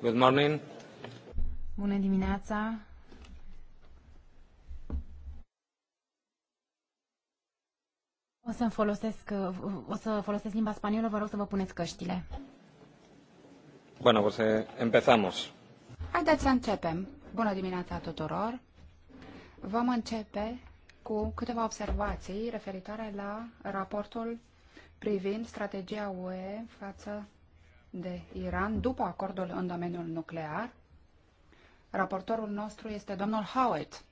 Good morning. Bună dimineața. O să folosesc, o să folosesc limba spaniolă, vă rog să vă puneți căștile. Bueno, pues eh, empezamos. Haideți să începem. Bună dimineața tuturor. Vom începe cu câteva observații referitoare la raportul privind strategia UE față de Iran după acordul în domeniul nuclear. Raportorul nostru este domnul Howitt.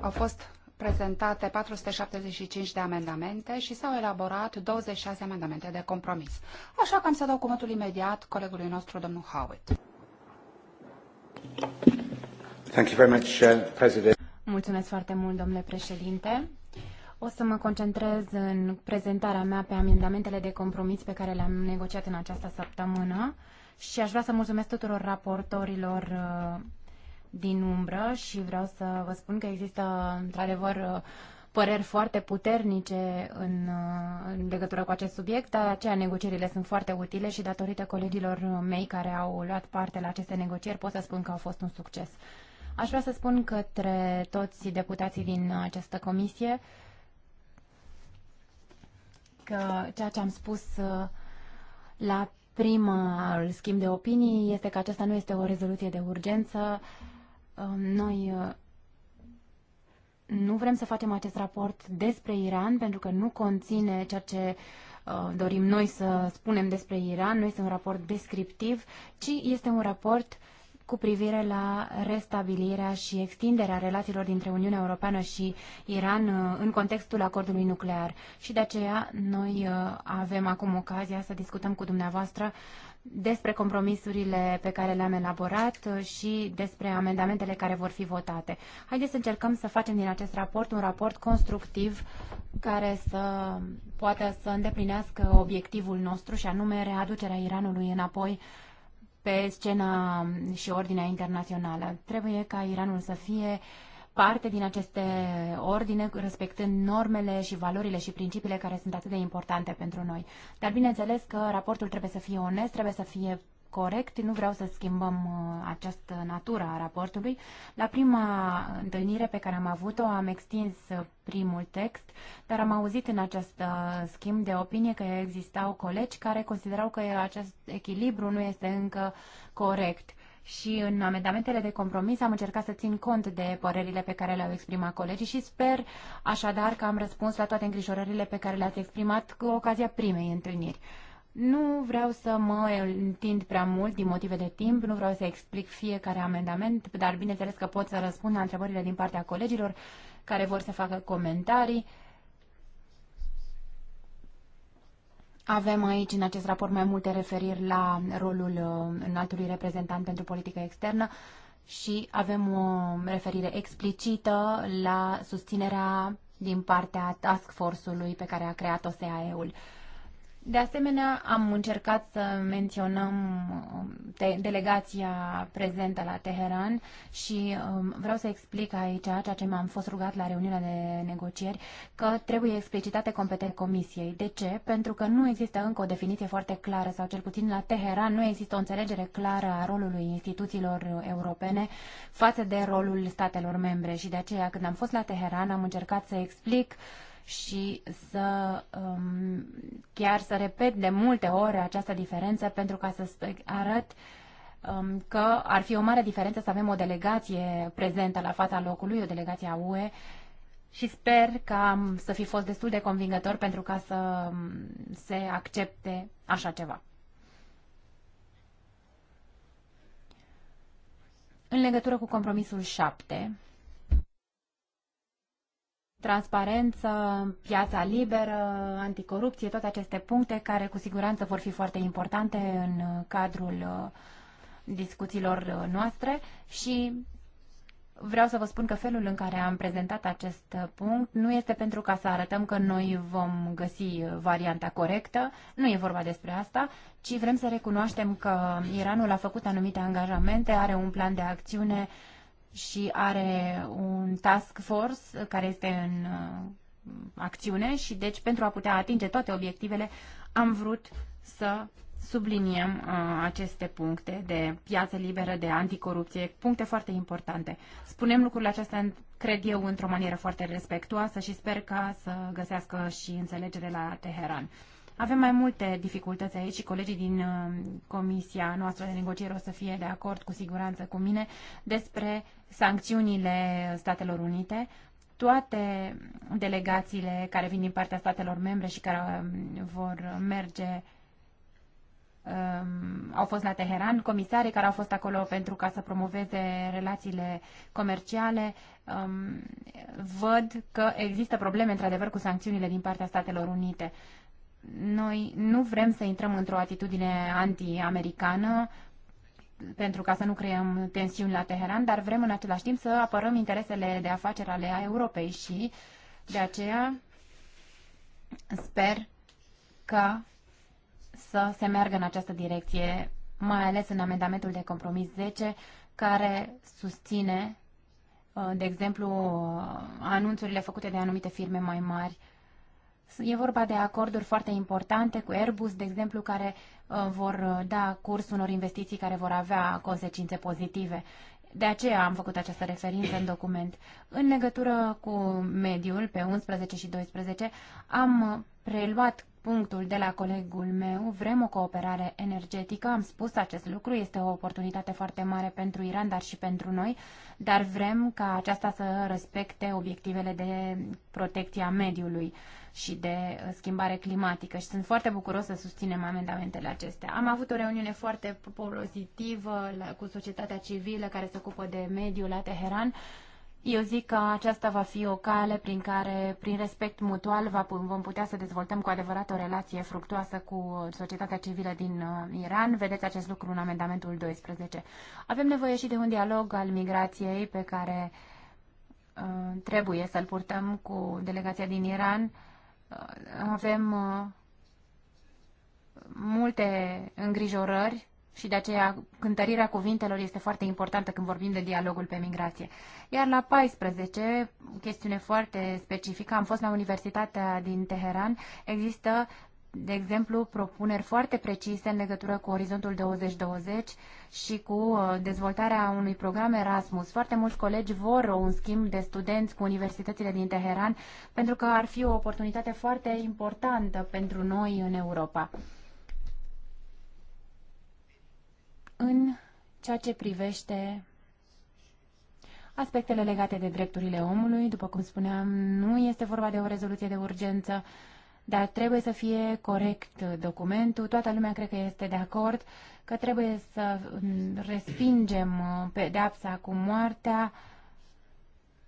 Au fost prezentate 475 de amendamente și s-au elaborat 26 amendamente de compromis. Așa că am să dau cuvântul imediat colegului nostru, domnul Howitt. Thank you very much, uh, President. Mulțumesc foarte mult, domnule președinte. O să mă concentrez în prezentarea mea pe amendamentele de compromis pe care le-am negociat în această săptămână și aș vrea să mulțumesc tuturor raportorilor uh, din umbră și vreau să vă spun că există într-adevăr uh, păreri foarte puternice în, uh, în legătură cu acest subiect, dar aceea negocierile sunt foarte utile și datorită colegilor mei care au luat parte la aceste negocieri pot să spun că au fost un succes. Aș vrea să spun către toți deputații din această comisie că ceea ce am spus uh, la primul schimb de opinii este că aceasta nu este o rezoluție de urgență. Um, noi uh, nu vrem să facem acest raport despre Iran pentru că nu conține ceea ce uh, dorim noi să spunem despre Iran, nu este un raport descriptiv, ci este un raport uh, cu privire la restabilirea și extinderea relațiilor dintre Uniunea Europeană și Iran uh, în contextul acordului nuclear. Și de aceea noi uh, avem acum ocazia să discutăm cu dumneavoastră despre compromisurile pe care le-am elaborat uh, și despre amendamentele care vor fi votate. Haideți să încercăm să facem din acest raport un raport constructiv care să poată să îndeplinească obiectivul nostru și anume readucerea Iranului înapoi pe scena și ordinea internațională. Trebuie ca Iranul să fie parte din aceste ordine, respectând normele și valorile și principiile care sunt atât de importante pentru noi. Dar bineînțeles că raportul trebuie să fie onest, trebuie să fie corect, nu vreau să schimbăm uh, această natură a raportului. La prima întâlnire pe care am avut-o am extins uh, primul text, dar am auzit în acest schimb de opinie că existau colegi care considerau că acest echilibru nu este încă corect și în amendamentele de compromis am încercat să țin cont de părerile pe care le-au exprimat colegii și sper așadar că am răspuns la toate îngrijorările pe care le-ați exprimat cu ocazia primei întâlniri. Nu vreau să mă întind prea mult din motive de timp, nu vreau să explic fiecare amendament, dar bineînțeles că pot să răspund la întrebările din partea colegilor care vor să facă comentarii. Avem aici în acest raport mai multe referiri la rolul uh, înaltului reprezentant pentru politică externă și avem o referire explicită la susținerea din partea task force-ului pe care a creat Osea ul de asemenea, am încercat să menționăm um, delegația prezentă la Teheran și um, vreau să explic aici ceea ce m-am fost rugat la reuniunea de negocieri, că trebuie explicitate competențe comisiei. De ce? Pentru că nu există încă o definiție foarte clară sau cel puțin la Teheran nu există o înțelegere clară a rolului instituțiilor europene față de rolul statelor membre și de aceea când am fost la Teheran am încercat să explic uh, și să um, chiar să repet de multe ori această diferență pentru ca să arăt um, că ar fi o mare diferență să avem o delegație prezentă la fața locului, o delegație a UE și sper am um, să fi fost destul de convingător pentru ca să um, se accepte așa ceva. În legătură cu compromisul 7, transparență, piața liberă, anticorupție, toate aceste puncte care cu siguranță vor fi foarte importante în uh, cadrul uh, discuțiilor uh, noastre și vreau să vă spun că felul în care am prezentat acest punct nu este pentru ca să arătăm că noi vom găsi varianta corectă, nu e vorba despre asta, ci vrem să recunoaștem că Iranul a făcut anumite angajamente, are un plan de acțiune uh, și are un task force care este în uh, acțiune și deci pentru a putea atinge toate obiectivele am vrut să subliniem uh, aceste puncte de piață liberă, de anticorupție, puncte foarte importante. Spunem lucrurile acestea, cred eu, într-o manieră foarte respectuoasă și sper ca să găsească și înțelegere la Teheran. Avem mai multe dificultăți aici și colegii din uh, comisia noastră de negociere o să fie de acord cu siguranță cu mine despre sancțiunile Statelor Unite. Toate delegațiile care vin din partea statelor membre și care um, vor merge um, au fost la Teheran, comisarii care au fost acolo pentru ca să promoveze relațiile comerciale, um, văd că există probleme într-adevăr cu sancțiunile din partea Statelor Unite noi nu vrem să intrăm într-o atitudine anti-americană pentru ca să nu creăm tensiuni la Teheran, dar vrem în același timp să apărăm interesele de afaceri ale Europei și de aceea sper ca să se meargă în această direcție, mai ales în amendamentul de compromis 10, care susține, uh, de exemplu, uh, anunțurile făcute de anumite firme mai mari E vorba de acorduri foarte importante cu Airbus, de exemplu, care uh, vor uh, da curs unor investiții care vor avea consecințe pozitive. De aceea am făcut această referință în document. În legătură cu mediul, pe 11 și 12, am uh, preluat punctul de la colegul meu, vrem o cooperare energetică, am spus acest lucru, este o oportunitate foarte mare pentru Iran, dar și pentru noi, dar vrem ca aceasta să respecte obiectivele de protecție a mediului și de uh, schimbare climatică și sunt foarte bucuros să susținem amendamentele acestea. Am avut o reuniune foarte pozitivă cu societatea civilă care se ocupă de mediul la Teheran eu zic că aceasta va fi o cale prin care, prin respect mutual, vom putea să dezvoltăm cu adevărat o relație fructuoasă cu societatea civilă din uh, Iran. Vedeți acest lucru în amendamentul 12. Avem nevoie și de un dialog al migrației pe care uh, trebuie să-l purtăm cu delegația din Iran. Uh, avem uh, multe îngrijorări și de aceea cântărirea cuvintelor este foarte importantă când vorbim de dialogul pe migrație. Iar la 14, chestiune foarte specifică, am fost la Universitatea din Teheran, există, de exemplu, propuneri foarte precise în legătură cu Orizontul 2020 și cu uh, dezvoltarea unui program Erasmus. Foarte mulți colegi vor un schimb de studenți cu universitățile din Teheran pentru că ar fi o oportunitate foarte importantă pentru noi în Europa. în ceea ce privește aspectele legate de drepturile omului. După cum spuneam, nu este vorba de o rezoluție de urgență, dar trebuie să fie corect documentul. Toată lumea cred că este de acord că trebuie să respingem uh, pedeapsa cu moartea,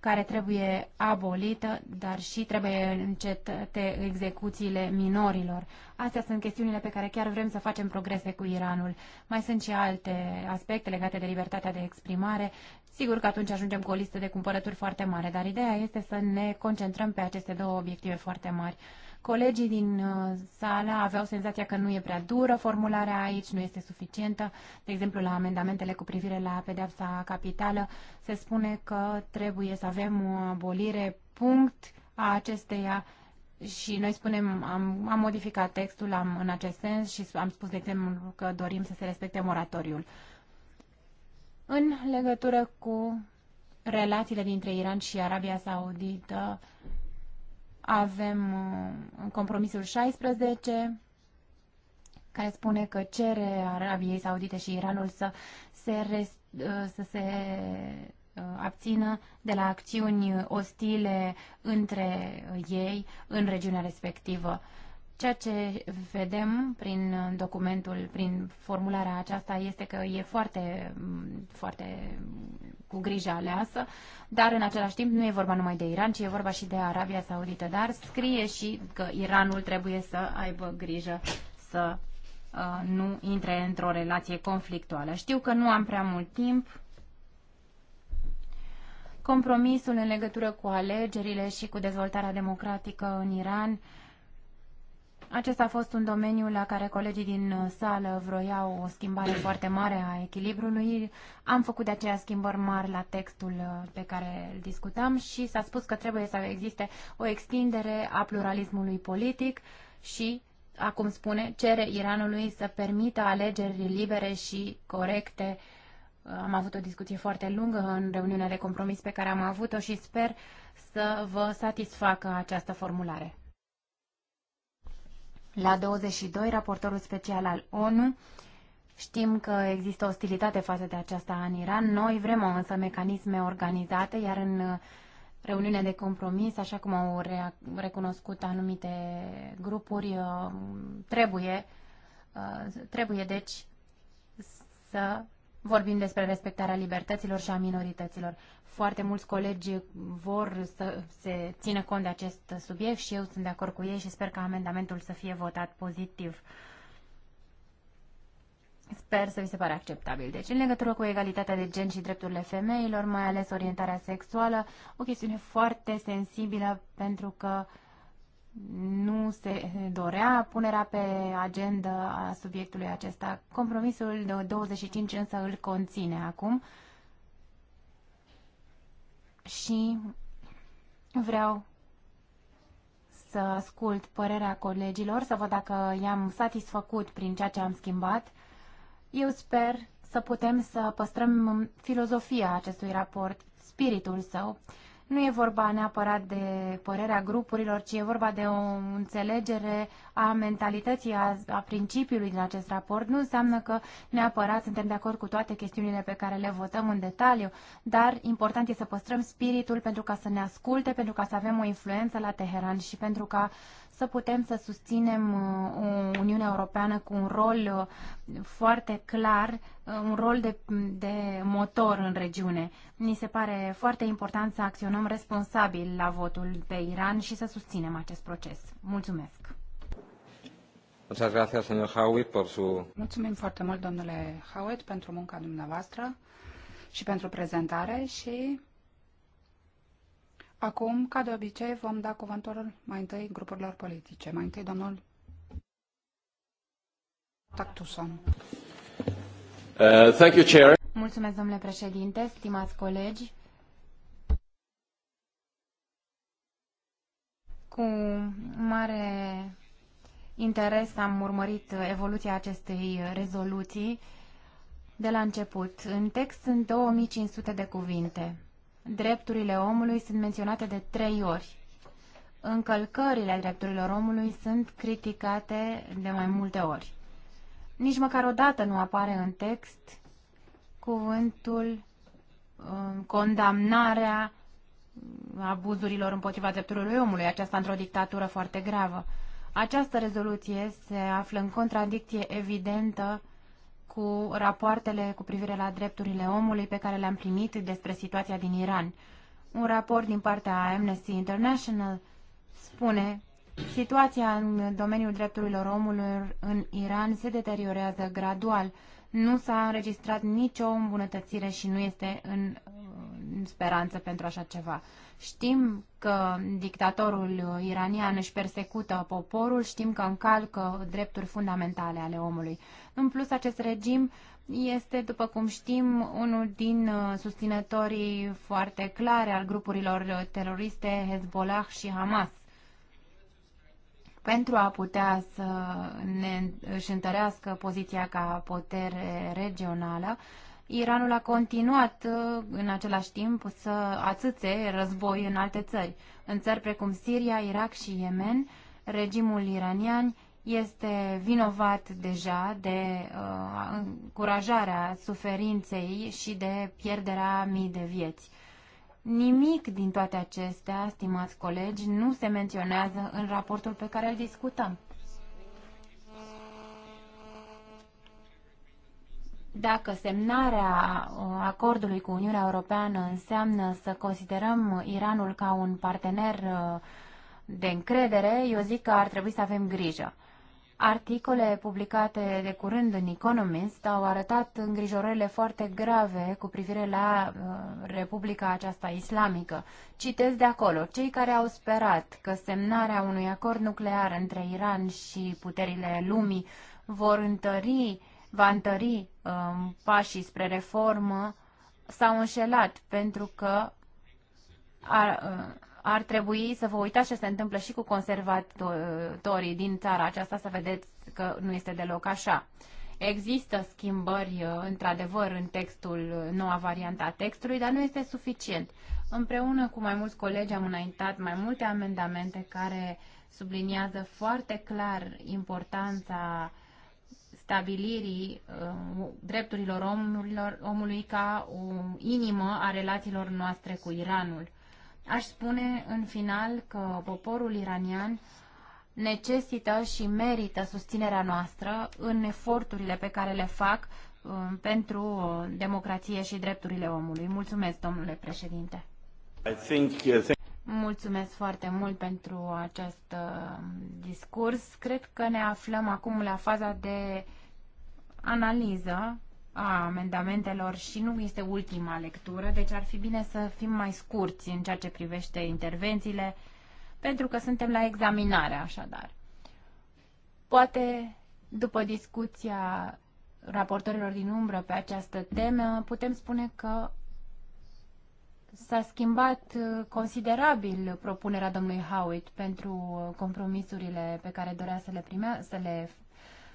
care trebuie abolită, dar și trebuie încetate execuțiile minorilor. Astea sunt chestiunile pe care chiar vrem să facem progrese cu Iranul. Mai sunt și alte aspecte legate de libertatea de exprimare. Sigur că atunci ajungem cu o listă de cumpărături foarte mare, dar ideea este să ne concentrăm pe aceste două obiective foarte mari. Colegii din uh, sală aveau senzația că nu e prea dură formularea aici, nu este suficientă. De exemplu, la amendamentele cu privire la pedeapsa capitală se spune că trebuie să avem o abolire punct a acesteia și noi spunem, am, am modificat textul am, în acest sens și am spus, de exemplu, că dorim să se respecte moratoriul. În legătură cu relațiile dintre Iran și Arabia Saudită, avem uh, compromisul 16, care spune că cere Arabiei Saudite și Iranul să se, rest, uh, să se uh, abțină de la acțiuni ostile între ei în regiunea respectivă. Ceea ce vedem prin documentul, prin formularea aceasta, este că e foarte, foarte cu grijă aleasă, dar în același timp nu e vorba numai de Iran, ci e vorba și de Arabia Saudită, dar scrie și că Iranul trebuie să aibă grijă să uh, nu intre într-o relație conflictuală. Știu că nu am prea mult timp. Compromisul în legătură cu alegerile și cu dezvoltarea democratică în Iran uh, acesta a fost un domeniu la care colegii din uh, sală vroiau o schimbare foarte mare a echilibrului. Am făcut de aceea schimbări mari la textul uh, pe care îl discutam și s-a spus că trebuie să existe o extindere a pluralismului politic și, acum spune, cere Iranului să permită alegeri libere și corecte. Uh, am avut o discuție foarte lungă în reuniunea de compromis pe care am avut-o și sper să vă satisfacă această formulare. La 22, raportorul special al ONU, știm că există ostilitate față de aceasta în Iran. Noi vrem însă mecanisme organizate, iar în uh, reuniunea de compromis, așa cum au recunoscut anumite grupuri, uh, trebuie, uh, trebuie deci să vorbim despre respectarea libertăților și a minorităților. Foarte mulți colegi vor să se țină cont de acest subiect și eu sunt de acord cu ei și sper că amendamentul să fie votat pozitiv. Sper să vi se pare acceptabil. Deci, în legătură cu egalitatea de gen și drepturile femeilor, mai ales orientarea sexuală, o chestiune foarte sensibilă pentru că uh, nu se dorea punerea pe agenda a subiectului acesta. Compromisul de 25 însă îl conține acum și vreau să ascult părerea colegilor, să văd dacă i-am satisfăcut prin ceea ce am schimbat. Eu sper să putem să păstrăm filozofia acestui raport, spiritul său nu e vorba neapărat de părerea grupurilor, ci e vorba de o înțelegere a mentalității, a, a principiului din acest raport. Nu înseamnă că neapărat suntem de acord cu toate chestiunile pe care le votăm în detaliu, dar important e să păstrăm spiritul pentru ca să ne asculte, pentru ca să avem o influență la Teheran și pentru ca uh, să putem să susținem uh, o Uniune Europeană cu un rol uh, foarte clar, uh, un rol de, de motor în regiune. Mi se pare foarte important să acționăm responsabil la votul pe Iran și să susținem acest proces. Mulțumesc! Mulțumim foarte mult, domnule Howitt, pentru munca dumneavoastră și pentru prezentare și Acum, ca de obicei, vom da cuvântul mai întâi grupurilor politice. Mai întâi, domnul Tactuson. Uh, thank you, Chair. Mulțumesc, domnule președinte, stimați colegi. Cu mare interes am urmărit evoluția acestei rezoluții de la început. În text sunt 2500 de cuvinte drepturile omului sunt menționate de trei ori. Încălcările drepturilor omului sunt criticate de mai multe ori. Nici măcar o dată nu apare în text cuvântul um, condamnarea abuzurilor împotriva drepturilor omului, aceasta într-o dictatură foarte gravă. Această rezoluție se află în contradicție evidentă cu rapoartele cu privire la drepturile omului pe care le-am primit despre situația din Iran. Un raport din partea Amnesty International spune Situația în domeniul drepturilor omului în Iran se deteriorează gradual. Nu s-a înregistrat nicio îmbunătățire și nu este în, în speranță pentru așa ceva. Știm că dictatorul iranian își persecută poporul, știm că încalcă drepturi fundamentale ale omului. În plus, acest regim este, după cum știm, unul din uh, susținătorii foarte clare al grupurilor uh, teroriste Hezbollah și Hamas. Pentru a putea să ne, își întărească poziția ca putere regională, Iranul a continuat uh, în același timp să atâțe război în alte țări. În țări precum Siria, Irak și Yemen, regimul iranian este vinovat deja de uh, încurajarea suferinței și de pierderea mii de vieți. Nimic din toate acestea, stimați colegi, nu se menționează în raportul pe care îl discutăm. Dacă semnarea uh, acordului cu Uniunea Europeană înseamnă să considerăm Iranul ca un partener uh, de încredere, eu zic că ar trebui să avem grijă. Articole publicate de curând în Economist au arătat îngrijorările foarte grave cu privire la uh, Republica aceasta islamică. Citez de acolo, cei care au sperat că semnarea unui acord nuclear între Iran și puterile lumii vor întări, va întări um, pașii spre reformă, s-au înșelat pentru că uh, ar trebui să vă uitați ce se întâmplă și cu conservatorii din țara aceasta, să vedeți că nu este deloc așa. Există schimbări, uh, într-adevăr, în textul, uh, noua variantă a textului, dar nu este suficient. Împreună cu mai mulți colegi am înaintat mai multe amendamente care subliniază foarte clar importanța stabilirii uh, drepturilor omului ca o inimă a relațiilor noastre cu Iranul. Aș spune în final că poporul iranian necesită și merită susținerea noastră în eforturile pe care le fac uh, pentru uh, democrație și drepturile omului. Mulțumesc, domnule președinte. Uh, Mulțumesc foarte mult pentru acest discurs. Cred că ne aflăm acum la faza de analiză a amendamentelor și nu este ultima lectură, deci ar fi bine să fim mai scurți în ceea ce privește intervențiile, pentru că suntem la examinare așadar. Poate după discuția raportorilor din umbră pe această temă, putem spune că s-a schimbat uh, considerabil propunerea domnului Howitt pentru uh, compromisurile pe care dorea să le, primea, să le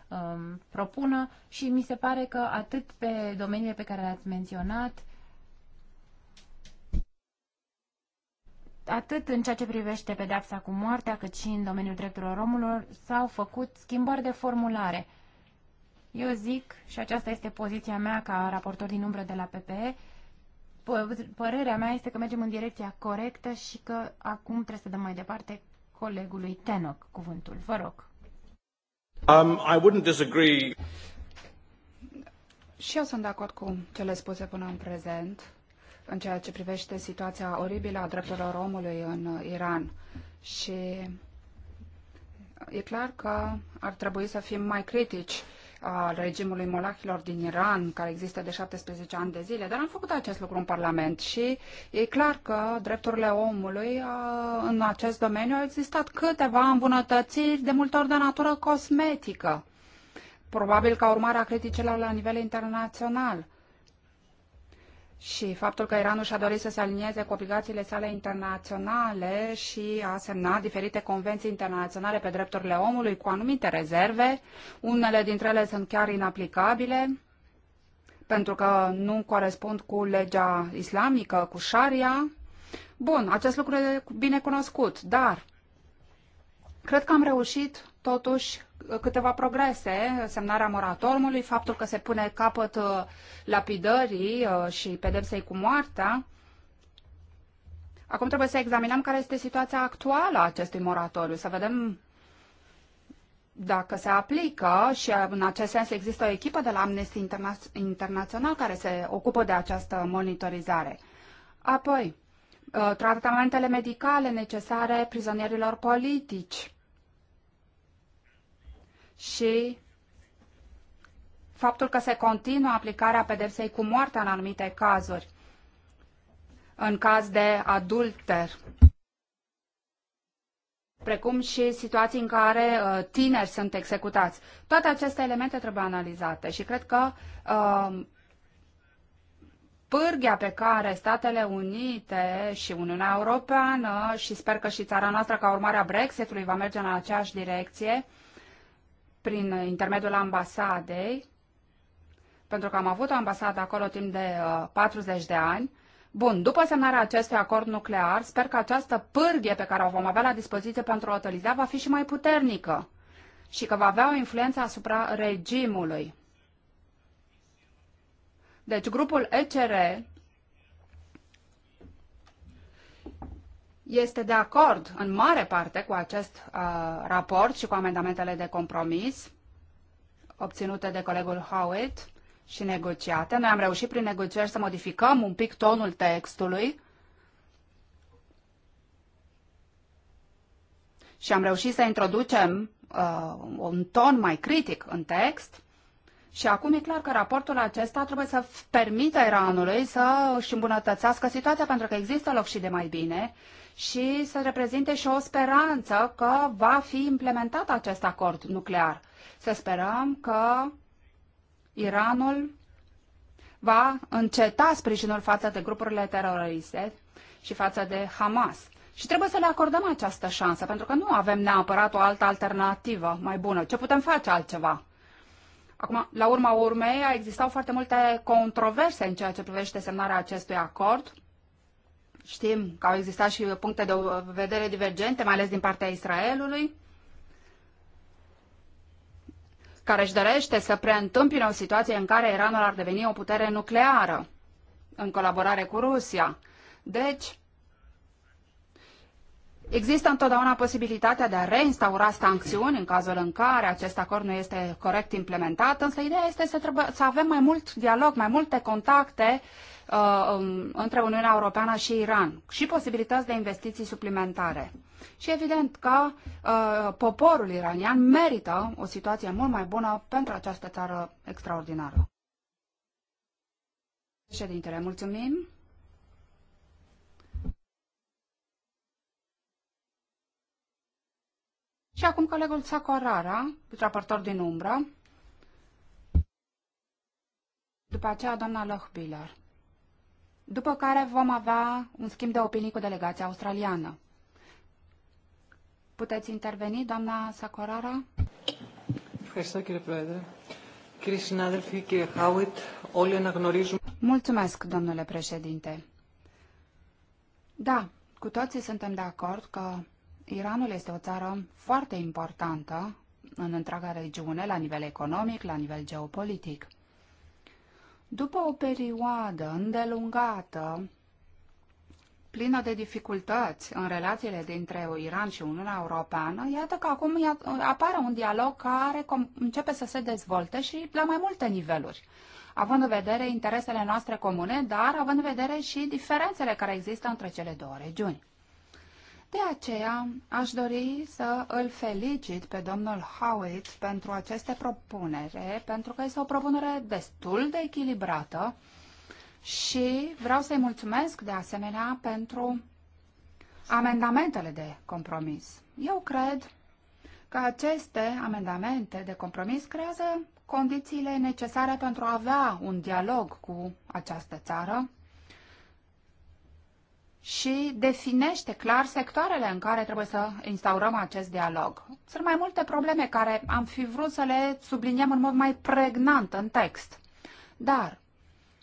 um, propună și mi se pare că atât pe domeniile pe care le-ați menționat, atât în ceea ce privește pedepsa cu moartea, cât și în domeniul drepturilor omului, s-au făcut schimbări de formulare. Eu zic, și aceasta este poziția mea ca raportor din umbră de la PPE, părerea mea este că mergem în direcția corectă și că acum trebuie să dăm mai departe colegului Tenoc cuvântul. Vă rog. Um, Și eu sunt de acord cu cele spuse până în prezent în ceea ce privește situația oribilă a drepturilor omului în Iran. Și e clar că ar trebui să fim mai critici al regimului molahilor din Iran, care există de 17 ani de zile, dar am făcut acest lucru în Parlament și e clar că drepturile omului în acest domeniu au existat câteva îmbunătățiri, de multe ori de natură cosmetică, probabil ca urmare a criticilor la nivel internațional și faptul că Iranul și-a dorit să se alinieze cu obligațiile sale internaționale și a semnat diferite convenții internaționale pe drepturile omului cu anumite rezerve, unele dintre ele sunt chiar inaplicabile pentru că nu corespund cu legea islamică, cu sharia. Bun, acest lucru e bine cunoscut, dar cred că am reușit totuși câteva progrese, semnarea moratorului, faptul că se pune capăt uh, lapidării uh, și pedepsei cu moartea. Acum trebuie să examinăm care este situația actuală a acestui moratoriu, să vedem dacă se aplică și uh, în acest sens există o echipă de la Amnesty Interna- care se ocupă de această monitorizare. Apoi, tratamentele medicale necesare prizonierilor politici și faptul că se continuă aplicarea pedepsei cu moartea în anumite cazuri, în caz de adulter, precum și situații în care uh, tineri sunt executați. Toate aceste elemente trebuie analizate și cred că uh, pârghia pe care Statele Unite și Uniunea Europeană și sper că și țara noastră ca urmare a Brexitului va merge în aceeași direcție, prin intermediul ambasadei, pentru că am avut o ambasadă acolo timp de uh, 40 de ani. Bun, după semnarea acestui acord nuclear, sper că această pârghie pe care o vom avea la dispoziție pentru a utiliza va fi și mai puternică și că va avea o influență asupra regimului. Deci grupul ECR este de acord în mare parte cu acest uh, raport și cu amendamentele de compromis obținute de colegul Howitt și negociate. Noi am reușit prin negocieri să modificăm un pic tonul textului și am reușit să introducem uh, un ton mai critic în text. Și acum e clar că raportul acesta trebuie să permită Iranului să își îmbunătățească situația, pentru că există loc și de mai bine și să reprezinte și o speranță că va fi implementat acest acord nuclear. Să sperăm că Iranul va înceta sprijinul față de grupurile teroriste și față de Hamas. Și trebuie să le acordăm această șansă, pentru că nu avem neapărat o altă alternativă mai bună. Ce putem face altceva? Acum, la urma urmei, existau foarte multe controverse în ceea ce privește semnarea acestui acord, Știm că au existat și puncte de vedere divergente, mai ales din partea Israelului, care își dorește să preîntâmpine o situație în care Iranul ar deveni o putere nucleară în colaborare cu Rusia. Deci, Există întotdeauna posibilitatea de a reinstaura sancțiuni în cazul în care acest acord nu este corect implementat, însă ideea este să, trebuie, să avem mai mult dialog, mai multe contacte uh, um, între Uniunea Europeană și Iran și posibilități de investiții suplimentare. Și evident că uh, poporul iranian merită o situație mult mai bună pentru această țară extraordinară. Președintele, mulțumim. Și acum colegul Arara, raportor din umbră. După aceea, doamna Lohbiller. După care vom avea un schimb de opinii cu delegația australiană. Puteți interveni, doamna Sacorara? Mulțumesc, domnule președinte. Da, cu toții suntem de acord că Iranul este o țară foarte importantă în întreaga regiune, la nivel economic, la nivel geopolitic. După o perioadă îndelungată, plină de dificultăți în relațiile dintre Iran și Uniunea Europeană, iată că acum apare un dialog care începe să se dezvolte și la mai multe niveluri având în vedere interesele noastre comune, dar având în vedere și diferențele care există între cele două regiuni. De aceea aș dori să îl felicit pe domnul Howitt pentru aceste propunere, pentru că este o propunere destul de echilibrată și vreau să-i mulțumesc de asemenea pentru amendamentele de compromis. Eu cred că aceste amendamente de compromis creează condițiile necesare pentru a avea un dialog cu această țară și definește clar sectoarele în care trebuie să instaurăm acest dialog. Sunt mai multe probleme care am fi vrut să le subliniem în mod mai pregnant în text. Dar,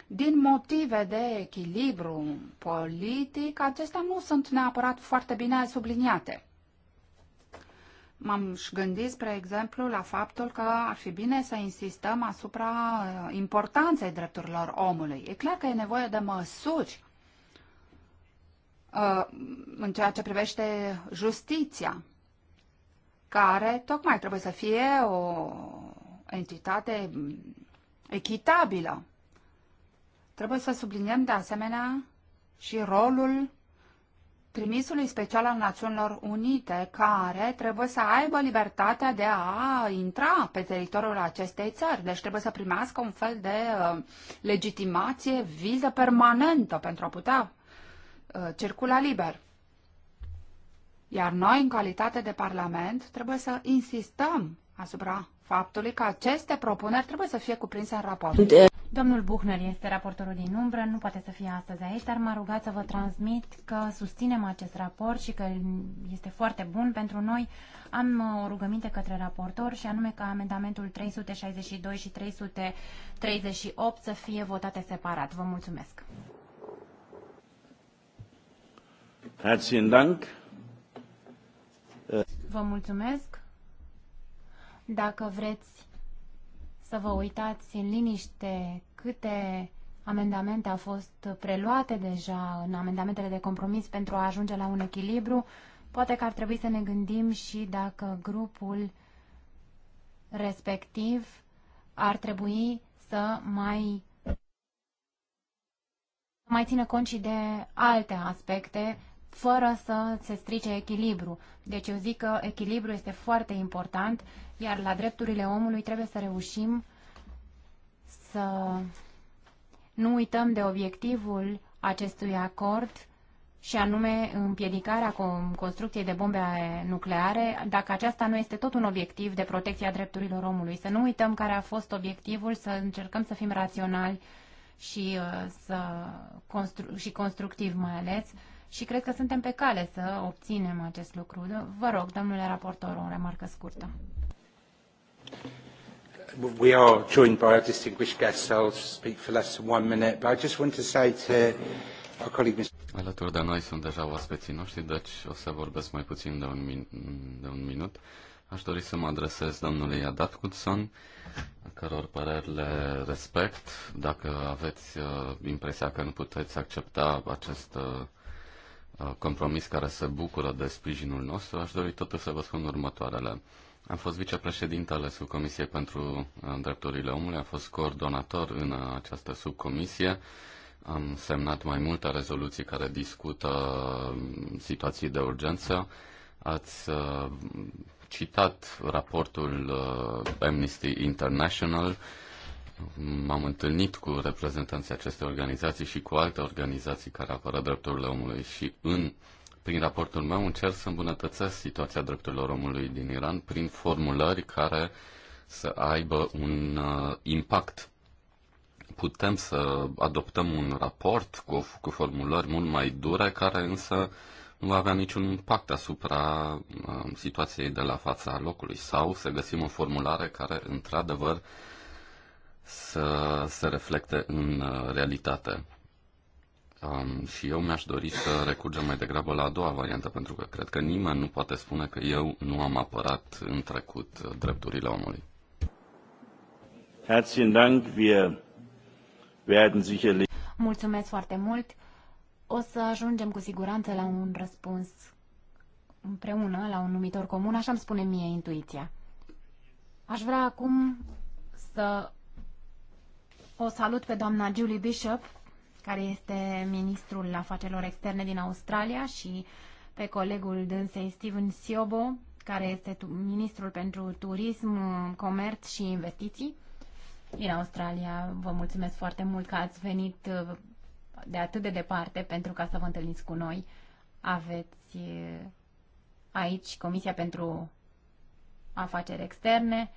din motive de echilibru politic, acestea nu sunt neapărat foarte bine subliniate. M-am gândit, spre exemplu, la faptul că ar fi bine să insistăm asupra uh, importanței drepturilor omului. E clar că e nevoie de măsuri Uh, în ceea ce privește justiția, care tocmai trebuie să fie o entitate echitabilă. Trebuie să subliniem de asemenea și rolul trimisului special al Națiunilor Unite, care trebuie să aibă libertatea de a intra pe teritoriul acestei țări. Deci trebuie să primească un fel de uh, legitimație, viză permanentă pentru a putea Uh, circulă liber. Iar noi, în calitate de Parlament, trebuie să insistăm asupra faptului că aceste propuneri trebuie să fie cuprinse în raport. Domnul Buchner este raportorul din umbră, nu poate să fie astăzi aici, dar m-a rugat să vă transmit că susținem acest raport și că este foarte bun pentru noi. Am uh, o rugăminte către raportor și anume ca amendamentul 362 și 338 să fie votate separat. Vă mulțumesc! Vă mulțumesc. Dacă vreți să vă uitați în liniște câte amendamente au fost preluate deja în amendamentele de compromis pentru a ajunge la un echilibru, poate că ar trebui să ne gândim și dacă grupul respectiv ar trebui să mai mai țină cont și de alte aspecte fără să se strice echilibru. Deci eu zic că echilibru este foarte important, iar la drepturile omului trebuie să reușim să nu uităm de obiectivul acestui acord și anume împiedicarea construcției de bombe nucleare, dacă aceasta nu este tot un obiectiv de protecție a drepturilor omului. Să nu uităm care a fost obiectivul, să încercăm să fim raționali și, uh, să constru- și constructiv mai ales și cred că suntem pe cale să obținem acest lucru. Da, vă rog, domnule raportor, o remarcă scurtă. We are joined by our distinguished guests. I'll speak for less than one minute, but I just want to say to our colleague Mr. Alături de noi sunt deja oaspeții noștri, deci o să vorbesc mai puțin de un, min- de un minut. Aș dori să mă adresez domnului Adat Cudson, a căror păreri le respect. Dacă aveți uh, impresia că nu puteți accepta acest uh, Uh, compromis care se bucură de sprijinul nostru, aș dori totuși să vă spun următoarele. Am fost vicepreședinte ale subcomisiei pentru uh, drepturile omului, am fost coordonator în uh, această subcomisie, am semnat mai multe rezoluții care discută situații de urgență. Ați citat raportul Amnesty International, M-am întâlnit cu reprezentanții acestei organizații și cu alte organizații care apără drepturile omului și în, prin raportul meu încerc să îmbunătățesc situația drepturilor omului din Iran prin formulări care să aibă un uh, impact. Putem să adoptăm un raport cu, cu formulări mult mai dure care însă nu va avea niciun impact asupra uh, situației de la fața locului sau să găsim o formulare care într-adevăr uh, să se reflecte în uh, realitate. Um, și eu mi-aș dori să recurgem mai degrabă la a doua variantă, pentru că cred că nimeni nu poate spune că eu nu am apărat în trecut uh, drepturile omului. Herzlichen Dank, wir werden sicherlich... Mulțumesc foarte mult. O să ajungem cu siguranță la un răspuns împreună, la un numitor comun, așa îmi spune mie intuiția. Aș vrea acum să o salut pe doamna Julie Bishop, care este ministrul afacerilor externe din Australia și pe colegul dânsei Steven Siobo, care este ministrul pentru turism, comerț și investiții din Australia. Vă mulțumesc foarte mult că ați venit de atât de departe pentru ca să vă întâlniți cu noi. Aveți eh, aici Comisia pentru Afaceri Externe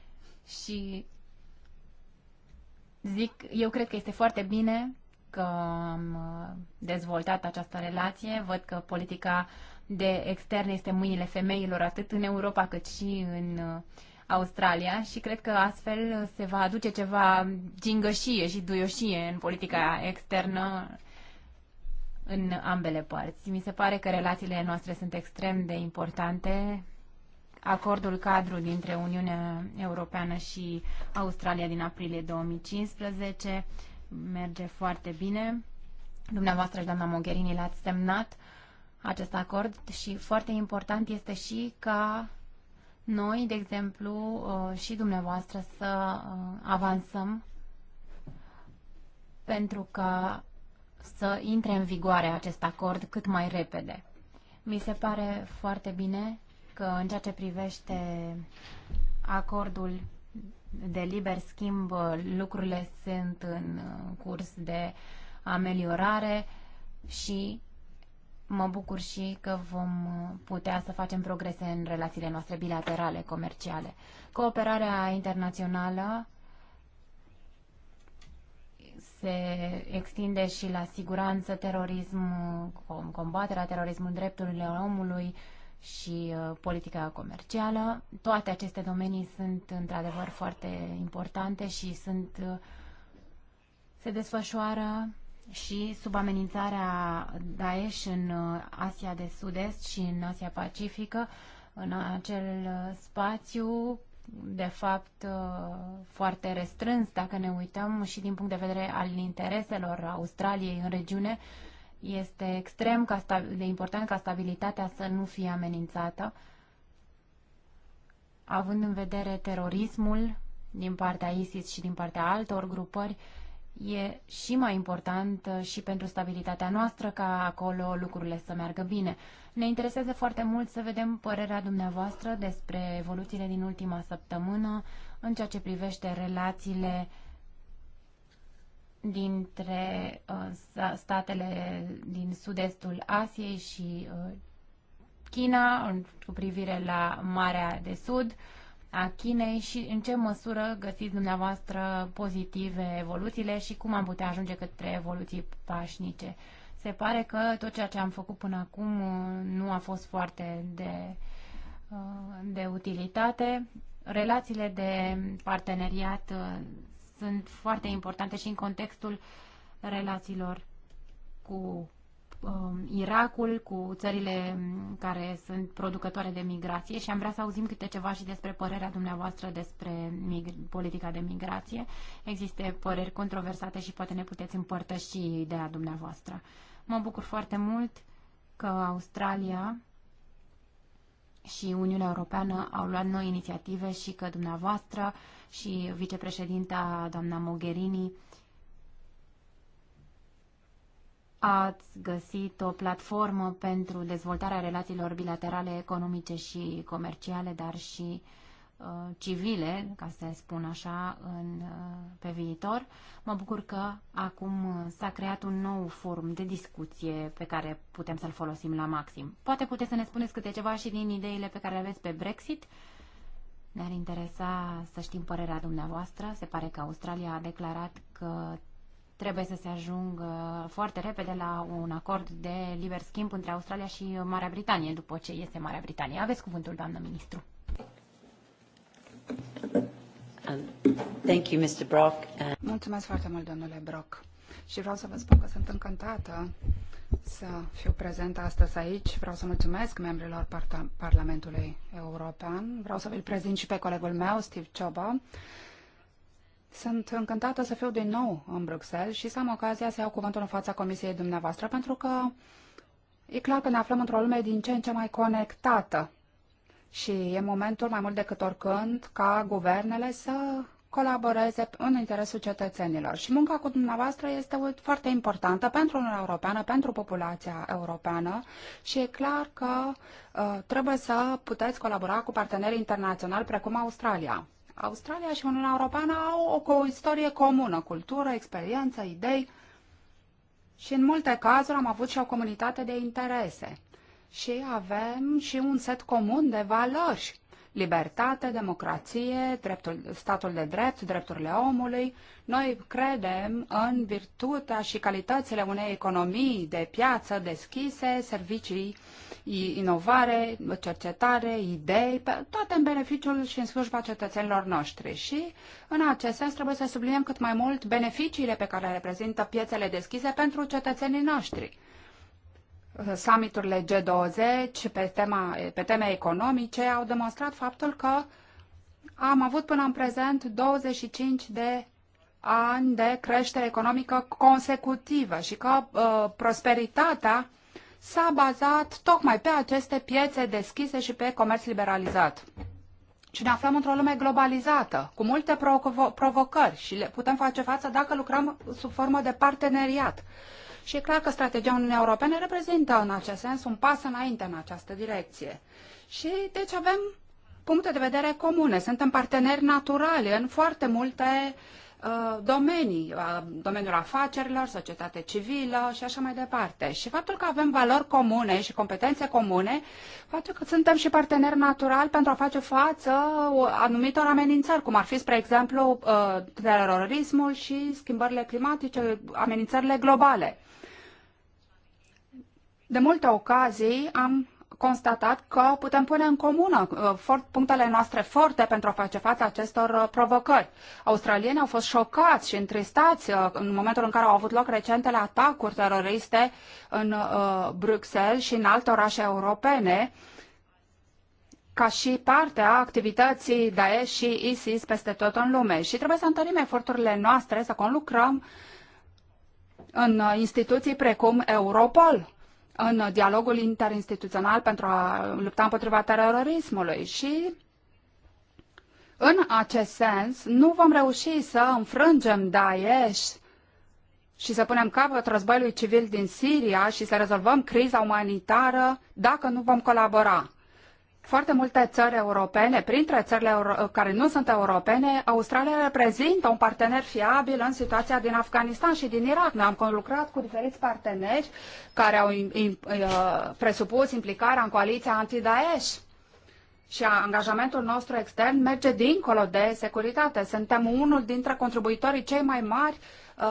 și Zic, eu cred că este foarte bine că am uh, dezvoltat această relație. Văd că politica de externe este mâinile femeilor atât în Europa cât și în uh, Australia și cred că astfel se va aduce ceva gingășie și duioșie în politica externă în ambele părți. Mi se pare că relațiile noastre sunt extrem de importante acordul cadru dintre Uniunea Europeană și Australia din aprilie 2015 merge foarte bine. Dumneavoastră și doamna Mogherini l-ați semnat acest acord și foarte important este și ca noi, de exemplu, uh, și dumneavoastră să uh, avansăm pentru ca să intre în vigoare acest acord cât mai repede. Mi se pare foarte bine că în ceea ce privește acordul de liber schimb, lucrurile sunt în curs de ameliorare și mă bucur și că vom putea să facem progrese în relațiile noastre bilaterale, comerciale. Cooperarea internațională se extinde și la siguranță, terorism, combaterea terorismului, drepturile omului, și uh, politica comercială. Toate aceste domenii sunt într-adevăr foarte importante și sunt uh, se desfășoară și sub amenințarea Daesh în uh, Asia de Sud-Est și în Asia Pacifică, în acel spațiu de fapt foarte restrâns, dacă ne uităm și din punct de vedere al intereselor Australiei în regiune, este extrem de important ca stabilitatea să nu fie amenințată, având în vedere terorismul din partea ISIS și din partea altor grupări, e și mai important uh, și pentru stabilitatea noastră ca acolo lucrurile să meargă bine. Ne interesează foarte mult să vedem părerea dumneavoastră despre evoluțiile din ultima săptămână în ceea ce privește relațiile dintre uh, statele din sud-estul Asiei și uh, China cu privire la Marea de Sud a Chinei și în ce măsură găsiți dumneavoastră pozitive evoluțiile și cum am putea ajunge către evoluții pașnice. Se pare că tot ceea ce am făcut până acum uh, nu a fost foarte de, de utilitate. Relațiile de parteneriat sunt foarte importante și în contextul relațiilor cu um, Irakul, cu țările care sunt producătoare de migrație și am vrea să auzim câte ceva și despre părerea dumneavoastră despre politica de migrație. Există păreri controversate și poate ne puteți împărtăși ideea dumneavoastră. Mă bucur foarte mult că Australia și Uniunea Europeană au luat noi inițiative și că dumneavoastră uh, și vicepreședinta doamna Mogherini ați găsit o platformă pentru dezvoltarea relațiilor bilaterale, economice și comerciale, dar și uh, civile, ca să spun așa, în, uh, pe viitor. Mă bucur că acum uh, s-a creat un nou forum de discuție pe care putem să-l folosim la maxim. Poate puteți să ne spuneți câte ceva și din ideile pe care le aveți pe Brexit. Uh, ne-ar interesa să știm părerea dumneavoastră. Se pare că Australia a declarat că trebuie să se ajungă foarte repede la un acord de liber schimb între Australia și Marea Britanie, după ce este Marea Britanie. Aveți cuvântul, doamnă ministru. Um, Mulțumesc foarte mult, domnule Brock și vreau să vă spun că sunt încântată să fiu prezentă astăzi aici. Vreau să mulțumesc membrilor Parlamentului European. Vreau să vi-l prezint și pe colegul meu, Steve Cioba. Sunt încântată să fiu din nou în Bruxelles și să am ocazia să iau cuvântul în fața comisiei dumneavoastră, pentru că e clar că ne aflăm într-o lume din ce în ce mai conectată și e momentul mai mult decât oricând ca guvernele să colaboreze în interesul cetățenilor. Și munca cu dumneavoastră este foarte importantă pentru Uniunea Europeană, pentru populația europeană și e clar că uh, trebuie să puteți colabora cu parteneri internaționali precum Australia. Australia și Uniunea Europeană au o, o istorie comună, cultură, experiență, idei și în multe cazuri am avut și o comunitate de interese și avem și un set comun de valori libertate, democrație, dreptul, statul de drept, drepturile omului. Noi credem în virtutea și calitățile unei economii de piață deschise, servicii, inovare, cercetare, idei, toate în beneficiul și în slujba cetățenilor noștri. Și în acest sens trebuie să subliniem cât mai mult beneficiile pe care le reprezintă piețele deschise pentru cetățenii noștri summiturile G20 pe, tema, pe teme economice au demonstrat faptul că am avut până în prezent 25 de ani de creștere economică consecutivă și că uh, prosperitatea s-a bazat tocmai pe aceste piețe deschise și pe comerț liberalizat. Și ne aflăm într-o lume globalizată, cu multe provo provocări și le putem face față dacă lucrăm sub formă de parteneriat. Uh, și e clar că strategia Uniunii Europene reprezintă în acest sens un pas înainte în această direcție. Și deci avem puncte de vedere comune. Suntem parteneri naturali în foarte multe uh, domenii, uh, domeniul afacerilor, societate civilă și așa mai departe. Și faptul că avem valori comune și competențe comune face că suntem și parteneri naturali pentru a face față uh, anumitor amenințări, cum ar fi, spre exemplu, terorismul și schimbările climatice, amenințările globale. De multe ocazii am constatat că putem pune în comună uh, punctele noastre forte pentru a face față acestor uh, provocări. Australienii au fost șocați și întristați uh, în momentul în care au avut loc recentele atacuri teroriste în Bruxelles și în alte orașe europene ca și parte a activității Daesh și ISIS peste tot în lume. Și trebuie să întărim eforturile noastre, să conlucrăm în instituții precum Europol, în dialogul interinstituțional pentru a lupta împotriva terorismului și în acest sens nu vom reuși să înfrângem Daesh și să punem capăt războiului civil din Siria și să rezolvăm criza umanitară dacă nu vom colabora foarte multe țări europene, printre țările care nu sunt europene, Australia reprezintă un partener fiabil în situația din Afganistan și din Irak. Noi am lucrat cu diferiți parteneri care au uh, presupus implicarea în coaliția anti-Daesh. Și angajamentul nostru extern merge dincolo de securitate. Suntem unul dintre contribuitorii cei mai mari uh, Uh,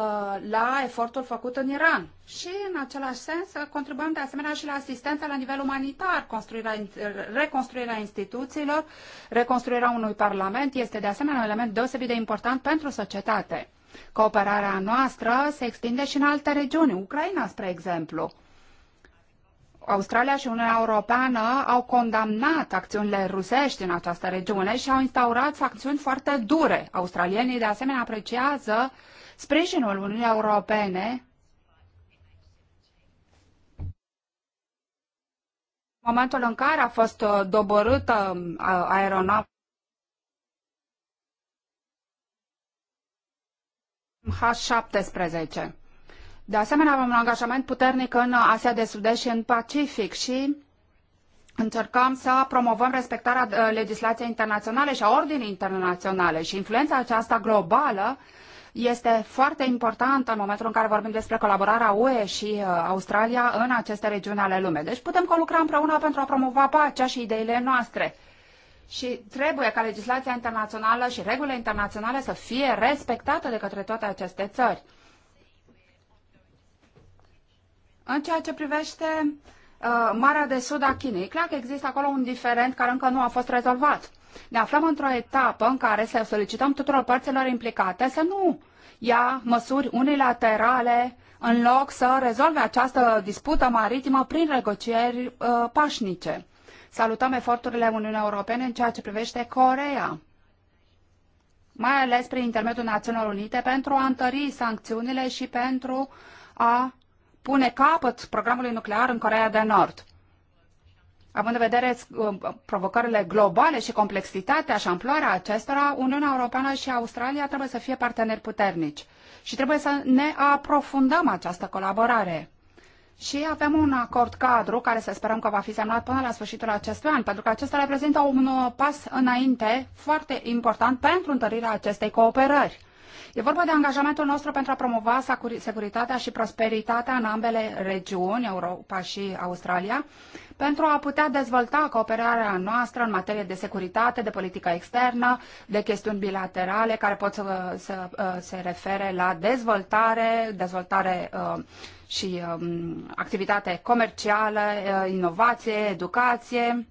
la efortul făcut în Iran. Și, în același sens, uh, contribuăm de asemenea și la asistența la nivel umanitar, construirea, reconstruirea instituțiilor, reconstruirea unui parlament este de asemenea un element deosebit de important pentru societate. Cooperarea noastră se extinde și în alte regiuni, Ucraina, spre exemplu. Australia și Uniunea Europeană au condamnat acțiunile rusești în această regiune și au instaurat sancțiuni foarte dure. Australienii, de asemenea, apreciază uh, Sprijinul Uniunii Europene în momentul în care a fost uh, doborâtă uh, aeronavă H-17. De asemenea, avem un angajament puternic în Asia de Sud-Est și în Pacific și încercăm să promovăm respectarea uh, legislației internaționale și a ordinii internaționale și influența aceasta globală este foarte importantă în momentul în care vorbim despre colaborarea UE și uh, Australia în aceste regiuni ale lumii. Deci putem colucra împreună pentru a promova pacea și ideile noastre. Și trebuie ca legislația internațională și regulile internaționale să fie respectate de către toate aceste țări. În ceea ce privește uh, Marea de Sud a Chinei, clar că există acolo un diferent care încă nu a fost rezolvat. Ne aflăm într-o etapă în care să solicităm tuturor părților implicate să nu ia măsuri unilaterale în loc să rezolve această dispută maritimă prin negocieri uh, pașnice. Salutăm eforturile Uniunii Europene în ceea ce privește Corea mai ales prin intermediul Națiunilor Unite, pentru a întări sancțiunile și pentru a pune capăt programului nuclear în Coreea de Nord. Având în vedere uh, provocările globale și complexitatea și amploarea acestora, Uniunea Europeană și Australia trebuie să fie parteneri puternici și trebuie să ne aprofundăm această colaborare. Și avem un acord cadru care să sperăm că va fi semnat până la sfârșitul acestui an, pentru că acesta reprezintă un pas înainte foarte important pentru întărirea acestei cooperări. E vorba de angajamentul nostru pentru a promova securitatea și prosperitatea în ambele regiuni, Europa și Australia, pentru a putea dezvolta cooperarea noastră în materie de securitate, de politică externă, de chestiuni bilaterale care pot să, să, uh, se refere la dezvoltare, dezvoltare uh, și um, activitate comercială, uh, inovație, educație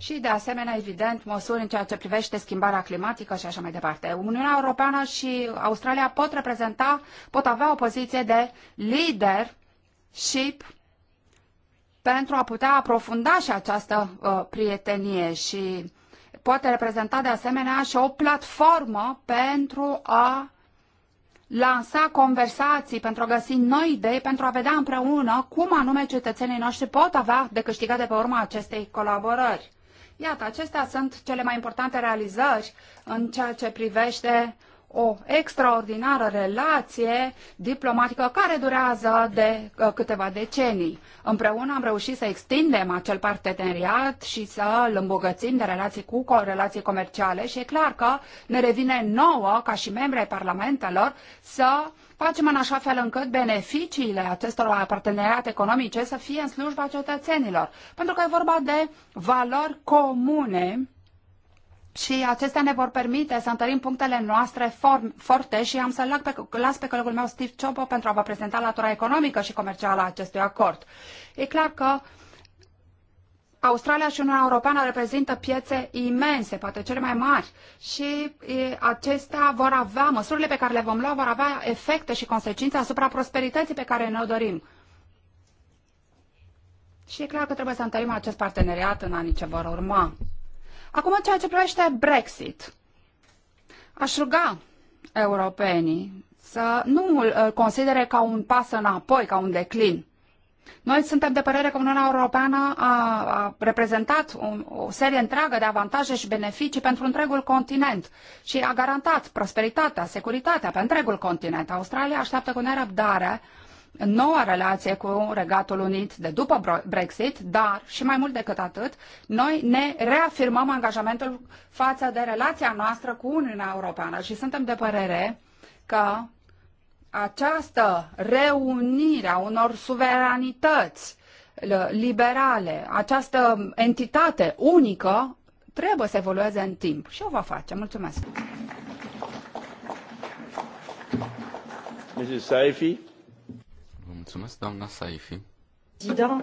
și, de asemenea, evident, măsuri în ceea ce privește schimbarea climatică și așa mai departe. Uniunea Europeană și Australia pot reprezenta, pot avea o poziție de leadership pentru a putea aprofunda și această uh, prietenie și poate reprezenta de asemenea și o platformă pentru a lansa conversații, pentru a găsi noi idei, pentru a vedea împreună cum anume cetățenii noștri pot avea de câștigat de pe urma acestei colaborări. Iată, acestea sunt cele mai importante realizări în ceea ce privește o extraordinară relație diplomatică care durează de uh, câteva decenii. Împreună am reușit să extindem acel parteneriat și să îl îmbogățim de relații cu relații comerciale și e clar că ne revine nouă, ca și membri ai parlamentelor, să facem în așa fel încât beneficiile acestor parteneriate economice să fie în slujba cetățenilor. Pentru că e vorba de valori comune și acestea ne vor permite să întărim punctele noastre form, forte și am să-l pe, las pe colegul meu Steve Ciopo pentru a vă prezenta latura economică și comercială a acestui acord. E clar că Australia și Uniunea Europeană reprezintă piețe imense, poate cele mai mari, și acestea vor avea, măsurile pe care le vom lua vor avea efecte și consecințe asupra prosperității pe care ne-o dorim. Și e clar că trebuie să întărim acest parteneriat în anii ce vor urma. Acum, ceea ce privește Brexit, aș ruga europenii să nu îl considere ca un pas înapoi, ca un declin. Noi suntem de părere că Uniunea Europeană a, a reprezentat o, o serie întreagă de avantaje și beneficii pentru întregul continent și a garantat prosperitatea, securitatea pe întregul continent. Australia așteaptă cu nerăbdare uh, noua relație cu Regatul Unit de după Brexit, dar și mai mult decât atât, noi ne reafirmăm angajamentul față de relația noastră cu Uniunea Europeană și suntem de părere că această reunire a unor suveranități liberale, această entitate unică, trebuie să evolueze în timp și o va face. Mulțumesc! Mrs mulțumesc, doamna Saifi. Da.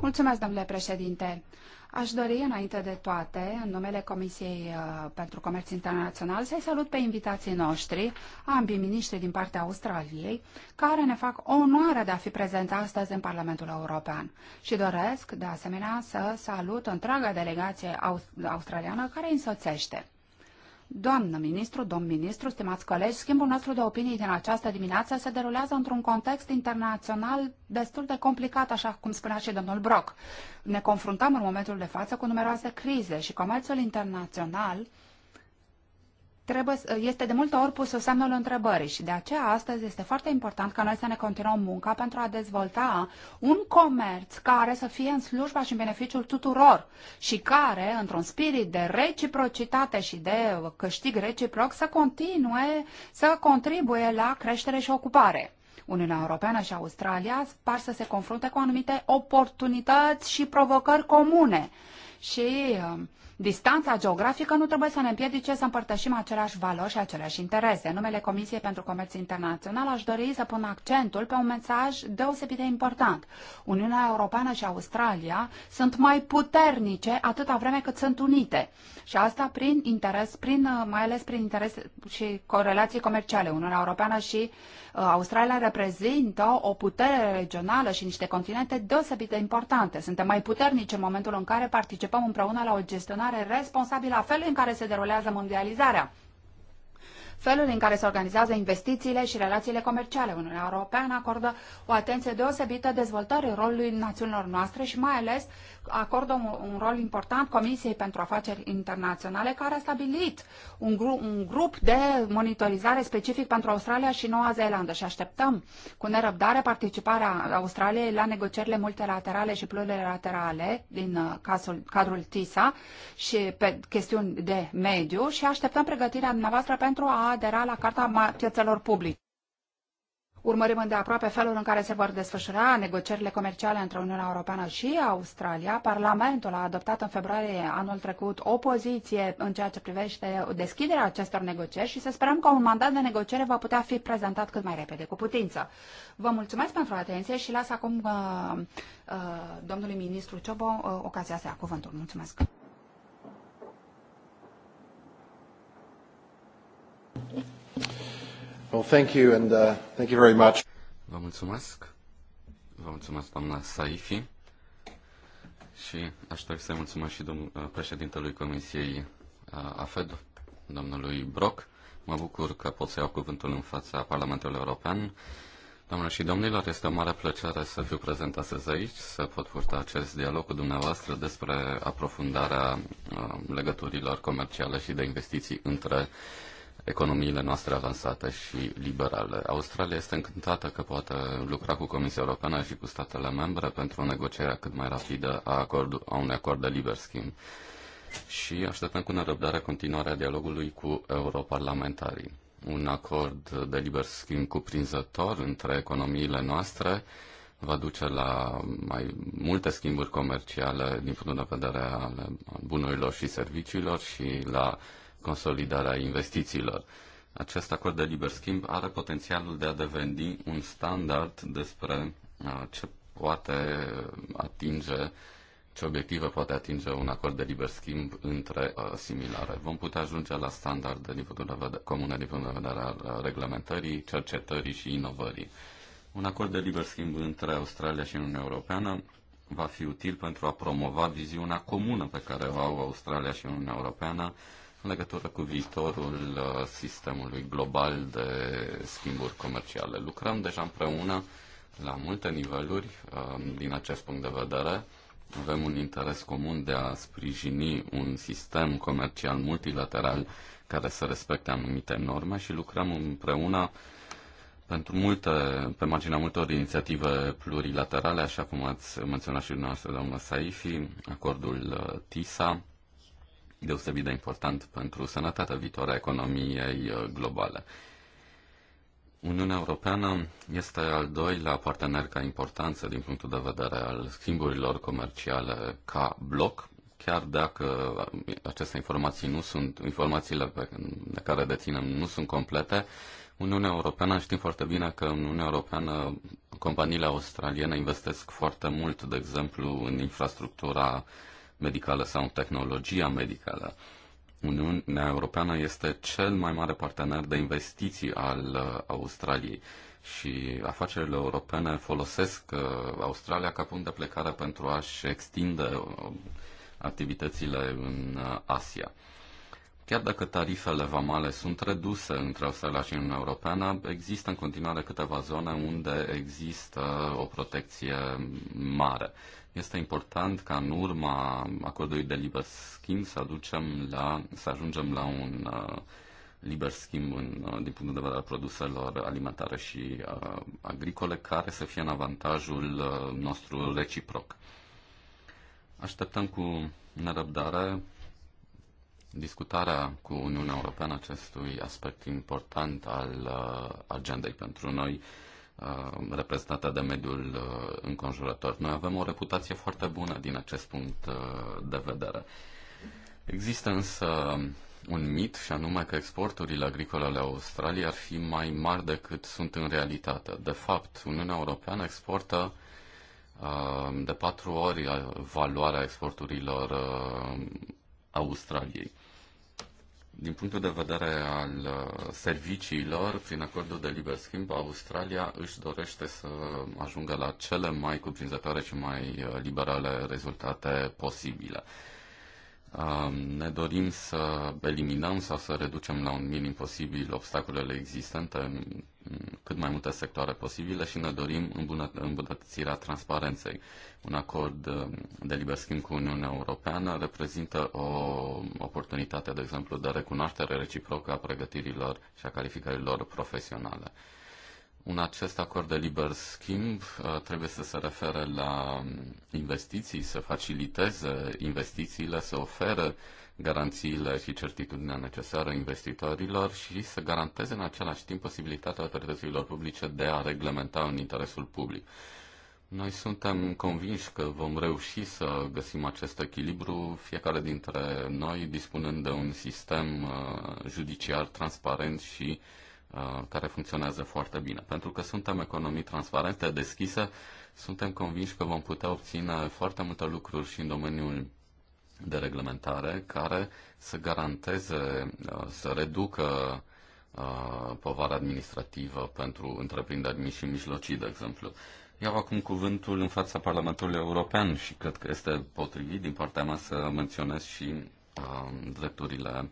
Mulțumesc, domnule președinte. Aș dori, înainte de toate, în numele Comisiei uh, pentru Comerț Internațional, să-i salut pe invitații noștri, ambii miniștri din partea Australiei, care ne fac onoarea de a fi prezenți astăzi în Parlamentul European. Și doresc, de asemenea, să salut întreaga delegație australiană care îi însoțește. Doamnă ministru, domn ministru, stimați colegi, schimbul nostru de opinii din această dimineață se derulează într-un context internațional destul de complicat, așa cum spunea și domnul Brock. Ne confruntăm în momentul de față cu numeroase crize și comerțul internațional trebuie, este de multe ori pusă semnul întrebării și de aceea astăzi este foarte important ca noi să ne continuăm munca pentru a dezvolta un comerț care să fie în slujba și în beneficiul tuturor și care, într-un spirit de reciprocitate și de câștig reciproc, să continue să contribuie la creștere și ocupare. Uniunea Europeană și Australia par să se confrunte cu anumite oportunități și provocări comune și um, Distanța geografică nu trebuie să ne împiedice să împărtășim aceleași valori și aceleași interese. În numele Comisiei pentru Comerț Internațional aș dori să pun accentul pe un mesaj deosebit de important. Uniunea Europeană și Australia sunt mai puternice atâta vreme cât sunt unite. Și asta prin interes, prin, uh, mai ales prin interes și corelații comerciale. Uniunea Europeană și uh, Australia reprezintă o putere regională și niște continente deosebit de importante. Suntem mai puternici în momentul în care participăm împreună la o gestionare mare responsabilă la felul în care se derulează mondializarea felul în care se organizează investițiile și relațiile comerciale. Uniunea Europeană acordă o atenție deosebită dezvoltării rolului națiunilor noastre și mai ales acordă un, un rol important Comisiei pentru Afaceri Internaționale, care a stabilit un, gru, un grup de monitorizare specific pentru Australia și Noua Zeelandă și așteptăm cu nerăbdare participarea Australiei la negocierile multilaterale și plurilaterale din uh, cazul, cadrul TISA și pe chestiuni de mediu și așteptăm pregătirea dumneavoastră pentru a adera la Carta Piețelor Publice. Urmărim îndeaproape felul în care se vor desfășura negocierile comerciale între Uniunea Europeană și Australia. Parlamentul a adoptat în februarie anul trecut o poziție în ceea ce privește deschiderea acestor negocieri și să sperăm că un mandat de negociere va putea fi prezentat cât mai repede, cu putință. Vă mulțumesc pentru atenție și las acum uh, uh, domnului ministru Ciobo uh, ocazia să ia cuvântul. Mulțumesc! Well, thank you and uh, thank you very much. Vă mulțumesc. Vă mulțumesc, doamna Saifi. Și aș dori să-i mulțumesc și dom- uh, președintelui Comisiei uh, AFED, domnului Brock. Mă bucur că pot să iau cuvântul în fața Parlamentului European. Doamnelor și domnilor, este o mare plăcere să fiu prezent astăzi aici, să pot purta acest dialog cu dumneavoastră despre aprofundarea uh, legăturilor comerciale și de investiții între economiile noastre avansate și liberale. Australia este încântată că poate lucra cu Comisia Europeană și cu statele membre pentru o negociere cât mai rapidă a, acord, a unui acord de liber schimb. Și așteptăm cu nerăbdare continuarea dialogului cu europarlamentarii. Un acord de liber schimb cuprinzător între economiile noastre va duce la mai multe schimburi comerciale din punctul de vedere al bunurilor și serviciilor și la uh, consolidarea investițiilor. Acest acord de liber schimb are potențialul de a deveni un standard despre uh, ce poate atinge, ce obiective poate atinge un acord de liber schimb între uh, similare. Vom putea ajunge la standard de nivelul de vedere, comune din punct de vedere al uh, reglementării, cercetării și inovării. Un acord de liber schimb între Australia și Uniunea Europeană va fi util pentru a promova viziunea comună pe care o au Australia și Uniunea Europeană în legătură cu viitorul uh, sistemului global de schimburi comerciale. Lucrăm deja împreună la multe niveluri uh, din acest punct de vedere. Avem un interes comun de a sprijini un sistem comercial multilateral care să respecte anumite norme și lucrăm împreună pentru multe, pe marginea multor inițiative plurilaterale, așa cum ați menționat și dumneavoastră, doamnă Saifi, acordul uh, TISA, deosebit de important pentru sănătatea viitoare a economiei uh, globale. Uniunea Europeană este al doilea partener ca importanță din punctul de vedere al schimburilor comerciale ca bloc, chiar dacă aceste informații nu sunt, informațiile pe care deținem nu sunt complete, Uniunea Europeană, știm foarte bine că în Uniunea Europeană companiile australiene investesc foarte mult, de exemplu, în infrastructura medicală sau în tehnologia medicală. Uniunea Europeană este cel mai mare partener de investiții al uh, Australiei și afacerile europene folosesc uh, Australia ca punct de plecare pentru a-și extinde uh, activitățile în Asia. Chiar dacă tarifele vamale sunt reduse între Australia și Uniunea Europeană, există în continuare câteva zone unde există o protecție mare. Este important ca în urma acordului de liber schimb să, aducem la, să ajungem la un uh, liber schimb în, uh, din punct de vedere al produselor alimentare și uh, agricole care să fie în avantajul uh, nostru reciproc. Așteptăm cu nerăbdare discutarea cu Uniunea Europeană acestui aspect important al uh, agendei pentru noi. Uh, Uh, reprezentată de mediul uh, înconjurător. Noi avem o reputație foarte bună din acest punct uh, de vedere. Există însă un mit, și anume că exporturile agricole ale Australiei ar fi mai mari decât sunt în realitate. De fapt, Uniunea Europeană exportă de patru ori valoarea exporturilor Australiei. Din punctul de vedere al uh, serviciilor, prin acordul de liber schimb, Australia își dorește să ajungă la cele mai cuprinzătoare și mai uh, liberale rezultate posibile. Um, ne dorim să eliminăm sau să reducem la un minim posibil obstacolele existente în cât mai multe sectoare posibile și ne dorim îmbunătățirea transparenței. Un acord um, de liber schimb cu Uniunea Europeană reprezintă o oportunitate, de exemplu, de recunoaștere reciprocă a pregătirilor și a calificărilor profesionale un acest acord de liber schimb uh, trebuie să se refere la investiții, să faciliteze investițiile, să ofere garanțiile și certitudinea necesară investitorilor și să garanteze în același timp posibilitatea autorităților publice de a reglementa în interesul public. Noi suntem convinși că vom reuși să găsim acest echilibru, fiecare dintre noi dispunând de un sistem uh, judiciar transparent și Uh, care funcționează foarte bine. Pentru că suntem economii transparente, deschise, suntem convinși că vom putea obține foarte multe lucruri și în domeniul de reglementare care să garanteze, uh, să reducă uh, povara administrativă pentru întreprinderi mici și mijlocii, de exemplu. Iau acum cuvântul în fața Parlamentului European și cred că este potrivit din partea mea să menționez și drepturile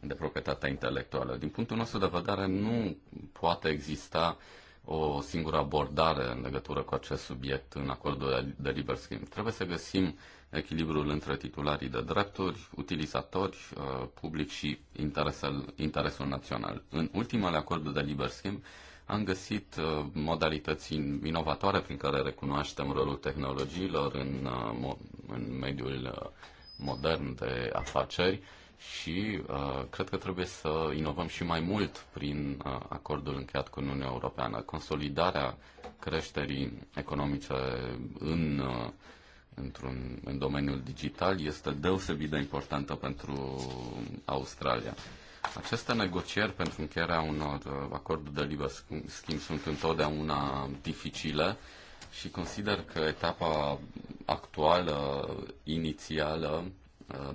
de proprietatea intelectuală. Din punctul nostru de vedere, nu poate exista o singură abordare în legătură cu acest subiect în acordul de liber schimb. Trebuie să găsim echilibrul între titularii de drepturi, utilizatori, uh, public și interesul, interesul național. În ultimele acorduri de liber schimb am găsit uh, modalități inovatoare prin care recunoaștem rolul tehnologiilor în, uh, în mediul modern de afaceri și uh, cred că trebuie să inovăm și mai mult prin uh, acordul încheiat cu Uniunea Europeană. Consolidarea creșterii economice în, uh, într-un, în domeniul digital este deosebit de importantă pentru Australia. Aceste negocieri pentru încheierea unor uh, acorduri de liber schimb sunt întotdeauna dificile și consider că etapa actuală, inițială,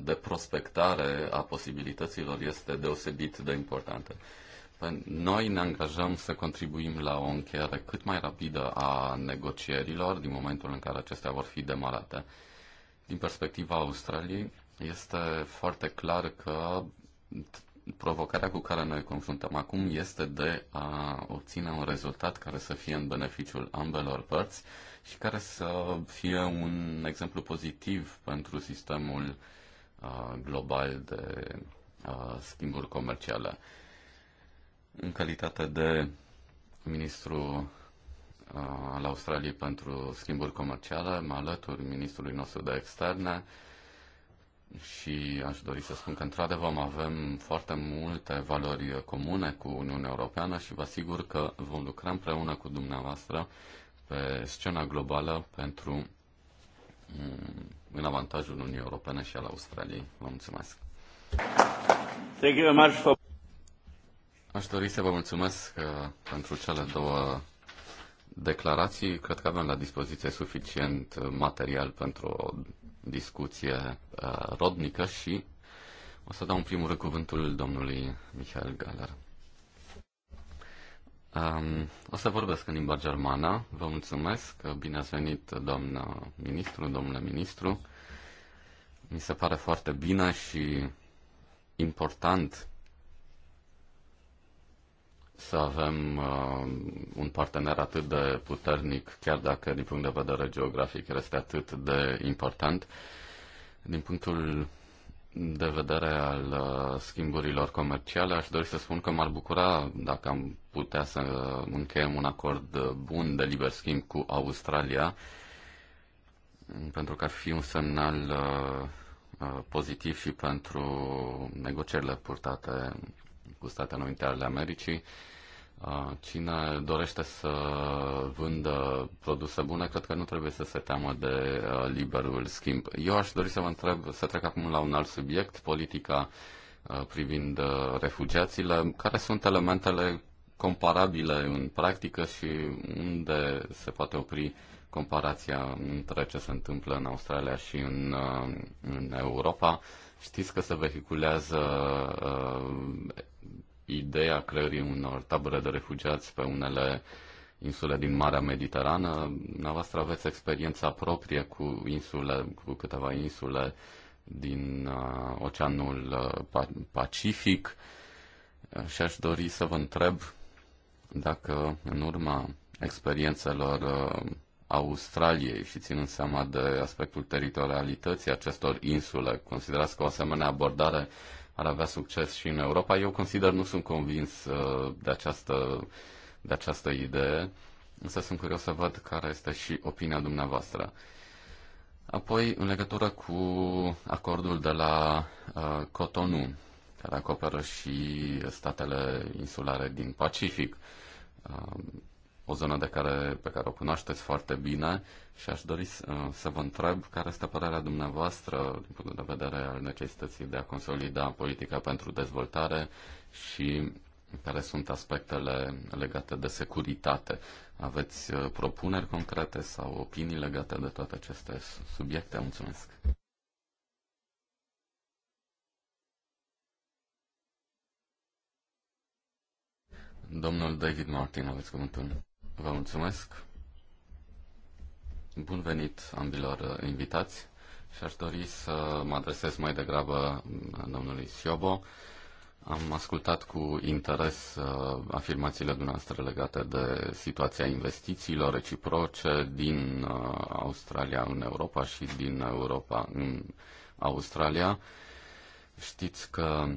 de prospectare a posibilităților este deosebit de importantă. Noi ne angajăm să contribuim la o încheiere cât mai rapidă a negocierilor din momentul în care acestea vor fi demarate. Din perspectiva Australiei, este foarte clar că provocarea cu care noi confruntăm acum este de a obține un rezultat care să fie în beneficiul ambelor părți și care să fie un exemplu pozitiv pentru sistemul global de schimburi comerciale. În calitate de ministru al Australiei pentru schimburi comerciale, mă alătur ministrului nostru de externe și aș dori să spun că, într-adevăr, avem foarte multe valori comune cu Uniunea Europeană și vă asigur că vom lucra împreună cu dumneavoastră pe scena globală pentru mm, în avantajul Uniunii Europene și al Australiei. Vă mulțumesc! Thank you very much for... Aș dori să vă mulțumesc uh, pentru cele două declarații. Cred că avem la dispoziție suficient uh, material pentru o discuție uh, rodnică și o să dau în primul rând cuvântul domnului Michael Galer. Um, o să vorbesc în limba germană. Vă mulțumesc. Bine ați venit, doamnă ministru, domnule ministru. Mi se pare foarte bine și important să avem uh, un partener atât de puternic, chiar dacă din punct de vedere geografic este atât de important. Din punctul de vedere al uh, schimburilor comerciale, aș dori să spun că m-ar bucura dacă am putea să încheiem un acord bun de liber schimb cu Australia, pentru că ar fi un semnal uh, uh, pozitiv și pentru negocierile purtate cu Statele Unite ale Americii Cine dorește să vândă produse bune, cred că nu trebuie să se teamă de liberul schimb. Eu aș dori să vă întreb, să trec acum la un alt subiect, politica privind refugiațiile. Care sunt elementele comparabile în practică și unde se poate opri comparația între ce se întâmplă în Australia și în, în Europa? Știți că se vehiculează ideea creării unor tabere de refugiați pe unele insule din Marea Mediterană. Dumneavoastră aveți experiența proprie cu insule, cu câteva insule din uh, Oceanul uh, Pacific și aș dori să vă întreb dacă în urma experiențelor uh, Australiei și ținând seama de aspectul teritorialității acestor insule, considerați că o asemenea abordare ar avea succes și în Europa. Eu consider, nu sunt convins uh, de această, de această idee, însă sunt curios să văd care este și opinia dumneavoastră. Apoi, în legătură cu acordul de la uh, Cotonou, care acoperă și statele insulare din Pacific, uh, o zonă de care, pe care o cunoașteți foarte bine și aș dori uh, să vă întreb care este părerea dumneavoastră din punct de vedere al necesității de a consolida politica pentru dezvoltare și care sunt aspectele legate de securitate. Aveți uh, propuneri concrete sau opinii legate de toate aceste subiecte? Mulțumesc! Domnul David Martin, aveți cuvântul. Vă mulțumesc. Bun venit ambilor invitați și aș dori să mă adresez mai degrabă mm, domnului Siobo. Am ascultat cu interes uh, afirmațiile dumneavoastră legate de situația investițiilor reciproce din uh, Australia în Europa și din Europa în Australia. Știți că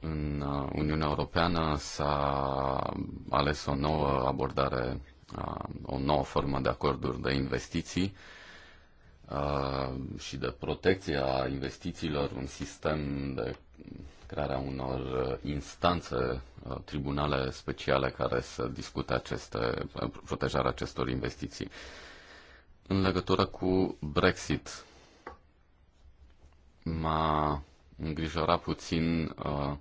în uh, Uniunea Europeană s-a ales o nouă abordare o nouă formă de acorduri de investiții și de protecție a investițiilor, un sistem de crearea unor instanțe, tribunale speciale care să discute aceste, protejarea acestor investiții. În legătură cu Brexit, m-a îngrijorat puțin uh,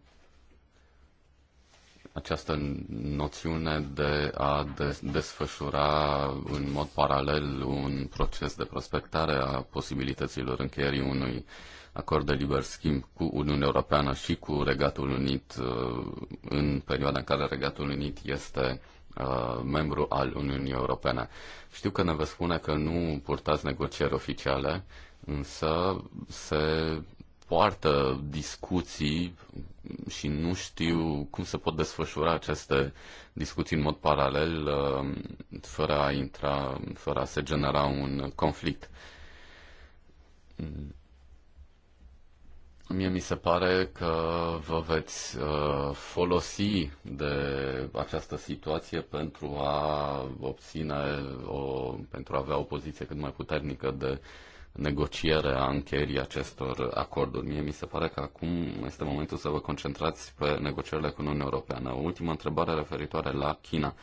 această noțiune de a desfășura în mod paralel un proces de prospectare a posibilităților încheierii unui acord de liber schimb cu Uniunea Europeană și cu Regatul Unit uh, în perioada în care Regatul Unit este uh, membru al Uniunii Europene. Știu că ne veți spune că nu purtați negocieri oficiale, însă se poartă discuții și nu știu cum se pot desfășura aceste discuții în mod paralel uh, fără a intra, fără a se genera un conflict. Mie mi se pare că vă veți uh, folosi de această situație pentru a obține o, pentru a avea o poziție cât mai puternică de uh, negociere a încheierii acestor acorduri. Mie mi se pare că acum este momentul să vă concentrați pe negocierile cu Uniunea Europeană. O ultimă întrebare referitoare la China.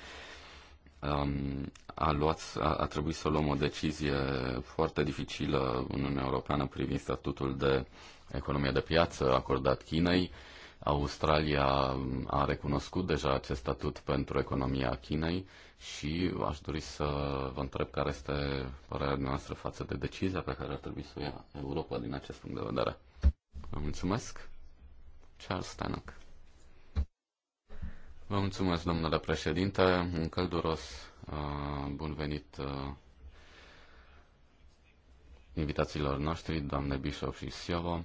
Um, a, luat, a, a trebuit să luăm o decizie foarte dificilă în Uniunea Europeană privind statutul de economie de piață acordat Chinei. Uh, Australia a recunoscut deja acest statut pentru economia Chinei și aș dori să vă întreb care este părerea noastră față de decizia pe care ar trebui să o ia Europa din acest punct de vedere. Vă mulțumesc. Charles Stanock. Vă mulțumesc, domnule președinte. Un călduros uh, bun venit uh, invitațiilor noștri, doamne Bishop și Siovo.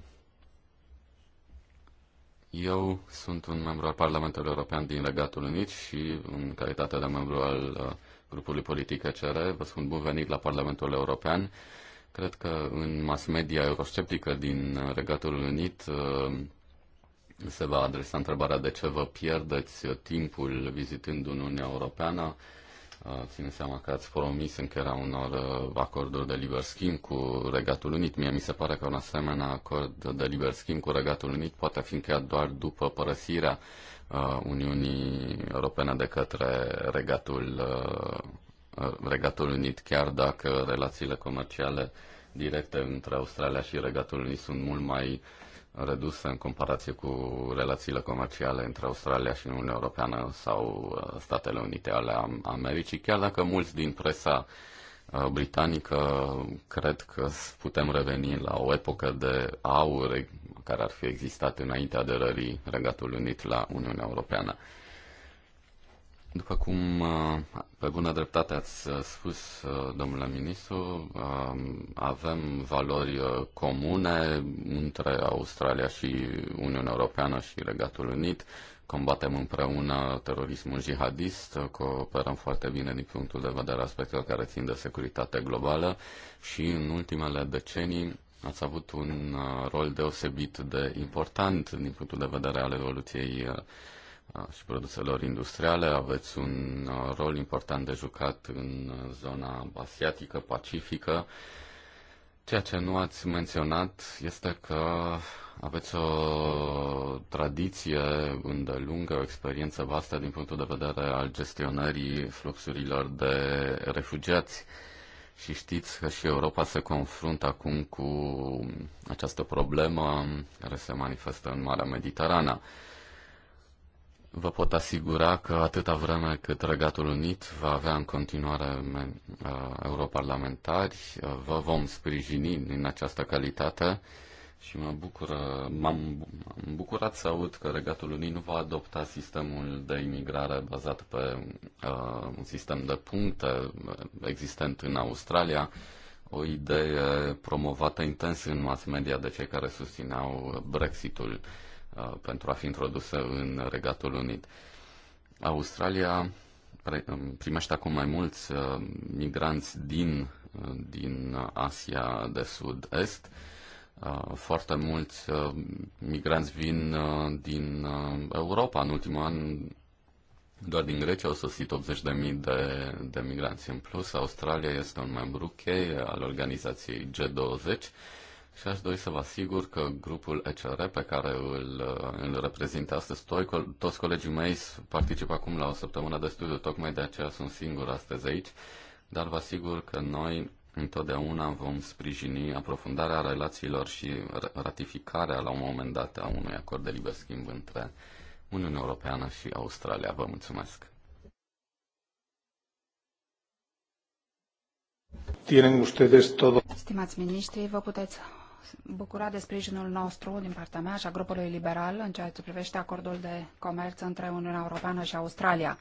Eu sunt un membru al Parlamentului European din Regatul Unit și în calitate de membru al uh, grupului politic ECR, vă spun bun venit la Parlamentul European. Cred că în mass media eurosceptică din Regatul Unit uh, se va adresa întrebarea de ce vă pierdeți timpul vizitând Uniunea Europeană Ține seama că ați promis încheierea unor acorduri de liber schimb cu Regatul Unit. Mie mi se pare că un asemenea acord de liber schimb cu Regatul Unit poate fi încheiat doar după părăsirea Uniunii Europene de către Regatul, Regatul Unit, chiar dacă relațiile comerciale directe între Australia și Regatul Unit sunt mult mai uh, Redusă în comparație cu relațiile comerciale între Australia și Uniunea Europeană sau uh, Statele Unite ale Americii, chiar dacă mulți din presa uh, britanică cred că putem reveni la o epocă de aur care ar fi existat înaintea aderării Regatului Unit la Uniunea Europeană. După cum uh, pe bună dreptate ați uh, spus, uh, domnule ministru, um, avem valori comune între Australia și Uniunea Europeană și Regatul Unit. Combatem împreună terorismul jihadist, cooperăm foarte bine din punctul de vedere aspectelor care țin de securitate globală și în ultimele decenii ați avut un rol deosebit de important din punctul de vedere al evoluției și produselor industriale. Aveți un uh, rol important de jucat în uh, zona asiatică, pacifică. Ceea ce nu ați menționat este că aveți o tradiție îndelungă, o experiență vastă din punctul de vedere al gestionării fluxurilor de refugiați. Și știți că și Europa se confruntă acum cu această problemă care se manifestă în Marea Mediterană. Vă pot asigura că atâta vreme cât Regatul Unit va avea în continuare uh, europarlamentari, uh, vă vom sprijini în această calitate și mă bucură, m-am, bucurat să aud că Regatul Unit nu va adopta sistemul de imigrare bazat pe uh, un sistem de puncte existent în Australia, o idee promovată intens în mass media de cei care susțineau Brexitul. Uh, pentru a fi introdusă în Regatul Unit. Australia um, primește acum mai mulți uh, migranți din, uh, din Asia de Sud-Est. Foarte mulți migranți vin din Europa. În ultimul an, doar din Grecia au sosit 80.000 de, de migranți în plus. Australia este un membru cheie al organizației G20 și aș dori să vă asigur că grupul ECR pe care îl, îl reprezintă astăzi toi, toți colegii mei participă acum la o săptămână de studiu, tocmai de aceea sunt singur astăzi aici, dar vă asigur că noi întotdeauna vom sprijini aprofundarea relațiilor și ratificarea la un moment dat a unui acord de liber schimb între Uniunea Europeană și Australia. Vă mulțumesc! Tienen ustedes todo. Stimați miniștri, vă puteți bucura de sprijinul nostru din partea mea și a grupului liberal în ceea ce privește acordul de comerț între Uniunea Europeană și Australia.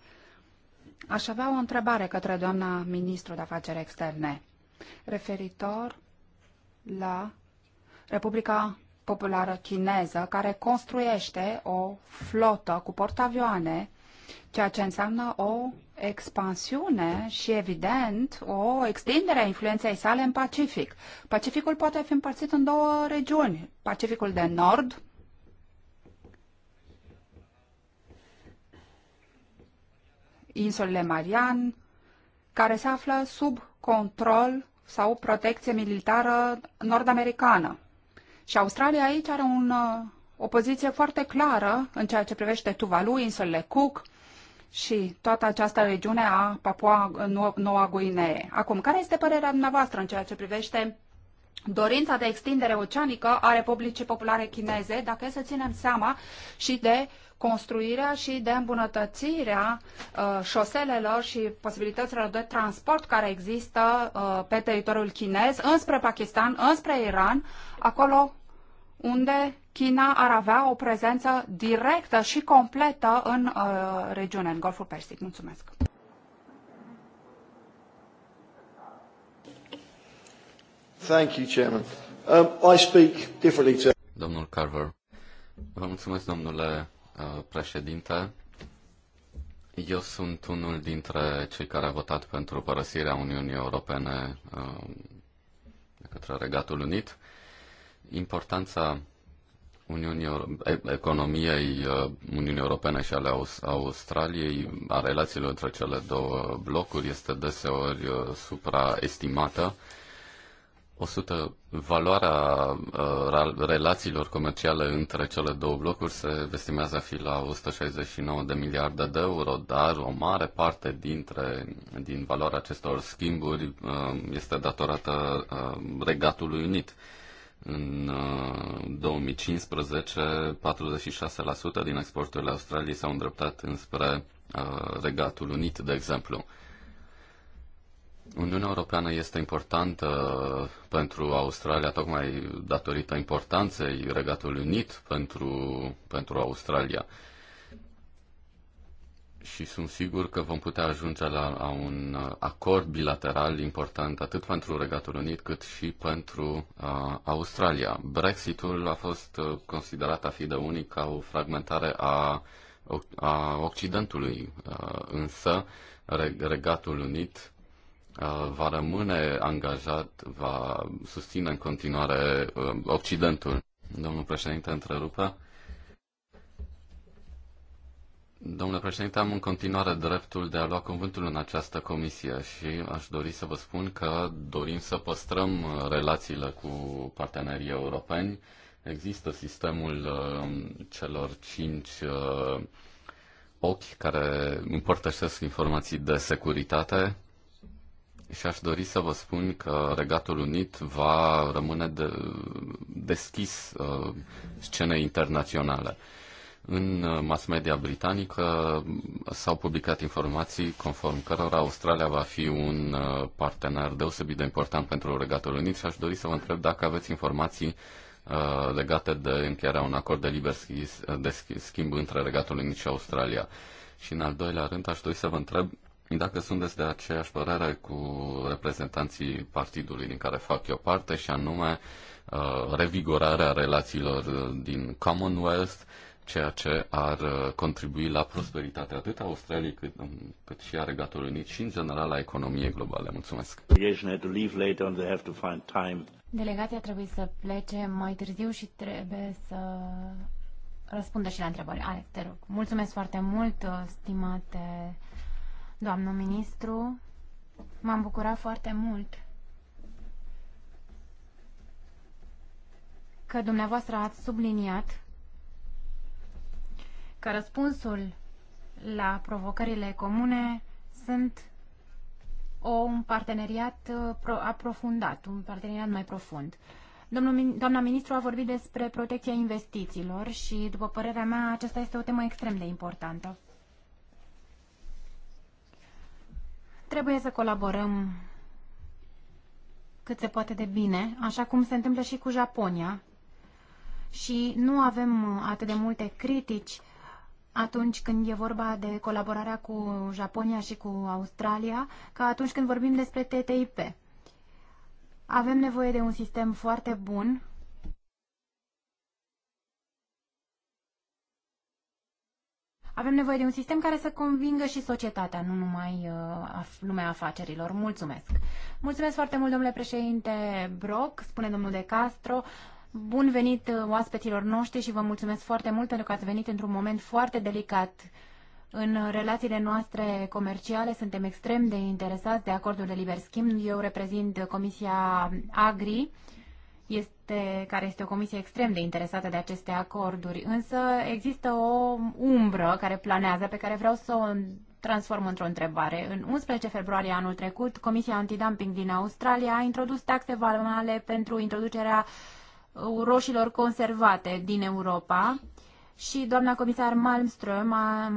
Aș avea o întrebare către doamna ministru de afaceri externe referitor la Republica Populară Chineză, care construiește o flotă cu portavioane ceea ce înseamnă o expansiune și, evident, o extindere a influenței sale în Pacific. Pacificul poate fi împărțit în două regiuni. Pacificul de Nord, insulele Marian, care se află sub control sau protecție militară nord-americană. Și Australia aici are un, uh, o poziție foarte clară în ceea ce privește Tuvalu, insulele Cook, și toată această regiune a Papua Noua Guinee. Acum, care este părerea dumneavoastră în ceea ce privește dorința de extindere oceanică a Republicii Populare Chineze, dacă e să ținem seama și de construirea și de îmbunătățirea uh, șoselelor și posibilităților de transport care există uh, pe teritoriul chinez, înspre Pakistan, înspre Iran, acolo unde China ar avea o prezență directă și completă în uh, regiune, în Golful Persic. Mulțumesc! Thank you, Chairman. Um, I speak differently to... Domnul Carver, vă mulțumesc, domnule uh, președinte. Eu sunt unul dintre cei care a votat pentru părăsirea Uniunii Europene uh, de către Regatul Unit importanța Uniunii, economiei uh, Uniunii Europene și ale Australiei, a relațiilor între cele două blocuri, este deseori uh, supraestimată. 100, valoarea uh, relațiilor comerciale între cele două blocuri se estimează a fi la 169 de miliarde de euro, dar o mare parte dintre, din valoarea acestor schimburi este datorată Regatului Unit în 2015, uh, 46% din exporturile Australiei s-au îndreptat înspre uh, Regatul Unit, de exemplu. Uniunea Europeană este importantă pentru Australia tocmai datorită importanței Regatului Unit pentru, pentru Australia și sunt sigur că vom putea ajunge la, la un acord bilateral important atât pentru Regatul Unit cât și pentru uh, Australia. Brexitul a fost uh, considerat a fi de unic ca o fragmentare a, a Occidentului, uh, însă Regatul Unit uh, va rămâne angajat, va susține în continuare uh, Occidentul. Domnul președinte, întrerupă. Domnule președinte, am în continuare dreptul de a lua cuvântul în această comisie și aș dori să vă spun că dorim să păstrăm uh, relațiile cu partenerii europeni. Există sistemul uh, celor cinci uh, ochi care împărtășesc informații de securitate și aș dori să vă spun că Regatul Unit va rămâne de, deschis scenei internaționale. În uh, mass media britanică uh, s-au publicat informații conform cărora Australia va fi un uh, partener deosebit de important pentru Regatul Unit și aș dori să vă întreb dacă aveți informații legate de încheierea unui acord de liber de schimb între Regatul Unit și Australia. Și în al doilea rând aș dori să vă întreb dacă sunteți de aceeași părere cu reprezentanții partidului din care fac eu parte și anume revigorarea relațiilor din Commonwealth, ceea ce ar uh, contribui la prosperitatea atât a Australiei cât, um, cât și a Regatului Unit și în general la economie globale. Mulțumesc! Delegația trebuie să plece mai târziu și trebuie să răspundă și la întrebări. Alex, te rog. Mulțumesc foarte mult, uh, stimate doamnă ministru. M-am bucurat foarte mult că dumneavoastră ați subliniat că răspunsul la provocările comune sunt o, un parteneriat uh, aprofundat, un parteneriat mai profund. Domnul, doamna ministru a vorbit despre protecția investițiilor și, după părerea mea, aceasta este o temă extrem de importantă. Trebuie să colaborăm cât se poate de bine, așa cum se întâmplă și cu Japonia. Și nu avem uh, atât de multe critici atunci când e vorba de colaborarea cu Japonia și cu Australia, ca atunci când vorbim despre TTIP. Avem nevoie de un sistem foarte bun Avem nevoie de un sistem care să convingă și societatea, nu numai uh, lumea afacerilor. Mulțumesc! Mulțumesc foarte mult, domnule președinte Brock, spune domnul De Castro. Bun venit uh, oaspeților noștri și vă mulțumesc foarte mult pentru că ați venit într-un moment foarte delicat în relațiile noastre comerciale suntem extrem de interesați de acordul de liber schimb. Eu reprezint Comisia Agri, este, care este o comisie extrem de interesată de aceste acorduri, însă există o umbră care planează, pe care vreau să o transform într-o întrebare. În 11 februarie anul trecut, Comisia Antidumping din Australia a introdus taxe vamale pentru introducerea uh, Uh, roșilor conservate din Europa. Și doamna comisar Malmström um, a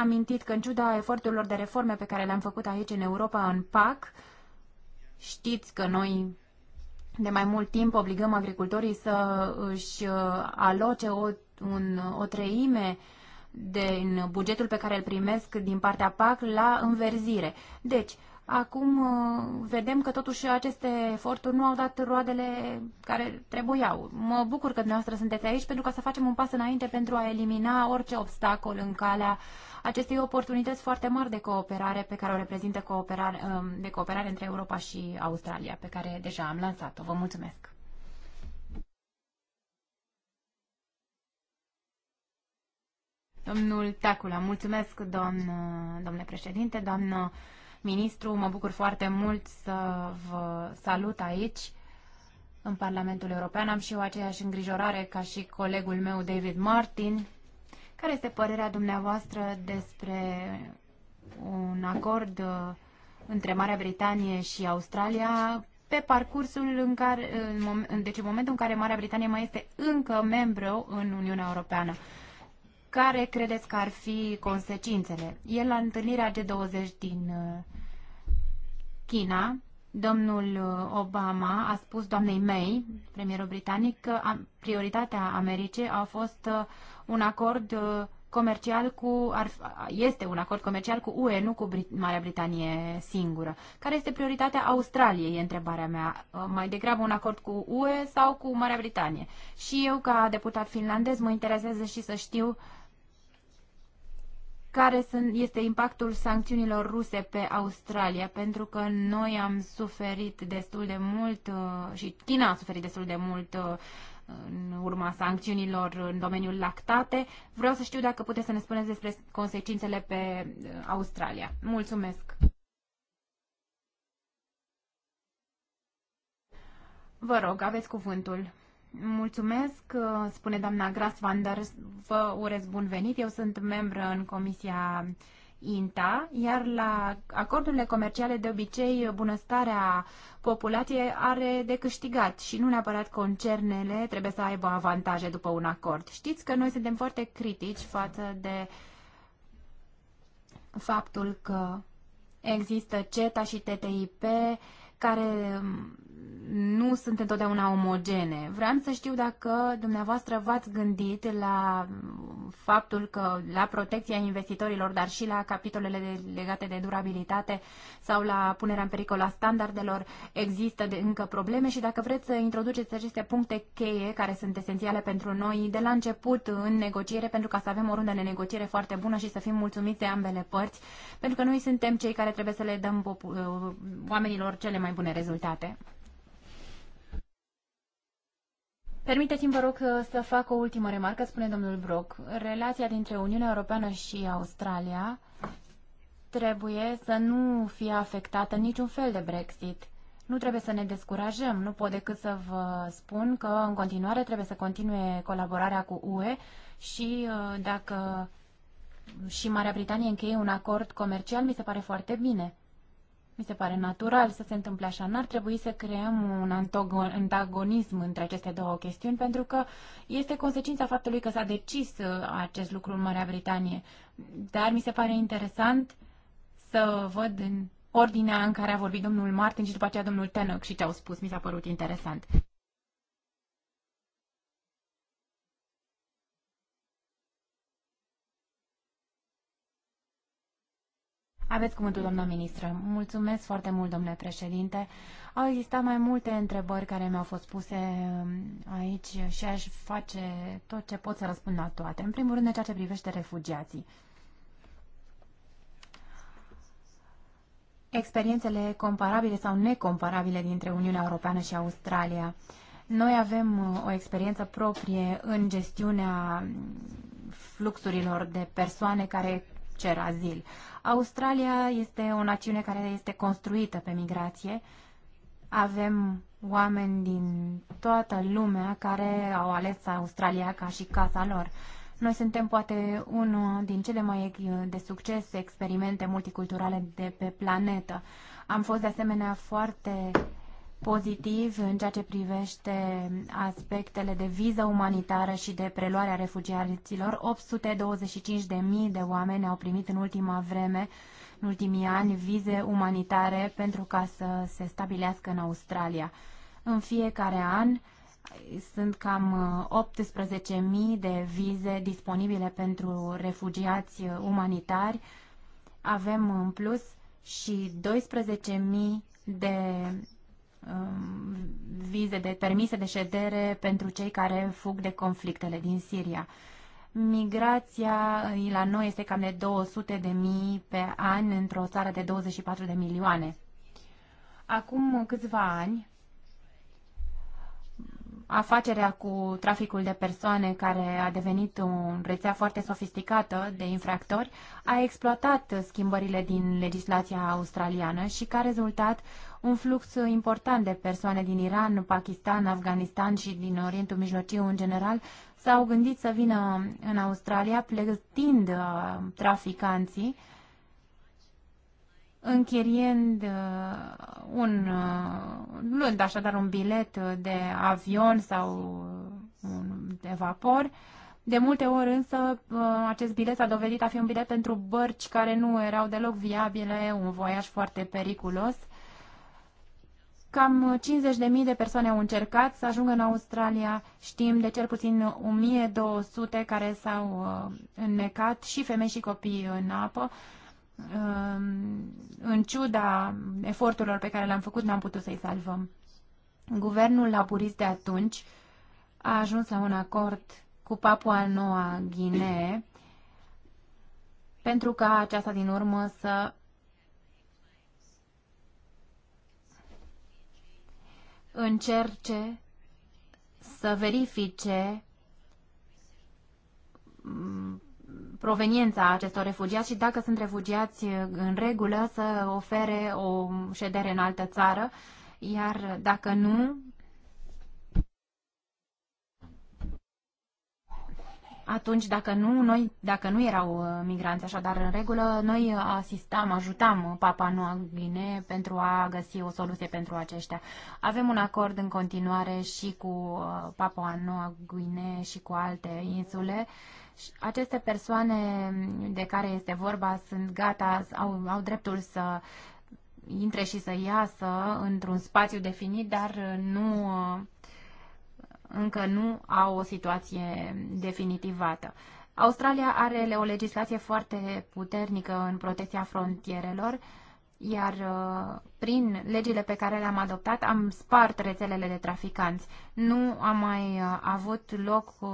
amintit că în ciuda eforturilor de reforme pe care le-am făcut aici în Europa, în PAC, știți că noi de mai mult timp obligăm agricultorii să își uh, aloce o, un, o treime din bugetul pe care îl primesc din partea PAC la înverzire. Deci, Acum uh, vedem că totuși aceste eforturi nu au dat roadele care trebuiau. Mă bucur că dumneavoastră sunteți aici pentru ca să facem un pas înainte pentru a elimina orice obstacol în calea acestei oportunități foarte mari de cooperare pe care o reprezintă cooperare, um, de cooperare între Europa și Australia, pe care deja am lansat-o. Vă mulțumesc! Domnul Tacula, mulțumesc, domn, domnule președinte, doamnă ministru, mă bucur foarte mult să vă salut aici în Parlamentul European. Am și eu aceeași îngrijorare ca și colegul meu David Martin. Care este părerea dumneavoastră despre un acord uh, între Marea Britanie și Australia pe parcursul în care, în, deci în momentul în care Marea Britanie mai este încă membru în Uniunea Europeană? Care credeți că ar fi consecințele? El la întâlnirea G20 din uh, China, domnul uh, Obama a spus doamnei May, premierul britanic, că prioritatea Americii a fost uh, un acord uh, comercial cu, ar, este un acord comercial cu UE, nu cu Brit Marea Britanie singură. Care este prioritatea Australiei, e întrebarea mea. Mai degrabă un acord cu UE sau cu Marea Britanie? Și eu, ca deputat finlandez, mă interesează și să știu uh, care sunt, este impactul sancțiunilor ruse pe Australia, pentru că noi am suferit destul de mult uh, și China a suferit destul de mult uh, în urma sancțiunilor în domeniul lactate. Vreau să știu dacă puteți să ne spuneți despre consecințele pe uh, Australia. Mulțumesc! Vă rog, aveți cuvântul. Mulțumesc, uh, spune doamna van der, vă urez bun venit. Eu sunt membră în Comisia INTA, iar la acordurile comerciale de obicei bunăstarea populației are de câștigat și nu neapărat concernele trebuie să aibă avantaje după un acord. Știți că noi suntem foarte critici față de faptul că există CETA și TTIP care nu sunt întotdeauna omogene. Vreau să știu dacă dumneavoastră v-ați gândit la faptul că la protecția investitorilor, dar și la capitolele legate de durabilitate sau la punerea în pericol a standardelor există de, încă probleme și dacă vreți să introduceți aceste puncte cheie care sunt esențiale pentru noi de la început în negociere pentru ca să avem o rundă de negociere foarte bună și să fim mulțumiți de ambele părți, pentru că noi suntem cei care trebuie să le dăm oamenilor cele mai bune rezultate. Permiteți-mi, vă rog, uh, să fac o ultimă remarcă, spune domnul Brock. Relația dintre Uniunea Europeană și Australia trebuie să nu fie afectată niciun fel de Brexit. Nu trebuie să ne descurajăm, nu pot decât să vă spun că în continuare trebuie să continue colaborarea cu UE și uh, dacă și Marea Britanie încheie un acord comercial, mi se pare foarte bine. Mi se pare natural să se întâmple așa. N-ar trebui să creăm un antagonism între aceste două chestiuni, pentru că este consecința faptului că s-a decis uh, acest lucru în Marea Britanie. Dar mi se pare interesant să văd în ordinea în care a vorbit domnul Martin și după aceea domnul Tenoch și ce au spus. Mi s-a părut interesant. Aveți cuvântul, doamna ministră. Mulțumesc foarte mult, domnule președinte. Au existat mai multe întrebări care mi-au fost puse um, aici și aș face tot ce pot să răspund la toate. În primul rând, în ceea ce privește refugiații. Experiențele comparabile sau necomparabile dintre Uniunea Europeană și Australia. Noi avem uh, o experiență proprie în gestiunea fluxurilor de persoane care cer azil. Australia este o națiune care este construită pe migrație. Avem oameni din toată lumea care au ales Australia ca și casa lor. Noi suntem poate unul din cele mai de succes experimente multiculturale de pe planetă. Am fost de asemenea foarte pozitiv în ceea ce privește aspectele de viză umanitară și de preluarea refugiaților. 825.000 de oameni au primit în ultima vreme, în ultimii ani, vize umanitare pentru ca să se stabilească în Australia. În fiecare an sunt cam 18.000 uh, de vize disponibile pentru refugiați uh, umanitari. Avem în plus și 12.000 de Um, vize de permise de ședere pentru cei care fug de conflictele din Siria. Migrația uh, la noi este cam de 200 de mii pe an într-o țară de 24 de milioane. Acum câțiva ani, afacerea cu traficul de persoane, care a devenit o rețea foarte sofisticată de infractori, a exploatat schimbările din legislația australiană și, ca rezultat, un flux important de persoane din Iran, Pakistan, Afganistan și din Orientul Mijlociu în general s-au gândit să vină în Australia plătind uh, traficanții, închiriind uh, un, uh, luând așadar un bilet de avion sau un, de vapor. De multe ori însă uh, acest bilet s-a dovedit a fi un bilet pentru bărci care nu erau deloc viabile, un voiaj foarte periculos Cam 50.000 de persoane au încercat să ajungă în Australia. Știm de cel puțin 1200 care s-au uh, înnecat și femei și copii în apă. Uh, în ciuda eforturilor pe care le-am făcut, n-am putut să-i salvăm. Guvernul laburist de atunci a ajuns la un acord cu Papua Noua Guinee pentru ca aceasta din urmă să încerce să verifice mm, proveniența acestor refugiați și dacă sunt refugiați în regulă să ofere o ședere în altă țară, iar dacă nu, Atunci, dacă nu, noi, dacă nu erau uh, migranți, așadar, în regulă, noi asistam, ajutam uh, Papa Noua Guinee pentru a găsi o soluție pentru aceștia. Avem un acord în continuare și cu uh, Papa Noua Guinee și cu alte insule. Aceste persoane de care este vorba sunt gata, au, au dreptul să intre și să iasă într-un spațiu definit, dar nu încă nu au o situație definitivată. Australia are o legislație foarte puternică în protecția frontierelor, iar uh, prin legile pe care le-am adoptat am spart rețelele de traficanți. Nu a mai uh, avut loc uh,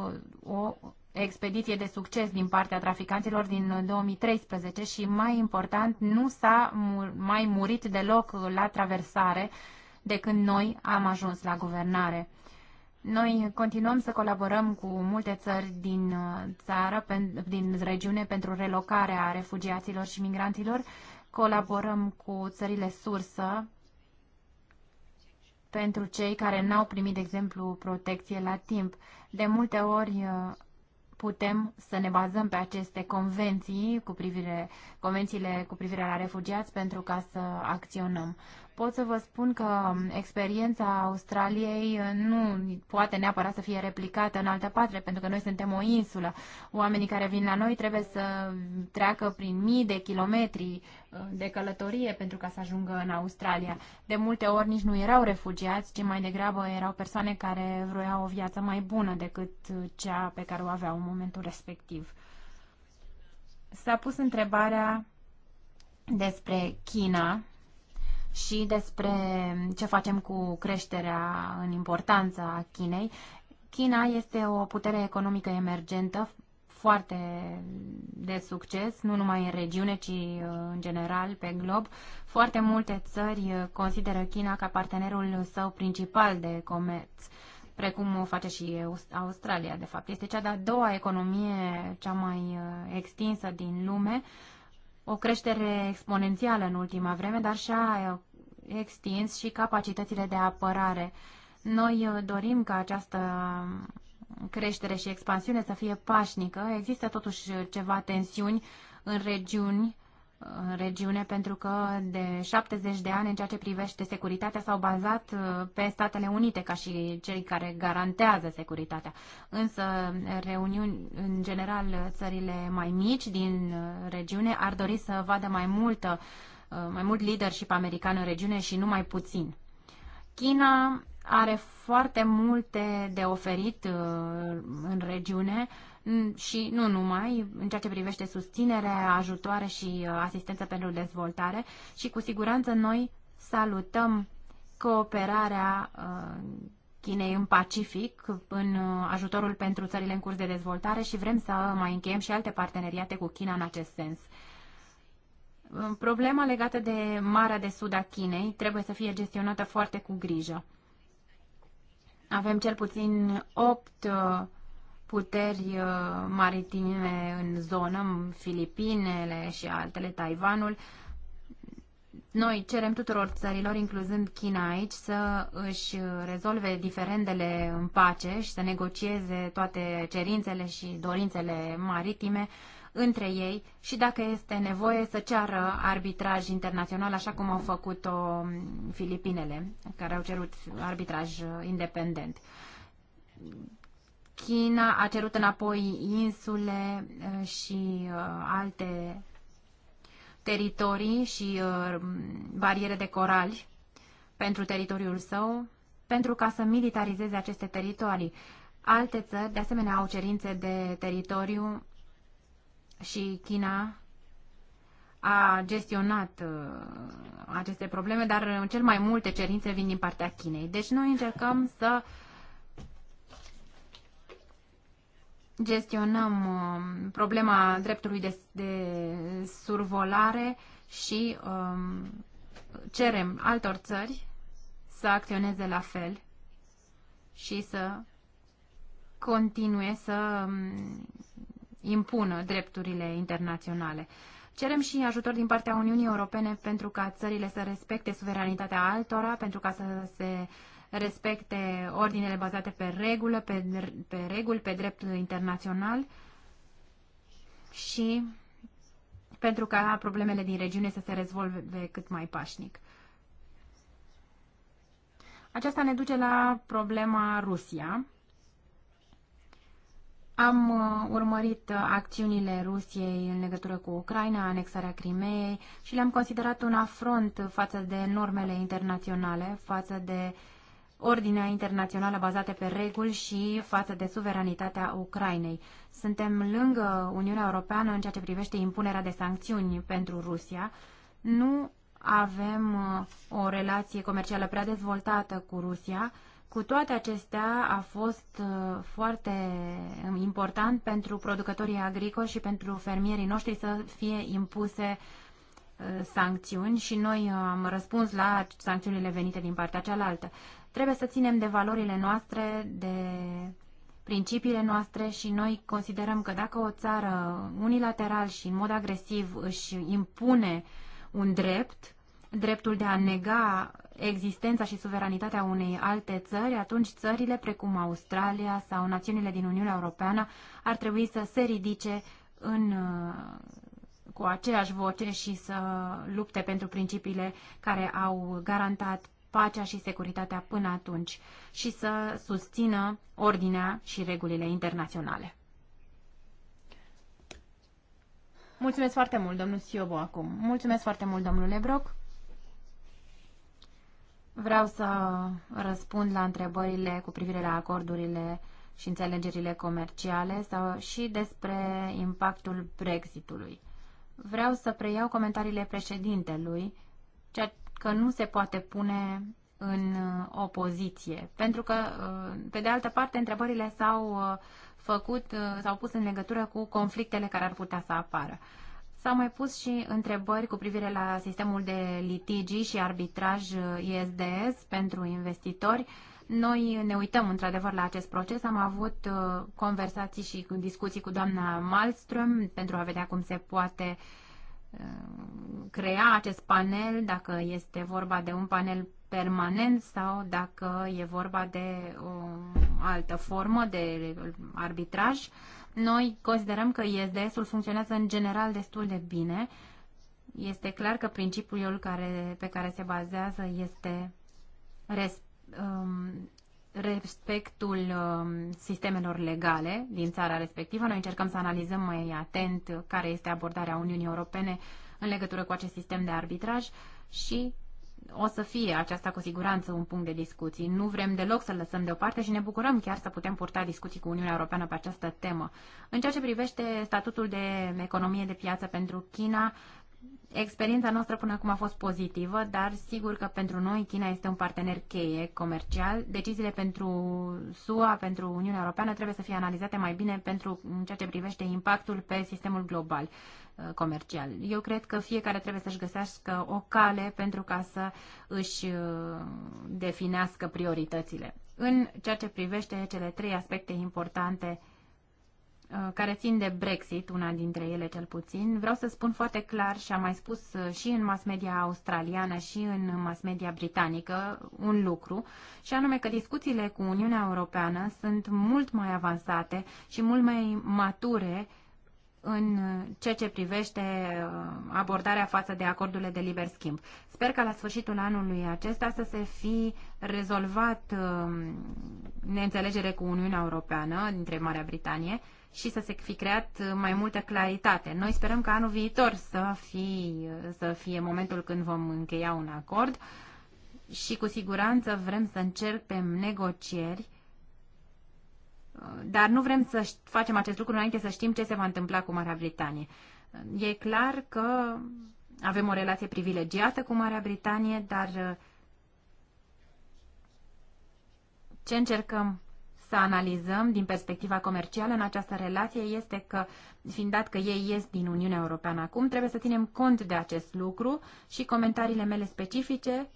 o expediție de succes din partea traficanților din 2013 și, mai important, nu s-a mai murit deloc la traversare de când noi am ajuns la guvernare. Noi continuăm să colaborăm cu multe țări din uh, țară, din regiune pentru relocarea refugiaților și migranților. Colaborăm cu țările sursă pentru cei care n-au primit, de exemplu, protecție la timp. De multe ori uh, putem să ne bazăm pe aceste convenții cu privire, convențiile cu privire la refugiați pentru ca să acționăm pot să vă spun că experiența Australiei uh, nu poate neapărat să fie replicată în altă parte, pentru că noi suntem o insulă. Oamenii care vin la noi trebuie să treacă prin mii de kilometri uh, de călătorie pentru ca să ajungă în Australia. De multe ori nici nu erau refugiați, ci mai degrabă erau persoane care vroiau o viață mai bună decât uh, cea pe care o aveau în momentul respectiv. S-a pus întrebarea despre China și despre ce facem cu creșterea în importanța Chinei. China este o putere economică emergentă foarte de succes, nu numai în regiune, ci în general pe glob. Foarte multe țări consideră China ca partenerul său principal de comerț precum o face și Australia, de fapt. Este cea de-a doua economie cea mai extinsă din lume o creștere exponențială în ultima vreme, dar și-a uh, extins și capacitățile de apărare. Noi uh, dorim ca această um, creștere și expansiune să fie pașnică. Există totuși uh, ceva tensiuni în regiuni în regiune, pentru că de 70 de ani, în ceea ce privește securitatea, s-au bazat uh, pe Statele Unite ca și cei care garantează securitatea. Însă, reuniuni, în general, țările mai mici din uh, regiune ar dori să vadă mai, multă, uh, mai mult leadership american în regiune și nu mai puțin. China are foarte multe de oferit în regiune și nu numai, în ceea ce privește susținere, ajutoare și uh, asistență pentru dezvoltare și cu siguranță noi salutăm cooperarea uh, Chinei în Pacific, în uh, ajutorul pentru țările în curs de dezvoltare și vrem să mai încheiem și alte parteneriate cu China în acest sens. Problema legată de Marea de Sud a Chinei trebuie să fie gestionată foarte cu grijă. Avem cel puțin opt puteri uh, maritime în zonă, Filipinele și altele, Taiwanul. Noi cerem tuturor țărilor, incluzând China aici, să își rezolve diferendele în pace și să negocieze toate cerințele și dorințele maritime între ei și dacă este nevoie să ceară arbitraj internațional, așa cum au făcut-o Filipinele, care au cerut arbitraj independent China a cerut înapoi insule uh, și uh, alte teritorii și uh, bariere de corali pentru teritoriul său, pentru ca să militarizeze aceste teritorii. Alte țări, de asemenea, au cerințe de teritoriu și China a gestionat aceste probleme, dar cel mai multe cerințe vin din partea Chinei. Deci noi încercăm să uh, gestionăm uh, problema dreptului de, de survolare și uh, cerem altor țări să acționeze la fel și să continue să um, impună drepturile internaționale. Cerem și ajutor din partea Uniunii Europene pentru ca țările să respecte suveranitatea altora, pentru ca să se respecte ordinele bazate pe regulă, pe, pe reguli, pe dreptul internațional și pentru ca problemele din regiune să se rezolve cât mai pașnic. Aceasta ne duce la problema Rusia. Am uh, urmărit uh, acțiunile Rusiei în legătură cu Ucraina, anexarea Crimeei și le-am considerat un afront față de normele internaționale, față de uh, ordinea internațională bazată pe reguli și față de suveranitatea Ucrainei. Suntem lângă Uniunea Europeană în ceea ce privește impunerea de sancțiuni pentru Rusia. Nu avem uh, o relație comercială prea dezvoltată cu Rusia. Cu toate acestea, a fost uh, foarte um, important pentru producătorii agricoli și pentru fermierii noștri să fie impuse uh, sancțiuni și noi am răspuns la sancțiunile venite din partea cealaltă. Trebuie să ținem de valorile noastre, de principiile noastre și noi considerăm că dacă o țară unilateral și în mod agresiv își impune un drept, dreptul de a nega existența și suveranitatea unei alte țări, atunci țările precum Australia sau națiunile din Uniunea Europeană ar trebui să se ridice în, cu aceeași voce și să lupte pentru principiile care au garantat pacea și securitatea până atunci și să susțină ordinea și regulile internaționale. Mulțumesc foarte mult, domnul Siobo, acum. Mulțumesc foarte mult, domnule Broc. Vreau să răspund la întrebările cu privire la acordurile și înțelegerile comerciale sau și despre impactul Brexitului. Vreau să preiau comentariile președintelui, ceea că nu se poate pune în uh, opoziție. Pentru că, uh, pe de altă parte, întrebările s-au uh, făcut, s-au pus în legătură cu conflictele care ar putea să apară. S-au mai pus și întrebări cu privire la sistemul de litigi și arbitraj ISDS pentru investitori. Noi ne uităm într-adevăr la acest proces. Am avut conversații și discuții cu doamna Malmström pentru a vedea cum se poate uh, crea acest panel, dacă este vorba de un panel permanent sau dacă e vorba de o altă formă de arbitraj. Noi considerăm că ISDS-ul funcționează în general destul de bine. Este clar că principiul care, pe care se bazează este res, um, respectul um, sistemelor legale din țara respectivă. Noi încercăm să analizăm mai atent care este abordarea Uniunii Europene în legătură cu acest sistem de arbitraj și o să fie aceasta cu siguranță un punct de discuții. Nu vrem deloc să-l lăsăm deoparte și ne bucurăm chiar să putem purta discuții cu Uniunea Europeană pe această temă. În ceea ce privește statutul de economie de piață pentru China, Experiența noastră până acum a fost pozitivă, dar sigur că pentru noi China este un partener cheie comercial. Deciziile pentru SUA, pentru Uniunea Europeană trebuie să fie analizate mai bine pentru în ceea ce privește impactul pe sistemul global uh, comercial. Eu cred că fiecare trebuie să-și găsească o cale pentru ca să își uh, definească prioritățile. În ceea ce privește cele trei aspecte importante Uh, care țin de Brexit, una dintre ele cel puțin, vreau să spun foarte clar și am mai spus uh, și în mass media australiană și în mass media britanică un lucru, și anume că discuțiile cu Uniunea Europeană sunt mult mai avansate și mult mai mature în uh, ceea ce privește abordarea față de acordurile de liber schimb. Sper ca la sfârșitul anului acesta să se fi rezolvat neînțelegere cu Uniunea Europeană dintre Marea Britanie, și să se fi creat uh, mai multă claritate. Noi sperăm că anul viitor să, fi, uh, să fie momentul când vom încheia un acord și cu siguranță vrem să începem negocieri, uh, dar nu vrem să facem acest lucru înainte să știm ce se va întâmpla cu Marea Britanie. E clar că avem o relație privilegiată cu Marea Britanie, dar ce încercăm să analizăm din perspectiva comercială în această relație este că, fiind dat că ei ies din Uniunea Europeană acum, trebuie să ținem cont de acest lucru și comentariile mele specifice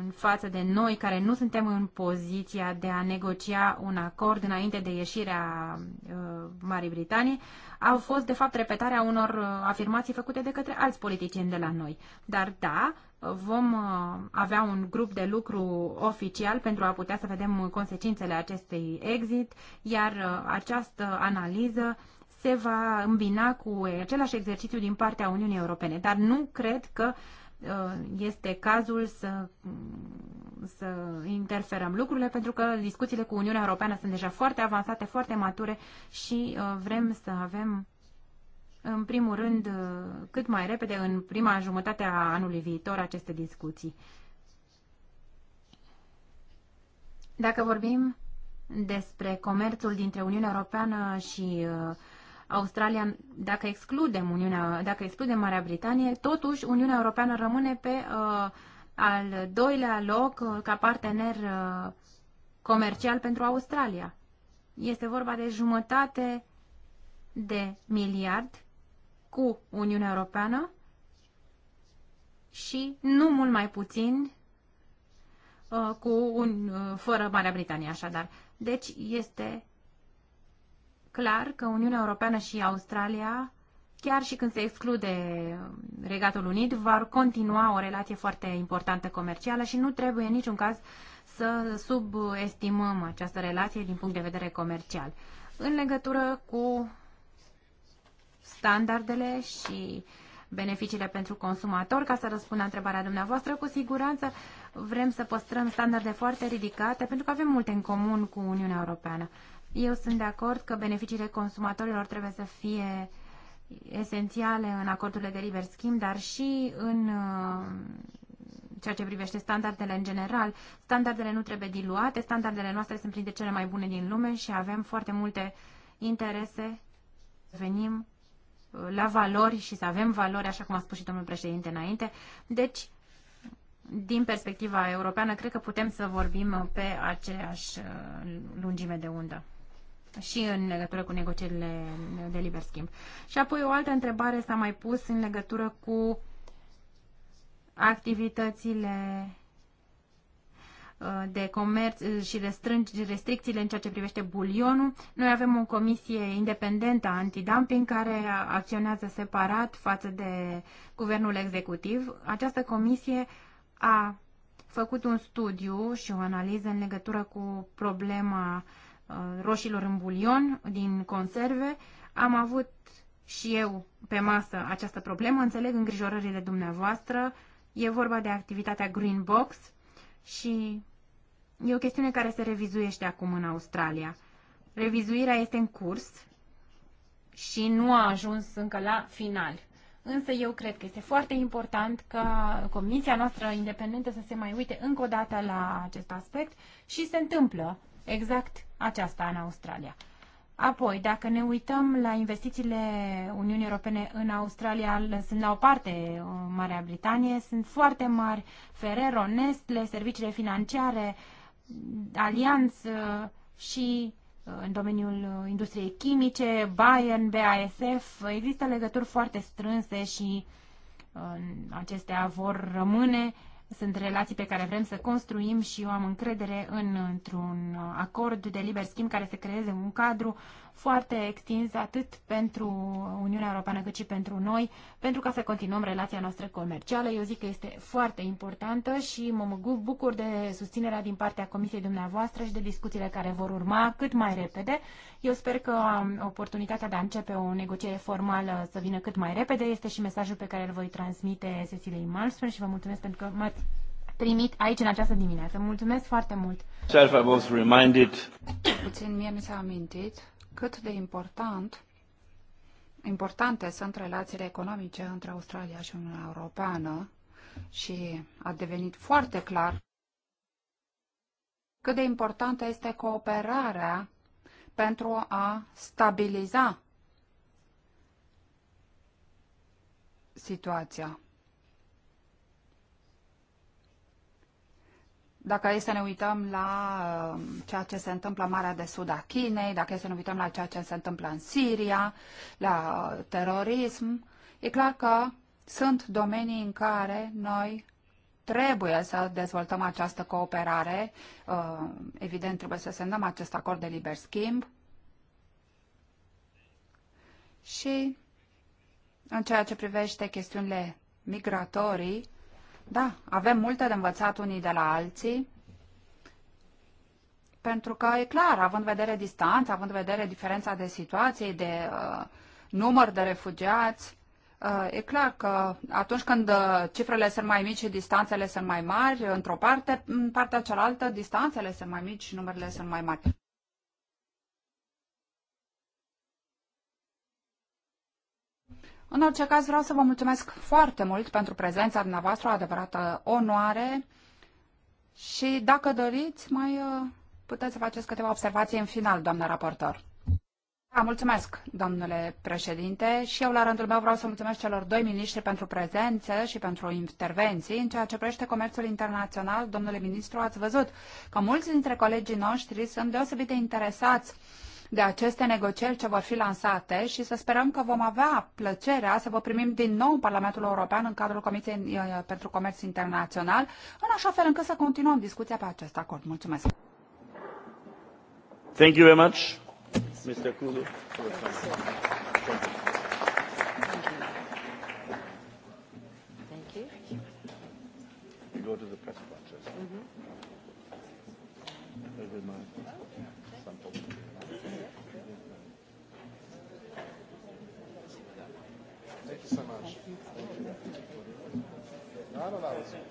în față de noi care nu suntem în poziția de a negocia un acord înainte de ieșirea uh, Marii Britanii au fost de fapt repetarea unor uh, afirmații făcute de către alți politicieni de la noi. Dar da, vom uh, avea un grup de lucru oficial pentru a putea să vedem consecințele acestui exit, iar uh, această analiză se va îmbina cu același exercițiu din partea Uniunii Europene. Dar nu cred că uh, este cazul să, să interferăm lucrurile, pentru că discuțiile cu Uniunea Europeană sunt deja foarte avansate, foarte mature și vrem să avem în primul rând, uh, cât mai repede, în prima jumătate a anului viitor, aceste discuții. Dacă vorbim despre comerțul dintre Uniunea Europeană și uh, Australia, dacă excludem, Uniunea, dacă excludem Marea Britanie, totuși Uniunea Europeană rămâne pe uh, al doilea loc uh, ca partener uh, comercial pentru Australia. Este vorba de jumătate de miliard cu Uniunea Europeană și nu mult mai puțin uh, cu un, uh, fără Marea Britanie, așadar. Deci este clar că Uniunea Europeană și Australia, chiar și când se exclude uh, Regatul Unit, vor continua o relație foarte importantă comercială și nu trebuie în niciun caz să subestimăm această relație din punct de vedere comercial. În legătură cu standardele și beneficiile pentru consumator. Ca să răspund la întrebarea dumneavoastră, cu siguranță vrem să păstrăm standarde foarte ridicate pentru că avem multe în comun cu Uniunea Europeană. Eu sunt de acord că beneficiile consumatorilor trebuie să fie esențiale în acordurile de liber schimb, dar și în uh, ceea ce privește standardele în general. Standardele nu trebuie diluate, standardele noastre sunt printre cele mai bune din lume și avem foarte multe interese. Venim la valori și să avem valori, așa cum a spus și domnul președinte înainte. Deci, din perspectiva europeană, cred că putem să vorbim pe aceeași uh, lungime de undă și în legătură cu negocierile de liber schimb. Și apoi o altă întrebare s-a mai pus în legătură cu activitățile Uh, de comerț uh, și restricțiile în ceea ce privește bulionul. Noi avem o comisie independentă antidumping care acționează separat față de guvernul executiv. Această comisie a făcut un studiu și o analiză în legătură cu problema uh, roșilor în bulion din conserve. Am avut și eu pe masă această problemă, înțeleg îngrijorările dumneavoastră. E vorba de activitatea Green Box și E o chestiune care se revizuiește acum în Australia. Revizuirea este în curs și nu a ajuns încă la final. Însă eu cred că este foarte important ca comisia noastră independentă să se mai uite încă o dată la acest aspect și se întâmplă exact aceasta în Australia. Apoi, dacă ne uităm la investițiile Uniunii Europene în Australia, sunt la o parte uh, Marea Britanie, sunt foarte mari Ferrero, Nestle, serviciile financiare, uh, Allianz uh, și uh, în domeniul uh, industriei chimice, Bayern, BASF, există legături foarte strânse și acestea vor rămâne. Sunt relații pe care vrem să construim și eu am încredere în, într-un acord de liber schimb care să creeze un cadru foarte extins atât pentru Uniunea Europeană cât și pentru noi, pentru ca să continuăm relația noastră comercială. Eu zic că este foarte importantă și mă bucur de susținerea din partea Comisiei dumneavoastră și de discuțiile care vor urma cât mai repede. Eu sper că oportunitatea de a începe o negociere formală să vină cât mai repede este și mesajul pe care îl voi transmite Cecilei Malmström și vă mulțumesc pentru că m-ați primit aici în această dimineață. Mulțumesc foarte mult! Puțin mie mi s-a amintit cât de important, importante sunt relațiile economice între Australia și Uniunea Europeană și a devenit foarte clar cât de importantă este cooperarea pentru a stabiliza situația. Dacă e să ne uităm la uh, ceea ce se întâmplă în Marea de Sud a Chinei, dacă e să ne uităm la ceea ce se întâmplă în Siria, la uh, terorism, e clar că sunt domenii în care noi trebuie să dezvoltăm această cooperare. Uh, evident, trebuie să semnăm acest acord de liber schimb. Și în ceea ce privește chestiunile migratorii, da, avem multe de învățat unii de la alții, pentru că e clar, având vedere distanța, având vedere diferența de situație, de uh, număr de refugiați, uh, e clar că atunci când uh, cifrele sunt mai mici și distanțele sunt mai mari, într-o parte, în partea cealaltă, distanțele sunt mai mici și numerele sunt mai mari. În orice caz, vreau să vă mulțumesc foarte mult pentru prezența dumneavoastră, o adevărată onoare și dacă doriți, mai uh, puteți să faceți câteva observații în final, doamnă raportor. Da, mulțumesc, domnule președinte, și eu la rândul meu vreau să mulțumesc celor doi miniștri pentru prezență și pentru intervenții. În ceea ce privește comerțul internațional, domnule ministru, ați văzut că mulți dintre colegii noștri sunt deosebit de interesați de aceste negocieri ce vor fi lansate și să sperăm că vom avea plăcerea să vă primim din nou în Parlamentul European în cadrul Comisiei uh, pentru Comerț Internațional, în așa fel încât să continuăm discuția pe acest acord. Mulțumesc! Thank you very much, Mr. Kulu. go to the press boxes. Mm-hmm. don't know.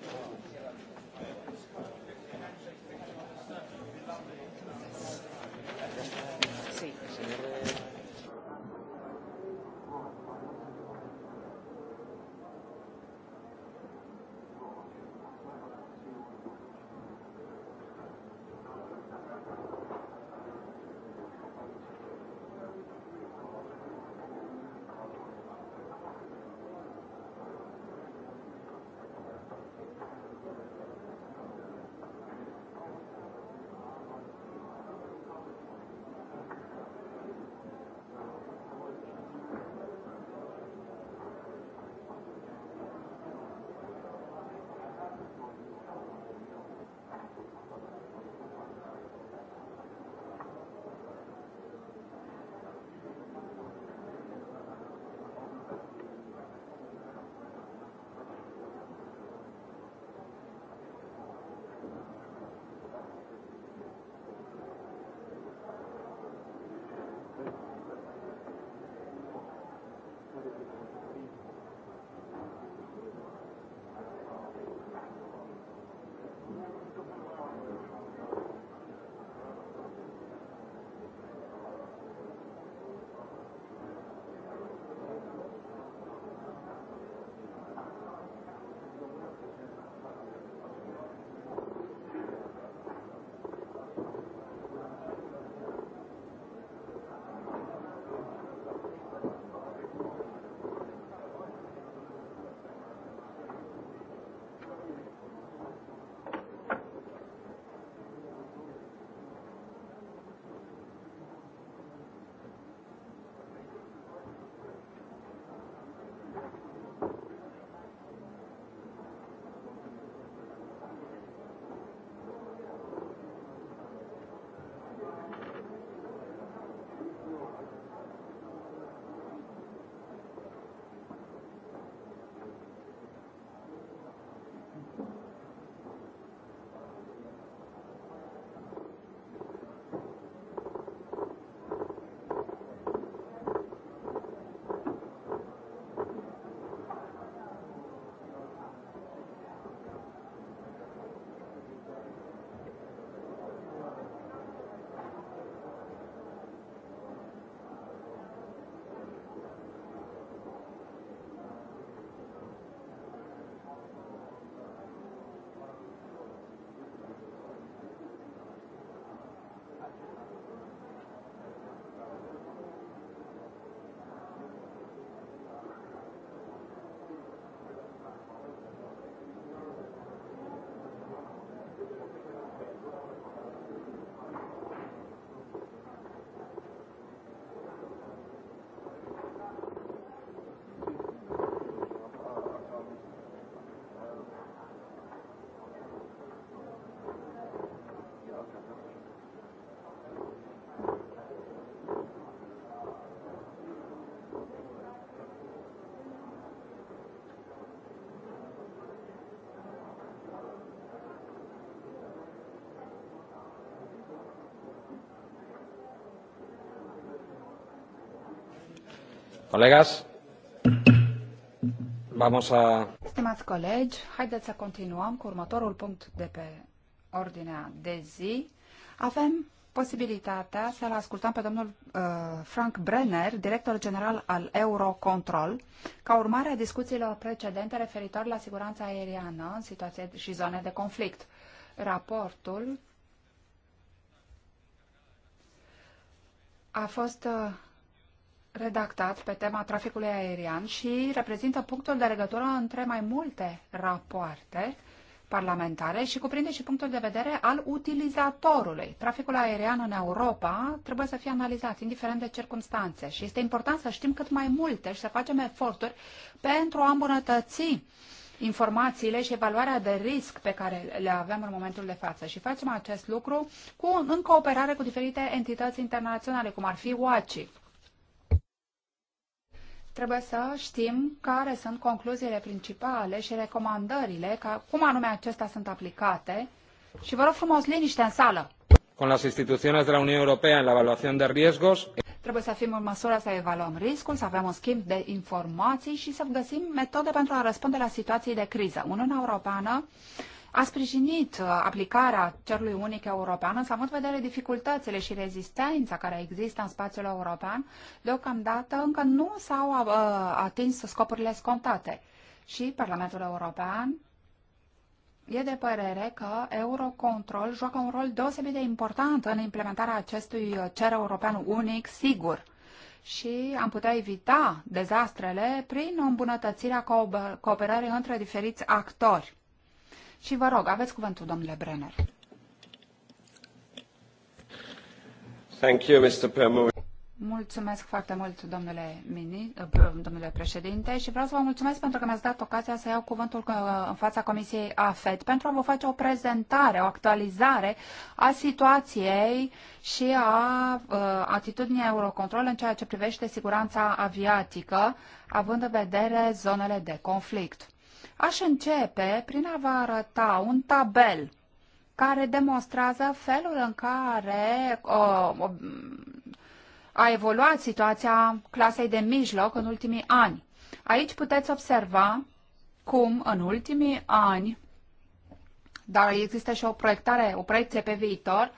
Colegas, vamos a... Stimați colegi, haideți să continuăm cu următorul punct de pe ordinea de zi. Avem posibilitatea să-l ascultăm pe domnul uh, Frank Brenner, director general al Eurocontrol, ca urmare a discuțiilor precedente referitor la siguranța aeriană în situații și zone de conflict. Raportul a fost uh, redactat pe tema traficului aerian și reprezintă punctul de legătură între mai multe rapoarte parlamentare și cuprinde și punctul de vedere al utilizatorului. Traficul aerian în Europa trebuie să fie analizat, indiferent de circunstanțe, și este important să știm cât mai multe și să facem eforturi pentru a îmbunătăți informațiile și evaluarea de risc pe care le avem în momentul de față și facem acest lucru cu, în cooperare cu diferite entități internaționale, cum ar fi OACI trebuie să știm care sunt concluziile principale și recomandările, ca, cum anume acestea sunt aplicate. Și vă rog frumos, liniște în sală. Con las instituciones de la Unión Europea en la evaluación de riesgos. Trebuie să fim în măsură să evaluăm riscul, să avem un schimb de informații și să găsim metode pentru a răspunde la situații de criză. Uniunea Europeană a sprijinit uh, aplicarea cerului unic european, însă am în vedere dificultățile și rezistența care există în spațiul european, deocamdată încă nu s-au uh, atins scopurile scontate. Și Parlamentul European e de părere că Eurocontrol joacă un rol deosebit de important în implementarea acestui uh, cer european unic, sigur, și am putea evita dezastrele prin îmbunătățirea cooperării între diferiți actori. Și vă rog, aveți cuvântul, domnule Brenner. Thank you, Mr. Mulțumesc foarte mult, domnule, mini, uh, domnule președinte, și vreau să vă mulțumesc pentru că mi-ați dat ocazia să iau cuvântul uh, în fața Comisiei AFED pentru a vă face o prezentare, o actualizare a situației și a uh, atitudinii Eurocontrol în ceea ce privește siguranța aviatică, având în vedere zonele de conflict. Aș începe prin a vă arăta un tabel care demonstrează felul în care uh, a evoluat situația clasei de mijloc în ultimii ani. Aici puteți observa cum în ultimii ani, dar există și o proiectare, o proiecție pe viitor, uh,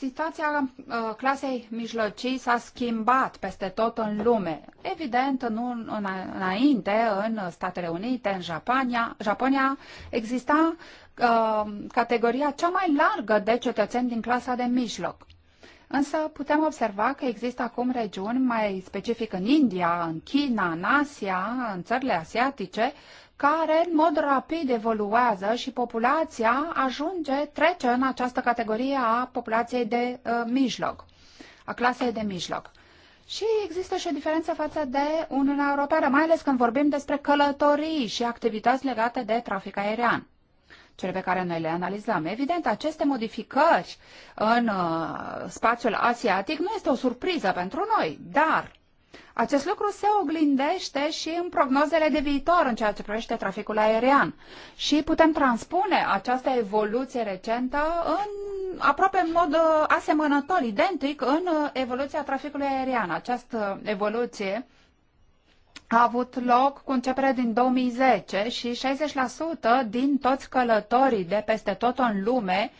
situația uh, clasei mijlocii s-a schimbat peste tot în lume. Evident, nu în, înainte, în Statele Unite, în Japania, Japonia exista uh, categoria cea mai largă de cetățeni din clasa de mijloc. Însă putem observa că există acum regiuni, mai specific în India, în China, în Asia, în țările asiatice, care în mod rapid evoluează și populația ajunge, trece în această categorie a populației de uh, mijloc, a clasei de mijloc. Și există și o diferență față de Uniunea Europeană, mai ales când vorbim despre călătorii și activități legate de trafic aerian cele pe care noi le analizăm. Evident, aceste modificări în uh, spațiul asiatic nu este o surpriză pentru noi, dar acest lucru se oglindește și în prognozele de viitor în ceea ce privește traficul aerian. Și putem transpune această evoluție recentă în aproape în mod uh, asemănător, identic, în uh, evoluția traficului aerian. Această evoluție a avut loc cu începerea din 2010 și 60% din toți călătorii de peste tot în lume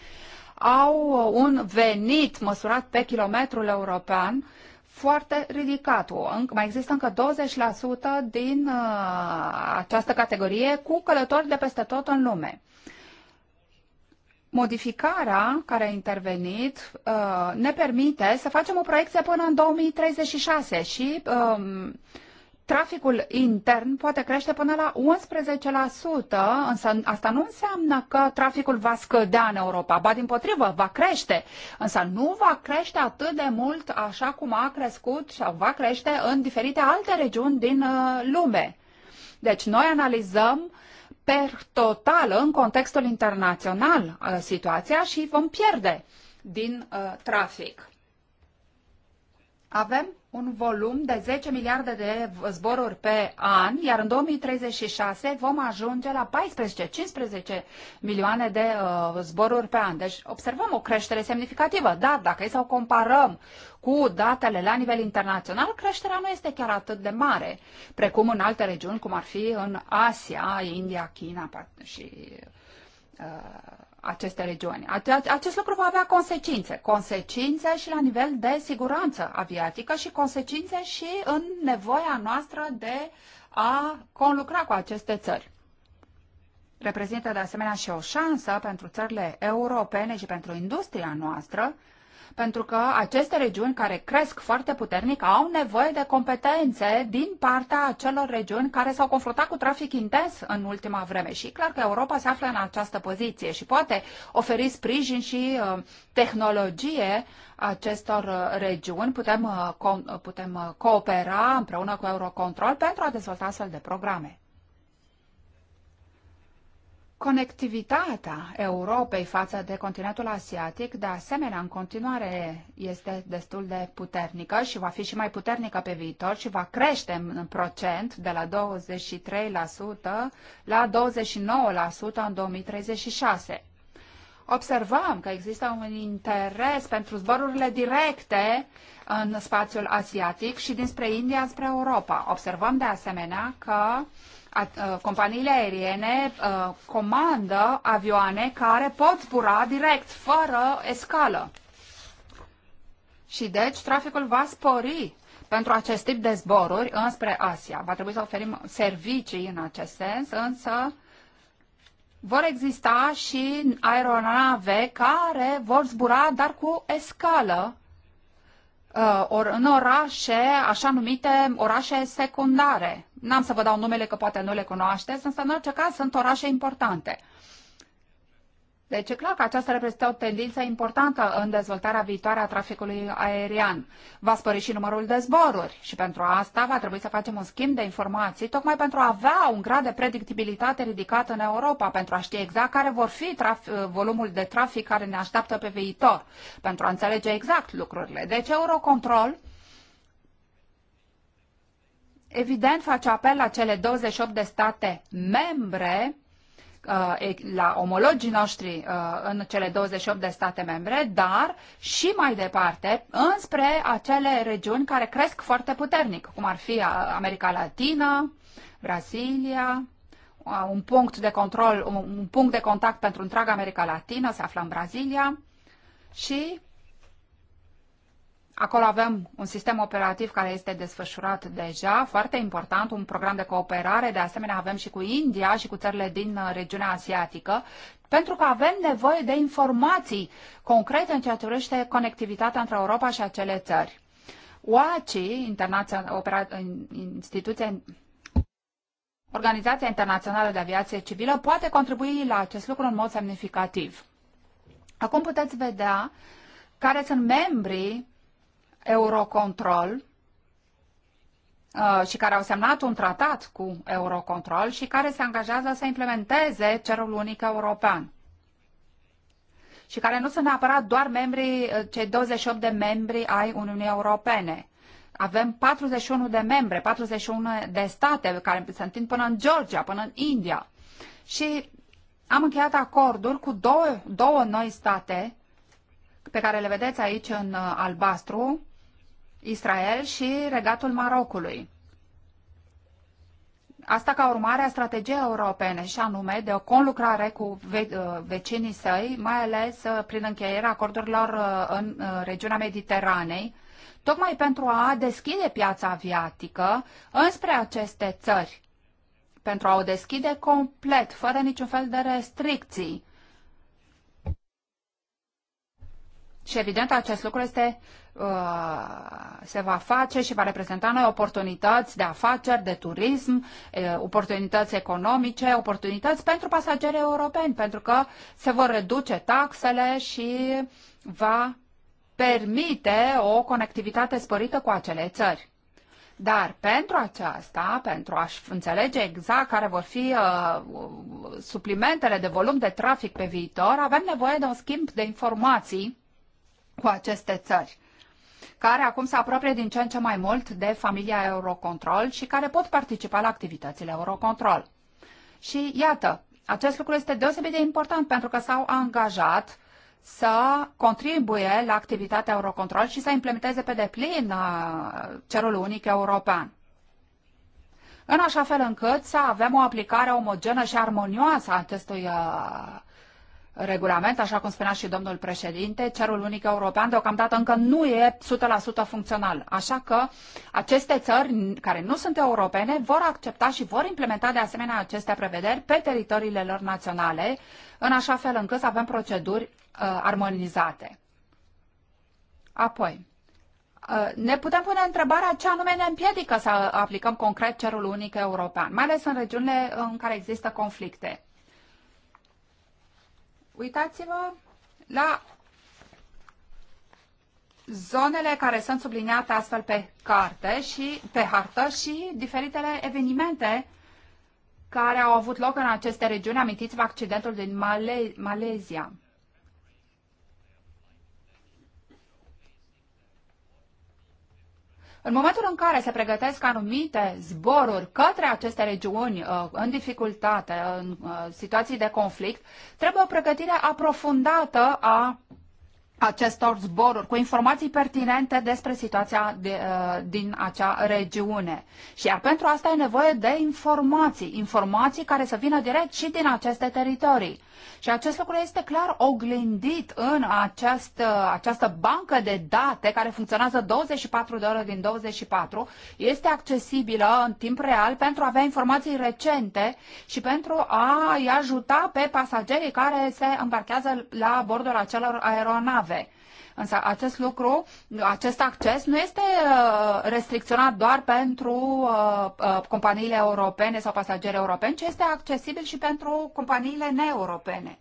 au uh, un venit măsurat pe kilometrul european foarte ridicat. Mai există încă 20% din uh, această categorie cu călători de peste tot în lume. Modificarea care a intervenit uh, ne permite să facem o proiecție până în 2036 și uh, traficul intern poate crește până la 11%, însă asta nu înseamnă că traficul va scădea în Europa, ba din potrivă, va crește, însă nu va crește atât de mult așa cum a crescut sau va crește în diferite alte regiuni din uh, lume. Deci noi analizăm per total în contextul internațional uh, situația și vom pierde din uh, trafic avem un volum de 10 miliarde de zboruri pe an, iar în 2036 vom ajunge la 14-15 milioane de uh, zboruri pe an. Deci observăm o creștere semnificativă, dar dacă e să o comparăm cu datele la nivel internațional, creșterea nu este chiar atât de mare, precum în alte regiuni, cum ar fi în Asia, India, China și uh, aceste regiuni. Acest lucru va avea consecințe. Consecințe și la nivel de siguranță aviatică și consecințe și în nevoia noastră de a conlucra cu aceste țări. Reprezintă de asemenea și o șansă pentru țările europene și pentru industria noastră pentru că aceste regiuni care cresc foarte puternic au nevoie de competențe din partea acelor regiuni care s-au confruntat cu trafic intens în ultima vreme. Și clar că Europa se află în această poziție și poate oferi sprijin și uh, tehnologie acestor uh, regiuni. Putem, uh, putem coopera împreună cu Eurocontrol pentru a dezvolta astfel de programe. Conectivitatea Europei față de continentul asiatic, de asemenea, în continuare este destul de puternică și va fi și mai puternică pe viitor și va crește în procent de la 23% la 29% în 2036. Observăm că există un interes pentru zborurile directe în spațiul asiatic și dinspre India spre Europa. Observăm de asemenea că uh, Uh, companiile aeriene uh, comandă avioane care pot zbura direct, fără escală. Și deci traficul va spori pentru acest tip de zboruri înspre Asia. Va trebui să oferim servicii în acest sens, însă vor exista și aeronave care vor zbura, dar cu escală, uh, în orașe, așa numite orașe secundare. N-am să vă dau numele că poate nu le cunoașteți, însă în orice caz sunt orașe importante. Deci e clar că aceasta reprezintă o tendință importantă în dezvoltarea viitoare a traficului aerian. Va spări și numărul de zboruri și pentru asta va trebui să facem un schimb de informații, tocmai pentru a avea un grad de predictibilitate ridicat în Europa, pentru a ști exact care vor fi volumul de trafic care ne așteaptă pe viitor, pentru a înțelege exact lucrurile. Deci Eurocontrol Evident, face apel la cele 28 de state membre, uh, la omologii noștri uh, în cele 28 de state membre, dar și mai departe, înspre acele regiuni care cresc foarte puternic, cum ar fi uh, America Latină, Brazilia, un punct de control, un punct de contact pentru întreaga America Latină se află în Brazilia și Acolo avem un sistem operativ care este desfășurat deja, foarte important, un program de cooperare, de asemenea avem și cu India și cu țările din uh, regiunea asiatică, pentru că avem nevoie de informații concrete în ceea ce privește conectivitatea între Europa și acele țări. OACI, instituția Organizația Internațională de Aviație Civilă poate contribui la acest lucru în mod semnificativ. Acum puteți vedea care sunt membrii Eurocontrol uh, și care au semnat un tratat cu Eurocontrol și care se angajează să implementeze cerul unic european și care nu sunt neapărat doar membrii, uh, cei 28 de membri ai Uniunii Europene. Avem 41 de membre, 41 de state care se întind până în Georgia, până în India. Și am încheiat acorduri cu două, două noi state pe care le vedeți aici în uh, albastru, Israel și regatul Marocului. Asta ca urmare a strategiei europene și anume de o conlucrare cu ve uh, vecinii săi, mai ales uh, prin încheierea acordurilor uh, în regiunea Mediteranei, tocmai pentru a deschide piața aviatică înspre aceste țări, pentru a o deschide complet, fără niciun fel de restricții. Și evident acest lucru este Uh, se va face și va reprezenta noi oportunități de afaceri, de turism, uh, oportunități economice, oportunități pentru pasagerii europeni, pentru că se vor reduce taxele și va permite o conectivitate sporită cu acele țări. Dar pentru aceasta, pentru a înțelege exact care vor fi uh, suplimentele de volum de trafic pe viitor, avem nevoie de un schimb de informații cu aceste țări care acum se apropie din ce în ce mai mult de familia Eurocontrol și care pot participa la activitățile Eurocontrol. Și iată, acest lucru este deosebit de important pentru că s-au angajat să contribuie la activitatea Eurocontrol și să implementeze pe deplin uh, cerul unic european în așa fel încât să avem o aplicare omogenă și armonioasă a acestui uh, regulament, așa cum spunea și domnul președinte, cerul unic european deocamdată încă nu e 100% funcțional. Așa că aceste țări care nu sunt europene vor accepta și vor implementa de asemenea aceste prevederi pe teritoriile lor naționale, în așa fel încât să avem proceduri uh, armonizate. Apoi, uh, ne putem pune întrebarea ce anume ne împiedică să aplicăm concret cerul unic european, mai ales în regiunile în care există conflicte uitați-vă la zonele care sunt subliniate astfel pe carte și pe hartă și diferitele evenimente care au avut loc în aceste regiuni. Amintiți-vă accidentul din Male- Malezia. În momentul în care se pregătesc anumite zboruri către aceste regiuni uh, în dificultate, în uh, situații de conflict, trebuie o pregătire aprofundată a acestor zboruri, cu informații pertinente despre situația de, uh, din acea regiune. Și iar pentru asta e nevoie de informații, informații care să vină direct și din aceste teritorii. Și acest lucru este clar oglindit în această, această bancă de date care funcționează 24 de ore din 24, este accesibilă în timp real pentru a avea informații recente și pentru a-i ajuta pe pasagerii care se îmbarchează la bordul acelor aeronave. Însă acest lucru, acest acces nu este uh, restricționat doar pentru uh, uh, companiile europene sau pasageri europeni, ci este accesibil și pentru companiile neeuropene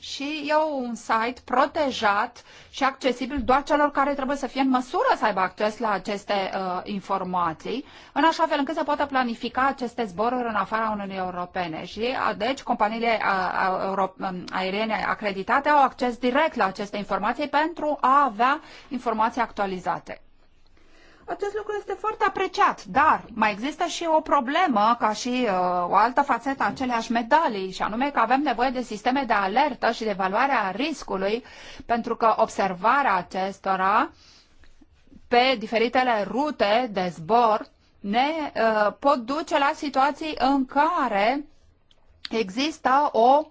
și e un site protejat și accesibil doar celor care trebuie să fie în măsură să aibă acces la aceste uh, informații, în așa fel încât să poată planifica aceste zboruri în afara Uniunii Europene. Și, uh, deci, companiile uh, um, aeriene acreditate au acces direct la aceste informații pentru a avea informații actualizate. Acest lucru este foarte apreciat, dar mai există și o problemă, ca și uh, o altă fațetă a aceleași medalii, și anume că avem nevoie de sisteme de alertă și de evaluare a riscului, pentru că observarea acestora pe diferitele rute de zbor ne uh, pot duce la situații în care există o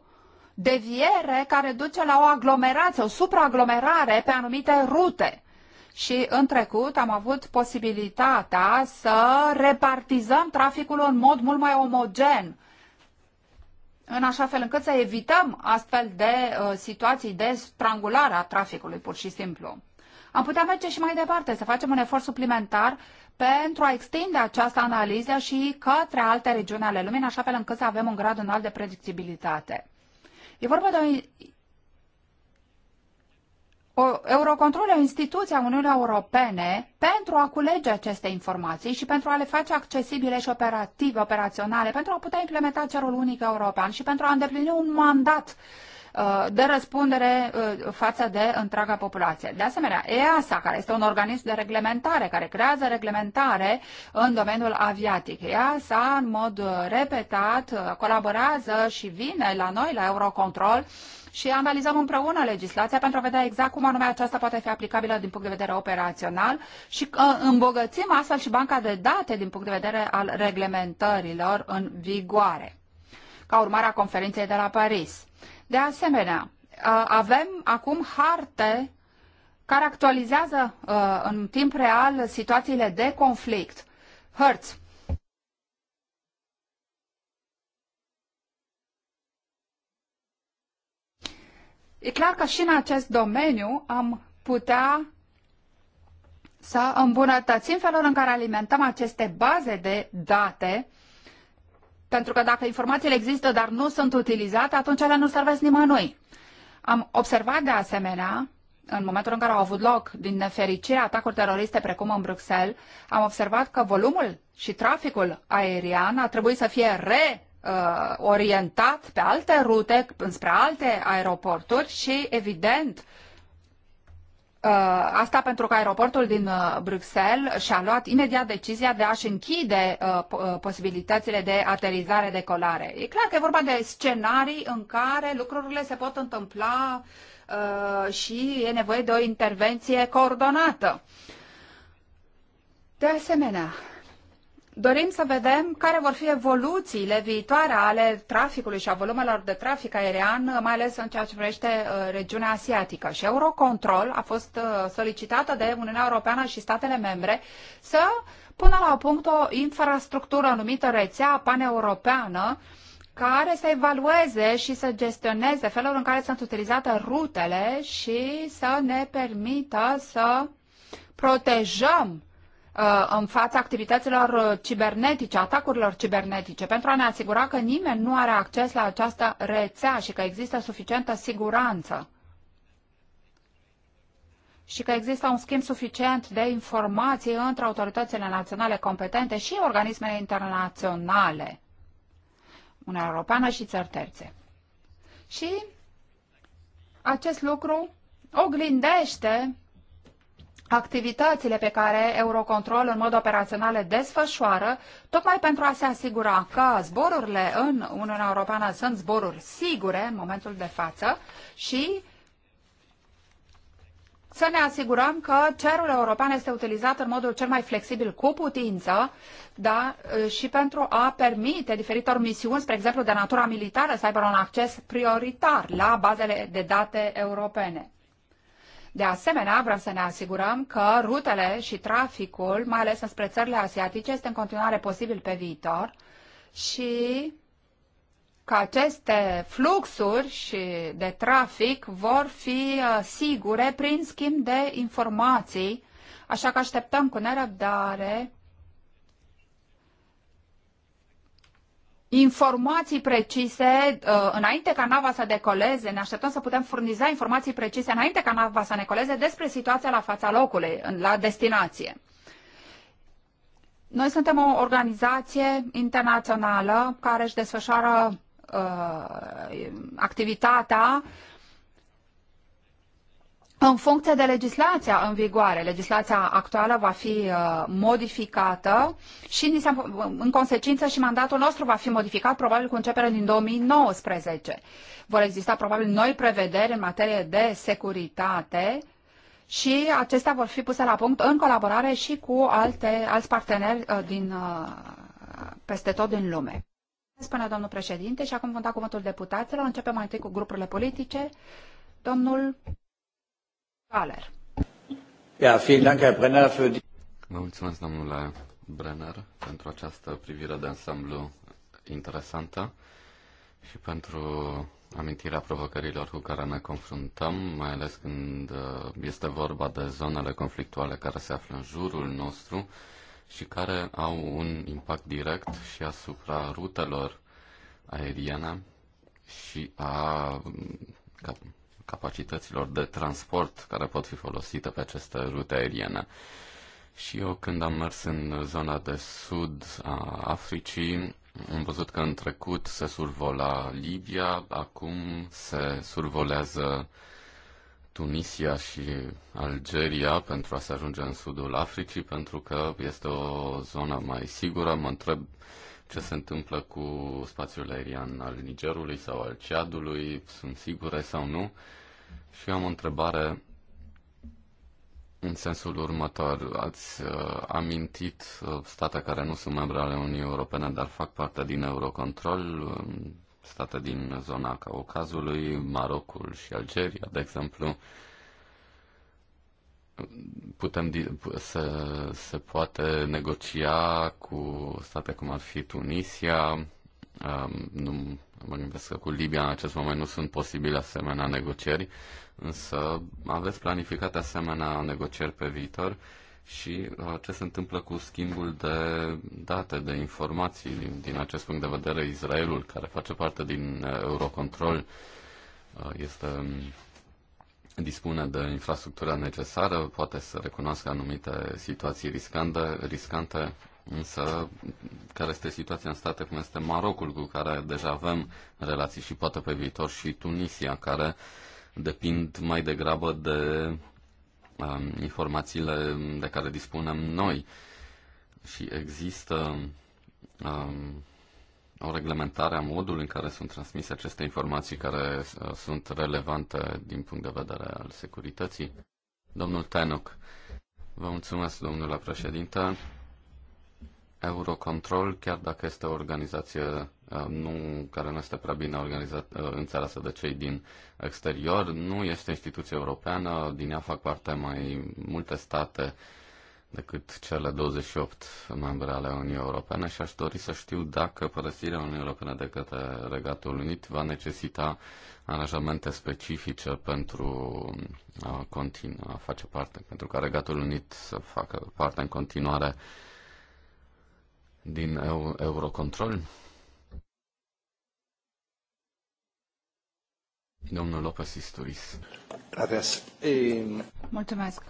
deviere care duce la o aglomerație, o supraaglomerare pe anumite rute și în trecut am avut posibilitatea să repartizăm traficul în mod mult mai omogen, în așa fel încât să evităm astfel de uh, situații de strangulare a traficului, pur și simplu. Am putea merge și mai departe, să facem un efort suplimentar pentru a extinde această analiză și către alte regiuni ale lumii, în așa fel încât să avem un grad înalt de predictibilitate. E vorba de o Eurocontrol e o instituție a Uniunii Europene pentru a culege aceste informații și pentru a le face accesibile și operative, operaționale, pentru a putea implementa cerul unic european și pentru a îndeplini un mandat uh, de răspundere uh, față de întreaga populație. De asemenea, EASA, care este un organism de reglementare, care creează reglementare în domeniul aviatic. EASA, în mod repetat, uh, colaborează și vine la noi, la Eurocontrol, și analizăm împreună legislația pentru a vedea exact cum anume aceasta poate fi aplicabilă din punct de vedere operațional și uh, îmbogățim astfel și banca de date din punct de vedere al reglementărilor în vigoare, ca urmare a conferinței de la Paris. De asemenea, uh, avem acum harte care actualizează uh, în timp real situațiile de conflict, hărți E clar că și în acest domeniu am putea să îmbunătățim felul în care alimentăm aceste baze de date, pentru că dacă informațiile există, dar nu sunt utilizate, atunci ele nu servesc nimănui. Am observat de asemenea, în momentul în care au avut loc, din nefericire, atacuri teroriste precum în Bruxelles, am observat că volumul și traficul aerian a trebuit să fie re uh, orientat pe alte rute, spre alte aeroporturi și, evident, uh, asta pentru că aeroportul din uh, Bruxelles și-a luat imediat decizia de a-și închide uh, posibilitățile de aterizare, decolare. E clar că e vorba de scenarii în care lucrurile se pot întâmpla și e nevoie de o intervenție coordonată. De asemenea, Dorim să vedem care vor fi evoluțiile viitoare ale traficului și a volumelor de trafic aerian, mai ales în ceea ce privește uh, regiunea asiatică. Și Eurocontrol a fost uh, solicitată de Uniunea Europeană și statele membre să pună la punct o infrastructură numită rețea paneuropeană care să evalueze și să gestioneze felul în care sunt utilizate rutele și să ne permită să protejăm Uh, în fața activităților uh, cibernetice, atacurilor cibernetice, pentru a ne asigura că nimeni nu are acces la această rețea și că există suficientă siguranță și că există un schimb suficient de informații între autoritățile naționale competente și organismele internaționale, Uniunea Europeană și țări terțe. Și acest lucru oglindește activitățile pe care Eurocontrol în mod operațional le desfășoară, tocmai pentru a se asigura că zborurile în Uniunea Europeană sunt zboruri sigure în momentul de față și să ne asigurăm că cerul european este utilizat în modul cel mai flexibil cu putință da, și pentru a permite diferitor misiuni, spre exemplu de natura militară, să aibă un acces prioritar la bazele de date europene. De asemenea, vrem să ne asigurăm că rutele și traficul, mai ales înspre țările asiatice, este în continuare posibil pe viitor și că aceste fluxuri și de trafic vor fi uh, sigure prin schimb de informații, așa că așteptăm cu nerăbdare informații precise uh, înainte ca nava să decoleze. Ne așteptăm să putem furniza informații precise înainte ca nava să decoleze despre situația la fața locului, la destinație. Noi suntem o organizație internațională care își desfășoară uh, activitatea în funcție de legislația în vigoare, legislația actuală va fi uh, modificată și în consecință și mandatul nostru va fi modificat probabil cu începere din 2019. Vor exista probabil noi prevederi în materie de securitate și acestea vor fi puse la punct în colaborare și cu alte, alți parteneri uh, din, uh, peste tot din lume. Spune domnul președinte și acum vom da cuvântul deputaților. Începem mai întâi cu grupurile politice. Domnul Galer. Vă mulțumesc, domnule Brenner, pentru această privire de ansamblu interesantă și pentru amintirea provocărilor cu care ne confruntăm, mai ales când uh, este vorba de zonele conflictuale care se află în jurul nostru și care au un impact direct și asupra rutelor aeriene și a capacităților de transport care pot fi folosite pe aceste rute aeriene. Și eu când am mers în zona de sud a Africii, am văzut că în trecut se survola Libia, acum se survolează Tunisia și Algeria pentru a se ajunge în sudul Africii, pentru că este o zonă mai sigură. Mă întreb ce se întâmplă cu spațiul aerian al Nigerului sau al Ceadului, sunt sigure sau nu. Și am o întrebare în sensul următor. Ați uh, amintit uh, state care nu sunt membre ale Uniunii Europene, dar fac parte din Eurocontrol, uh, state din zona Caucazului, Marocul și Algeria, de exemplu. Putem, se, se poate negocia cu state cum ar fi Tunisia, um, nu Mă gândesc că cu Libia în acest moment nu sunt posibile asemenea negocieri, însă aveți planificate asemenea negocieri pe viitor și uh, ce se întâmplă cu schimbul de date, de informații din, din acest punct de vedere Israelul, care face parte din uh, Eurocontrol, uh, este um, dispune de infrastructura necesară, poate să recunoască anumite situații riscante, riscante Însă, care este situația în state cum este Marocul, cu care deja avem relații și poate pe viitor și Tunisia, care depind mai degrabă de um, informațiile de care dispunem noi. Și există um, o reglementare a modului în care sunt transmise aceste informații care uh, sunt relevante din punct de vedere al securității. Domnul Tenoc, vă mulțumesc, domnule președinte. Eurocontrol, chiar dacă este o organizație uh, nu, care nu este prea bine organizată, uh, înțeleasă de cei din exterior, nu este instituție europeană, din ea fac parte mai multe state decât cele 28 membre ale Uniunii Europene și aș dori să știu dacă părăsirea Uniunii Europene de către Regatul Unit va necesita aranjamente specifice pentru a, uh, continu- a face parte, pentru ca Regatul Unit să facă parte în continuare uh, din Eurocontrol. Domnul Lopez Isturis. Eh, mulțumesc.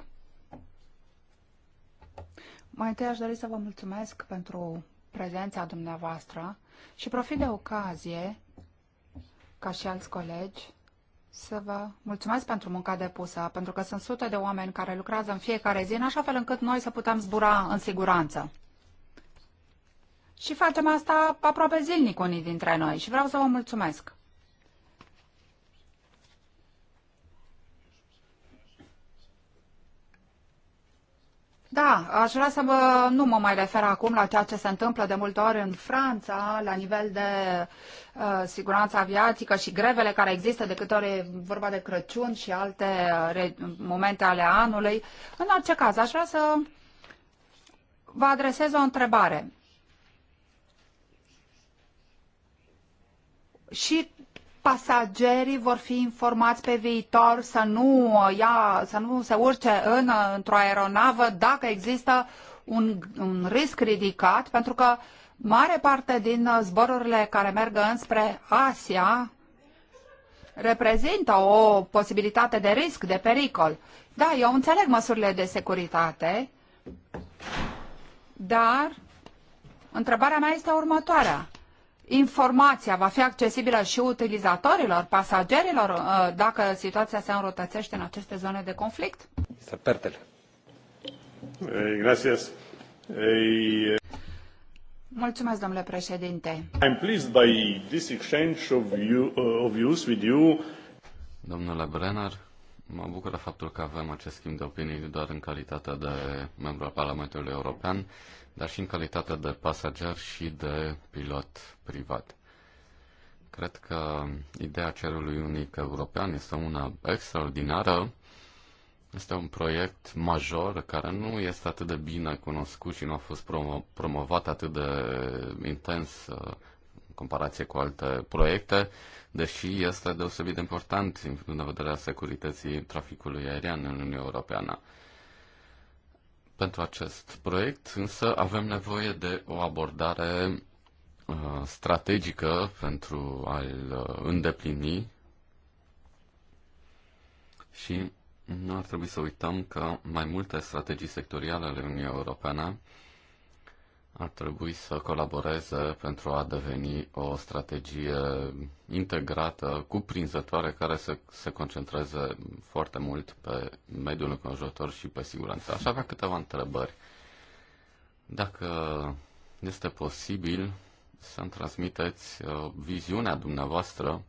Mai întâi aș dori să vă mulțumesc pentru prezența dumneavoastră și profit de ocazie, ca și alți colegi, să vă mulțumesc pentru munca depusă, pentru că sunt sute de oameni care lucrează în fiecare zi, în așa fel încât noi să putem zbura în siguranță. Și facem asta aproape zilnic unii dintre noi și vreau să vă mulțumesc. Da, aș vrea să vă, nu mă mai refer acum la ceea ce se întâmplă de multe ori în Franța, la nivel de uh, siguranță aviatică și grevele care există de câte ori e vorba de Crăciun și alte uh, re, momente ale anului. În orice caz, aș vrea să vă adresez o întrebare. și pasagerii vor fi informați pe viitor să nu, ia, să nu se urce în, într-o aeronavă dacă există un, un risc ridicat, pentru că mare parte din zborurile care merg înspre Asia reprezintă o posibilitate de risc, de pericol. Da, eu înțeleg măsurile de securitate, dar întrebarea mea este următoarea informația va fi accesibilă și utilizatorilor, pasagerilor, uh, dacă situația se înrotățește în aceste zone de conflict? Eh, gracias. Eh, eh, Mulțumesc, domnule președinte. I'm pleased by this exchange of, you, uh, of views with you. Domnule Brenner, mă bucură faptul că avem acest schimb de opinii doar în calitatea de membru al Parlamentului European, dar și în calitate de pasager și de pilot privat. Cred că ideea cerului unic european este una extraordinară. Este un proiect major care nu este atât de bine cunoscut și nu a fost promo- promovat atât de intens uh, în comparație cu alte proiecte, deși este deosebit de important din punct de vedere a securității traficului aerian în Uniunea Europeană. Pentru acest proiect, însă, avem nevoie de o abordare uh, strategică pentru a-l uh, îndeplini și nu ar trebui să uităm că mai multe strategii sectoriale ale Uniunii Europene ar trebui să colaboreze pentru a deveni o strategie integrată, cuprinzătoare, care să se concentreze foarte mult pe mediul înconjurător și pe siguranță. Aș avea câteva întrebări. Dacă este posibil să-mi transmiteți uh, viziunea dumneavoastră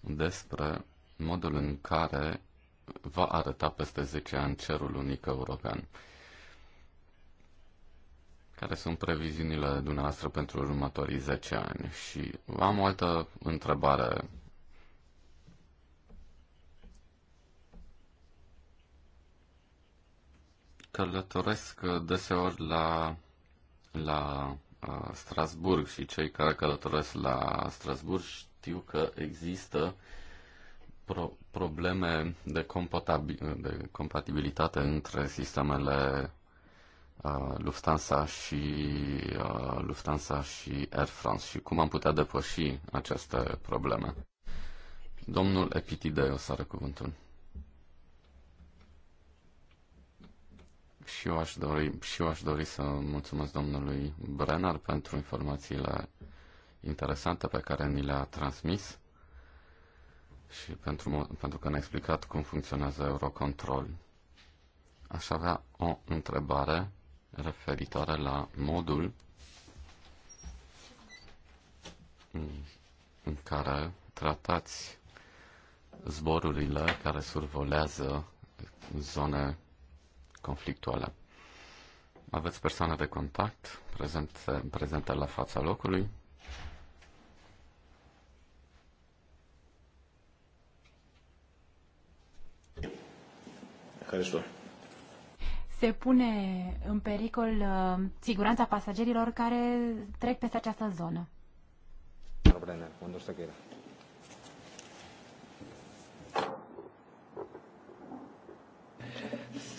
despre modul în care va arăta peste 10 ani cerul unic european care sunt previziunile dumneavoastră pentru următorii 10 ani? Și am o altă întrebare. Călătoresc deseori la, la uh, Strasburg și cei care călătoresc la Strasburg știu că există pro- probleme de, compatabil- de compatibilitate între sistemele Uh, Lufthansa și uh, Lufthansa și Air France și cum am putea depăși aceste probleme. Domnul să are cuvântul. Și eu, aș dori, și eu aș dori să mulțumesc domnului Brenner pentru informațiile interesante pe care ni le-a transmis și pentru, pentru că ne-a explicat cum funcționează Eurocontrol. Aș avea o întrebare referitoare la modul în care tratați zborurile care survolează zone conflictuale. Aveți persoane de contact prezente, prezente la fața locului. Care se pune în pericol uh, siguranța pasagerilor care trec peste această zonă.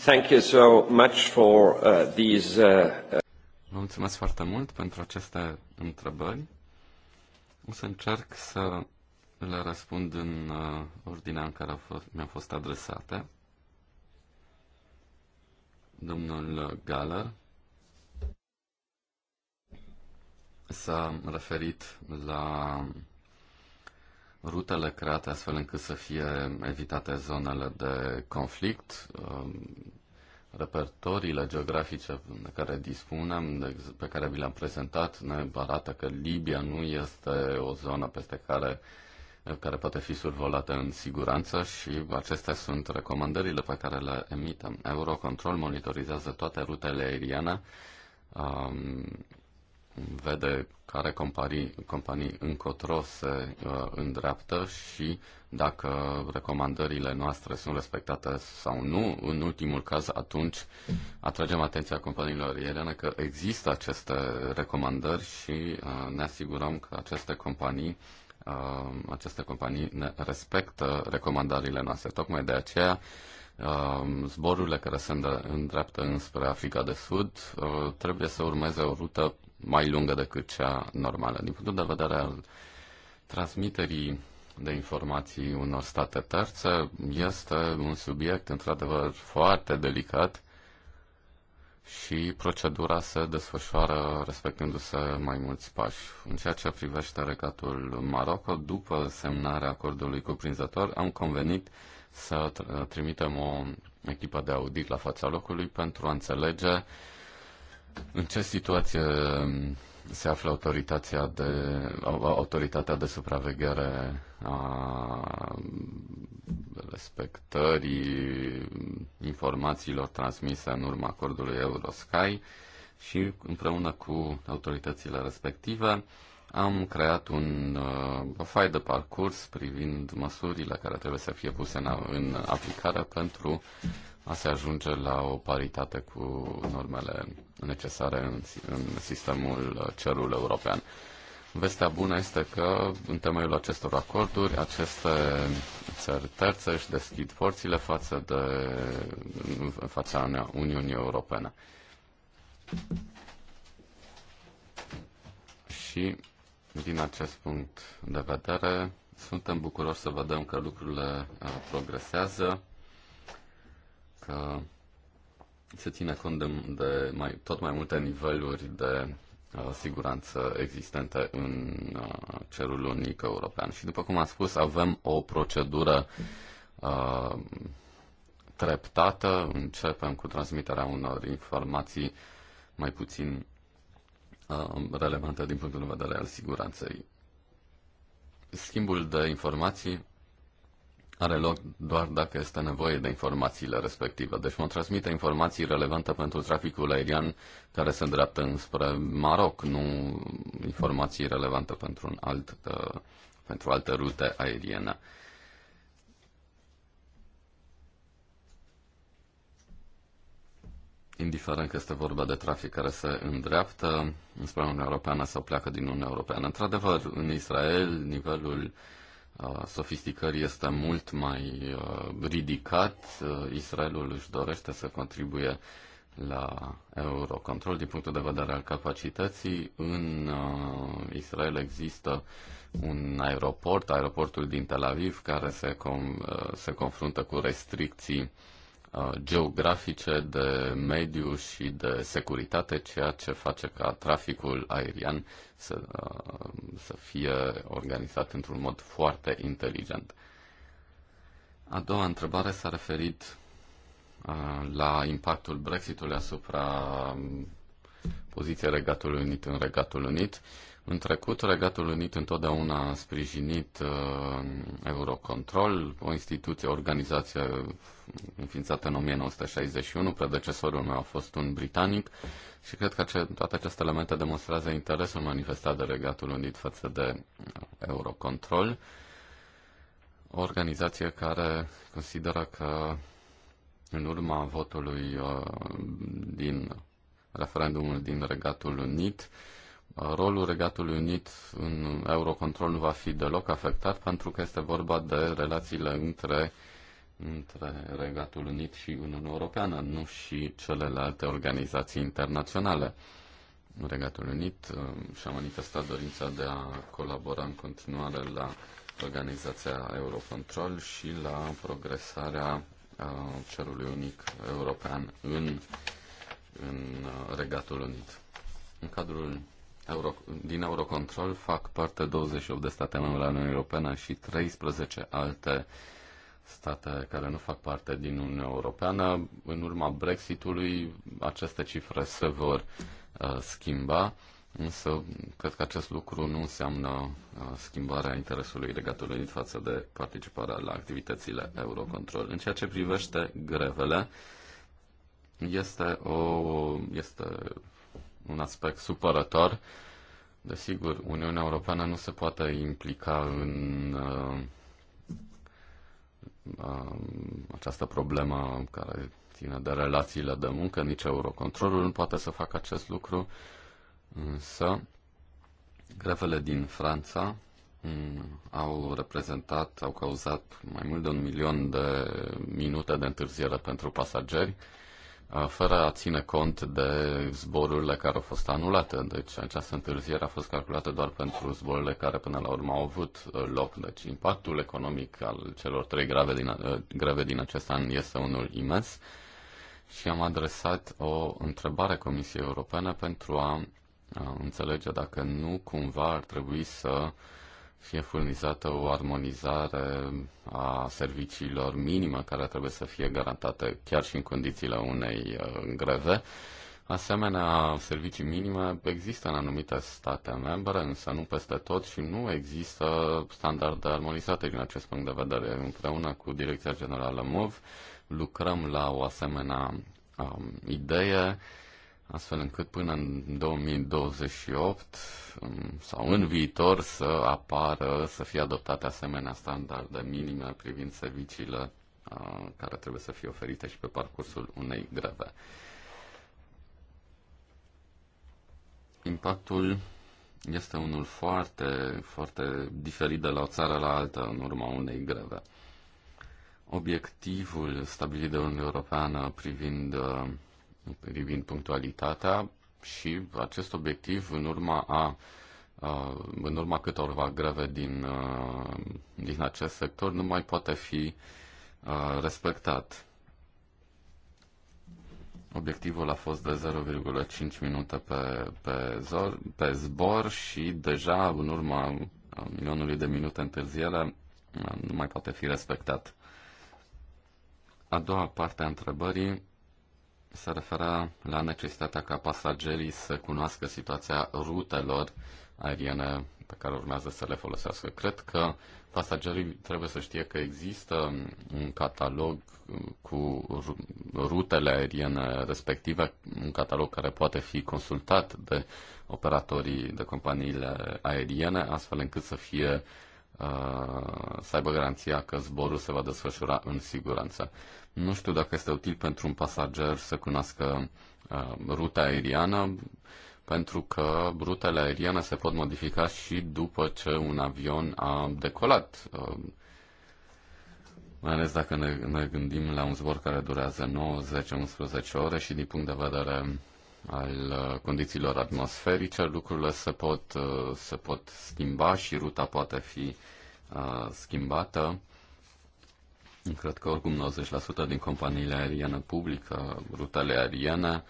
Thank you so much for uh, these. Uh, uh Vă mulțumesc foarte mult pentru aceste întrebări. O să încerc să le răspund în uh, ordinea în care mi-au fost adresate. Domnul Gala s-a referit la rutele create astfel încât să fie evitate zonele de conflict, um, repertoriile geografice de care dispunem, pe care vi le-am prezentat, ne arată că Libia nu este o zonă peste care care poate fi survolată în siguranță și acestea sunt recomandările pe care le emitem. Eurocontrol monitorizează toate rutele aeriene, um, vede care companii, companii încotro se uh, îndreaptă și dacă recomandările noastre sunt respectate sau nu. În ultimul caz, atunci atragem atenția companiilor aeriene că există aceste recomandări și uh, ne asigurăm că aceste companii uh, Um, aceste companii ne respectă recomandările noastre. Tocmai de aceea, um, zborurile care se îndreaptă înspre Africa de Sud uh, trebuie să urmeze o rută mai lungă decât cea normală. Din punctul de vedere al transmiterii de informații unor state terțe, este un subiect într-adevăr foarte delicat și procedura se desfășoară respectându-se mai mulți pași. În ceea ce privește regatul Maroc, după semnarea acordului cuprinzător, am convenit să trimitem o echipă de audit la fața locului pentru a înțelege în ce situație se află autoritatea de, autoritatea de supraveghere a respectării informațiilor transmise în urma acordului Eurosky și împreună cu autoritățile respective am creat un, uh, fai de parcurs privind măsurile care trebuie să fie puse în, în aplicare pentru a se ajunge la o paritate cu normele necesare în, în sistemul cerul european. Vestea bună este că, în temeiul acestor acorduri, aceste țări terțe își deschid porțile față de, în fața Uniunii Europene. Și, din acest punct de vedere, suntem bucuroși să vedem că lucrurile uh, progresează, că se ține cont de, de mai, tot mai multe niveluri de Uh, siguranță existente în uh, cerul unic european. Și după cum am spus, avem o procedură uh, treptată. Începem cu transmiterea unor informații mai puțin relevante din punctul de vedere al siguranței. Schimbul de informații are loc doar dacă este nevoie de informațiile respective. Deci mă transmite informații relevante pentru traficul aerian care se îndreaptă înspre Maroc, nu informații relevante pentru, un alt, uh, pentru alte rute aeriene. indiferent că este vorba de trafic care se îndreaptă înspre Uniunea Europeană sau pleacă din Uniunea Europeană. Într-adevăr, în Israel, nivelul uh, sofisticării este mult mai ridicat. Israelul își dorește să contribuie la Eurocontrol din punctul de vedere al capacității. În Israel există un aeroport, aeroportul din Tel Aviv, care se, com- se confruntă cu restricții uh, Uh, geografice, de mediu și de securitate, ceea ce face ca traficul aerian să, uh, să fie organizat într-un mod foarte inteligent. A doua întrebare s-a referit uh, la impactul Brexitului asupra um, poziției Regatului Unit în Regatul Unit. În trecut, Regatul Unit întotdeauna a sprijinit uh, Eurocontrol, o instituție, o organizație înființată în 1961, predecesorul meu a fost un britanic și cred că ace- toate aceste elemente demonstrează interesul manifestat de Regatul Unit față de uh, Eurocontrol, o organizație care consideră că în urma votului uh, din referendumul din Regatul Unit, uh, rolul Regatului Unit în Eurocontrol nu va fi deloc afectat pentru că este vorba de relațiile între, între Regatul Unit și Uniunea Europeană, nu și celelalte organizații internaționale. Regatul Unit um, și-a manifestat dorința de a colabora în continuare la organizația Eurocontrol și la progresarea uh, cerului unic european în, în uh, Regatul Unit. În cadrul Euro, din Eurocontrol fac parte 28 de state membre ale Uniunii Europene și 13 alte state care nu fac parte din Uniunea Europeană. În urma Brexitului aceste cifre se vor uh, schimba, însă cred că acest lucru nu înseamnă uh, schimbarea interesului Regatului în față de participarea la activitățile Eurocontrol. În ceea ce privește grevele, este, o, este un aspect supărător. Desigur, Uniunea Europeană nu se poate implica în uh, uh, această problemă care ține de relațiile de muncă, nici Eurocontrolul nu poate să facă acest lucru, însă grevele din Franța mm, au reprezentat, au cauzat mai mult de un milion de minute de întârziere pentru pasageri. Uh, fără a ține cont de zborurile care au fost anulate. Deci această întârziere a fost calculată doar pentru zborurile care până la urmă au avut uh, loc. Deci impactul economic al celor trei grave din, uh, greve din acest an este unul imens și am adresat o întrebare Comisiei Europene pentru a înțelege dacă nu cumva ar trebui să fie furnizată o armonizare a serviciilor minime care trebuie să fie garantate chiar și în condițiile unei uh, greve. Asemenea, servicii minime există în anumite state membre, însă nu peste tot și nu există standarde armonizate din acest punct de vedere. Împreună cu Direcția Generală MOV lucrăm la o asemenea um, idee astfel încât până în 2028 um, sau în viitor să apară, să fie adoptate asemenea standarde minime privind serviciile uh, care trebuie să fie oferite și pe parcursul unei greve. Impactul este unul foarte, foarte diferit de la o țară la alta în urma unei greve. Obiectivul stabilit de Uniunea Europeană privind uh, privind punctualitatea și acest obiectiv în urma a în urma câtorva greve din, din acest sector nu mai poate fi respectat. Obiectivul a fost de 0,5 minute pe, pe, zor, pe zbor și deja în urma milionului de minute întârziere nu mai poate fi respectat. A doua parte a întrebării se referă la necesitatea ca pasagerii să cunoască situația rutelor aeriene pe care urmează să le folosească. Cred că pasagerii trebuie să știe că există un catalog cu rutele aeriene respective, un catalog care poate fi consultat de operatorii, de companiile aeriene, astfel încât să fie uh, să aibă garanția că zborul se va desfășura în siguranță. Nu știu dacă este util pentru un pasager să cunoască uh, ruta aeriană, pentru că rutele aeriene se pot modifica și după ce un avion a decolat. Uh, mai ales dacă ne, ne gândim la un zbor care durează 9, 10, 11 ore și din punct de vedere al uh, condițiilor atmosferice, lucrurile se pot, uh, se pot schimba și ruta poate fi uh, schimbată. Cred că oricum 90% din companiile aeriene publică, rutele aeriene,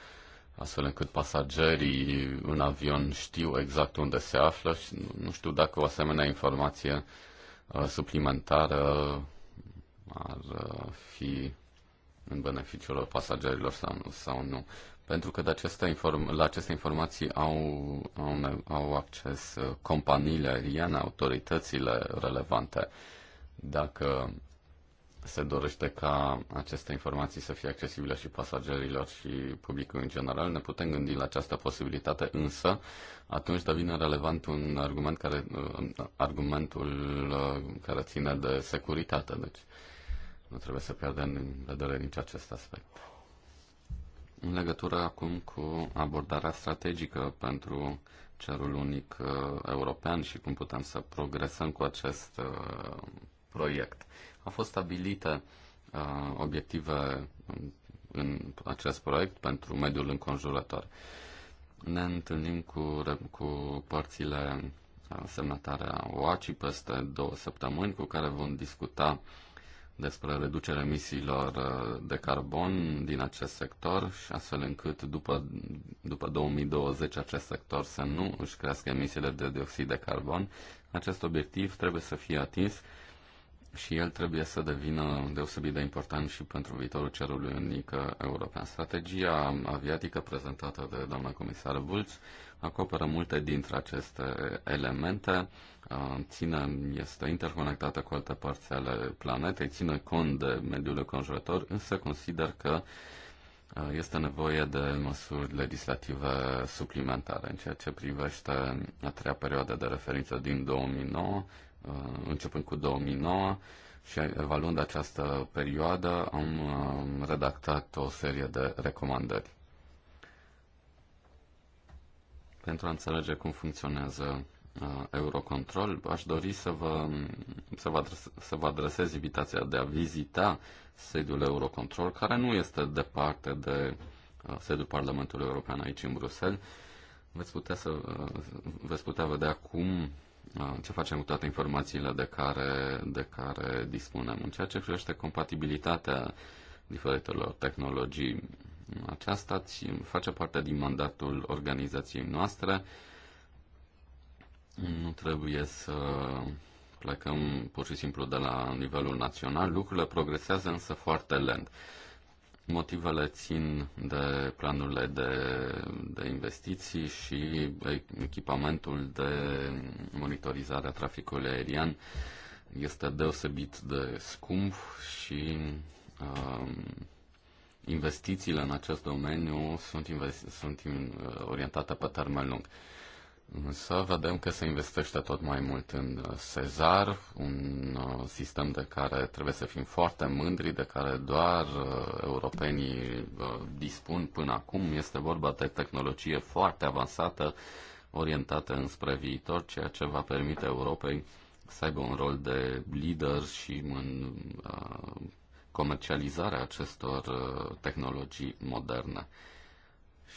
astfel încât pasagerii în avion știu exact unde se află și nu știu dacă o asemenea informație uh, suplimentară ar uh, fi în beneficiul pasagerilor sau, sau nu. Pentru că de aceste inform- la aceste informații au, au, au acces uh, companiile aeriene, autoritățile relevante. Dacă se dorește ca aceste informații să fie accesibile și pasagerilor și publicului în general. Ne putem gândi la această posibilitate, însă atunci devine relevant un argument care, uh, argumentul uh, care ține de securitate. Deci nu trebuie să pierdem în vedere nici acest aspect. În legătură acum cu abordarea strategică pentru cerul unic uh, european și cum putem să progresăm cu acest proiect. Au fost stabilite uh, obiective în, în acest proiect pentru mediul înconjurător. Ne întâlnim cu, cu părțile uh, semnatare a OACI peste două săptămâni, cu care vom discuta despre reducerea emisiilor uh, de carbon din acest sector și astfel încât după, după 2020 acest sector să nu își crească emisiile de dioxid de carbon. Acest obiectiv trebuie să fie atins și el trebuie să devină deosebit de important și pentru viitorul cerului unic european. Strategia aviatică prezentată de doamna comisară Vulț acoperă multe dintre aceste elemente, ține, este interconectată cu alte părți ale planetei, ține cont de mediul conjurător, însă consider că este nevoie de măsuri legislative suplimentare în ceea ce privește a treia perioadă de referință din 2009 Uh, începând cu 2009 și evaluând această perioadă am uh, redactat o serie de recomandări. Pentru a înțelege cum funcționează uh, Eurocontrol, aș dori să vă, să vă, adres, să vă adresez invitația de a vizita sediul Eurocontrol, care nu este departe de sediul Parlamentului European aici în Bruxelles. Veți putea, să, veți putea vedea cum Ah, ce facem cu toate informațiile de care, de care dispunem. În ceea ce privește compatibilitatea diferitelor tehnologii, aceasta face parte din mandatul organizației noastre. Nu trebuie să plecăm pur și simplu de la nivelul național. Lucrurile progresează însă foarte lent. Motivele țin de planurile de, de investiții și echipamentul de monitorizare a traficului aerian este deosebit de scump și um, investițiile în acest domeniu sunt, sunt in, uh, orientate pe termen lung. Uh, Însă vedem că se investește tot mai mult în uh, Sezar, un uh, sistem de care trebuie să fim foarte mândri, de care doar uh, europenii dispun până acum. Este vorba de tehnologie foarte avansată, orientată înspre viitor, ceea ce va permite Europei să aibă un rol de lider și în comercializarea acestor tehnologii moderne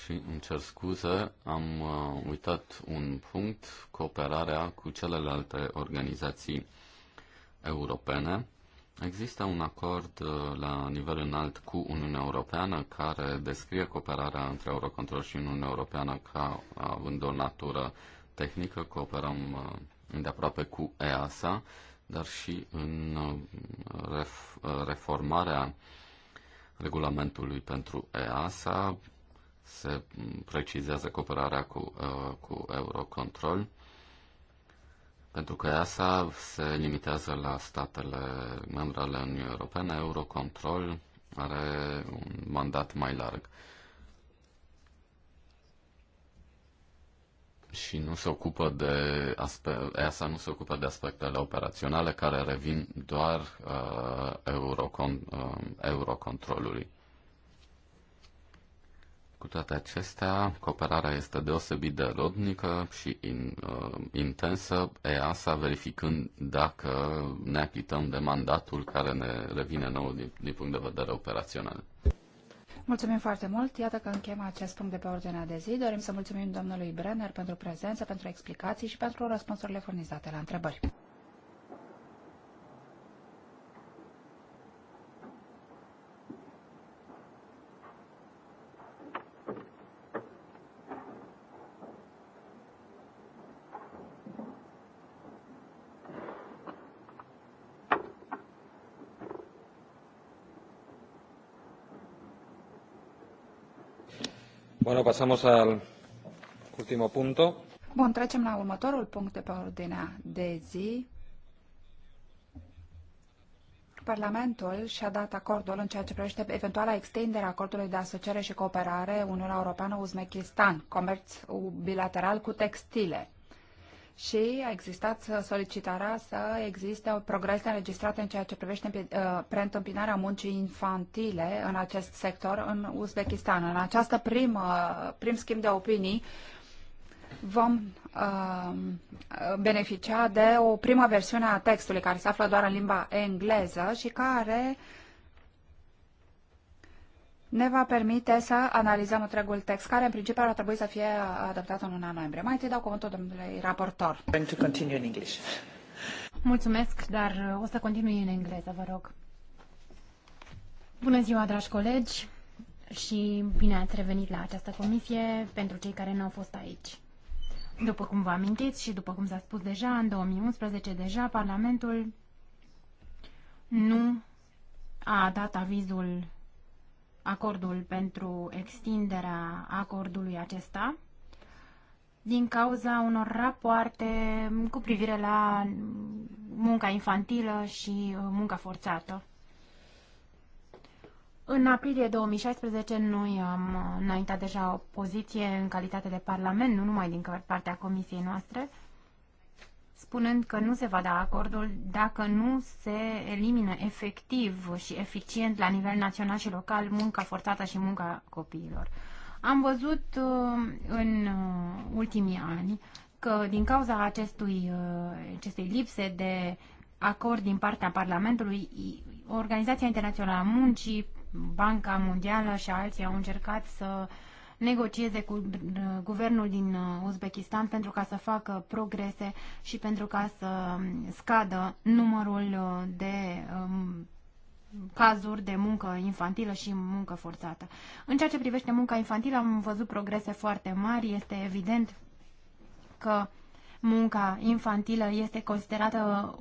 și îmi cer scuze, am uh, uitat un punct, cooperarea cu celelalte organizații europene. Există un acord uh, la nivel înalt cu Uniunea Europeană care descrie cooperarea între Eurocontrol și Uniunea Europeană ca având o natură tehnică, cooperăm uh, îndeaproape cu EASA, dar și în reformarea regulamentului pentru EASA se precizează cooperarea cu, uh, cu Eurocontrol, pentru că EASA se limitează la statele membre ale Uniunii Europene, Eurocontrol are un mandat mai larg. Și nu se ocupă de aspe- EASA nu se ocupă de aspectele operaționale care revin doar uh, Eurocon, uh, Eurocontrolului. Cu toate acestea, cooperarea este deosebit de rodnică și in, uh, intensă, EASA verificând dacă ne achităm de mandatul care ne revine nou din, din punct de vedere operațional. Mulțumim foarte mult. Iată că încheiem acest punct de pe ordinea de zi. Dorim să mulțumim domnului Brenner pentru prezență, pentru explicații și pentru răspunsurile furnizate la întrebări. Bueno, pasamos al último punto. Bun, trecem la următorul punct de pe ordinea de zi. Parlamentul și-a dat acordul în ceea ce privește eventuala extindere a acordului de asociere și cooperare Uniunea Europeană-Uzbekistan, comerț bilateral cu textile și a existat solicitarea să existe o progres înregistrate în ceea ce privește uh, preîntâmpinarea muncii infantile în acest sector în Uzbekistan. În această primă, prim schimb de opinii vom uh, beneficia de o primă versiune a textului care se află doar în limba engleză și care uh, ne va permite să analizăm întregul text, care în principiu ar trebui să fie adoptat în luna noiembrie. Mai întâi dau cuvântul domnului raportor. Mulțumesc, dar uh, o să continui în engleză, vă rog. Bună ziua, dragi colegi, și bine ați revenit la această comisie pentru cei care nu au fost aici. După cum vă amintiți și după cum s-a spus deja, în 2011 deja Parlamentul nu a dat avizul acordul pentru extinderea acordului acesta din cauza unor rapoarte cu privire la munca infantilă și uh, munca forțată. În aprilie 2016 noi am înaintat deja o poziție în calitate de parlament, nu numai din partea comisiei noastre, spunând că nu se va da acordul dacă nu se elimină efectiv și eficient la nivel național și local munca forțată și munca copiilor. Am văzut uh, în uh, ultimii ani că din cauza acestui, uh, acestei lipse de acord din partea Parlamentului, Organizația Internațională a Muncii, Banca Mondială și alții au încercat să uh, negocieze cu uh, guvernul din uh, Uzbekistan pentru ca să facă progrese și pentru ca să um, scadă numărul uh, de um, cazuri de muncă infantilă și muncă forțată. În ceea ce privește munca infantilă am văzut progrese foarte mari. Este evident că munca infantilă este considerată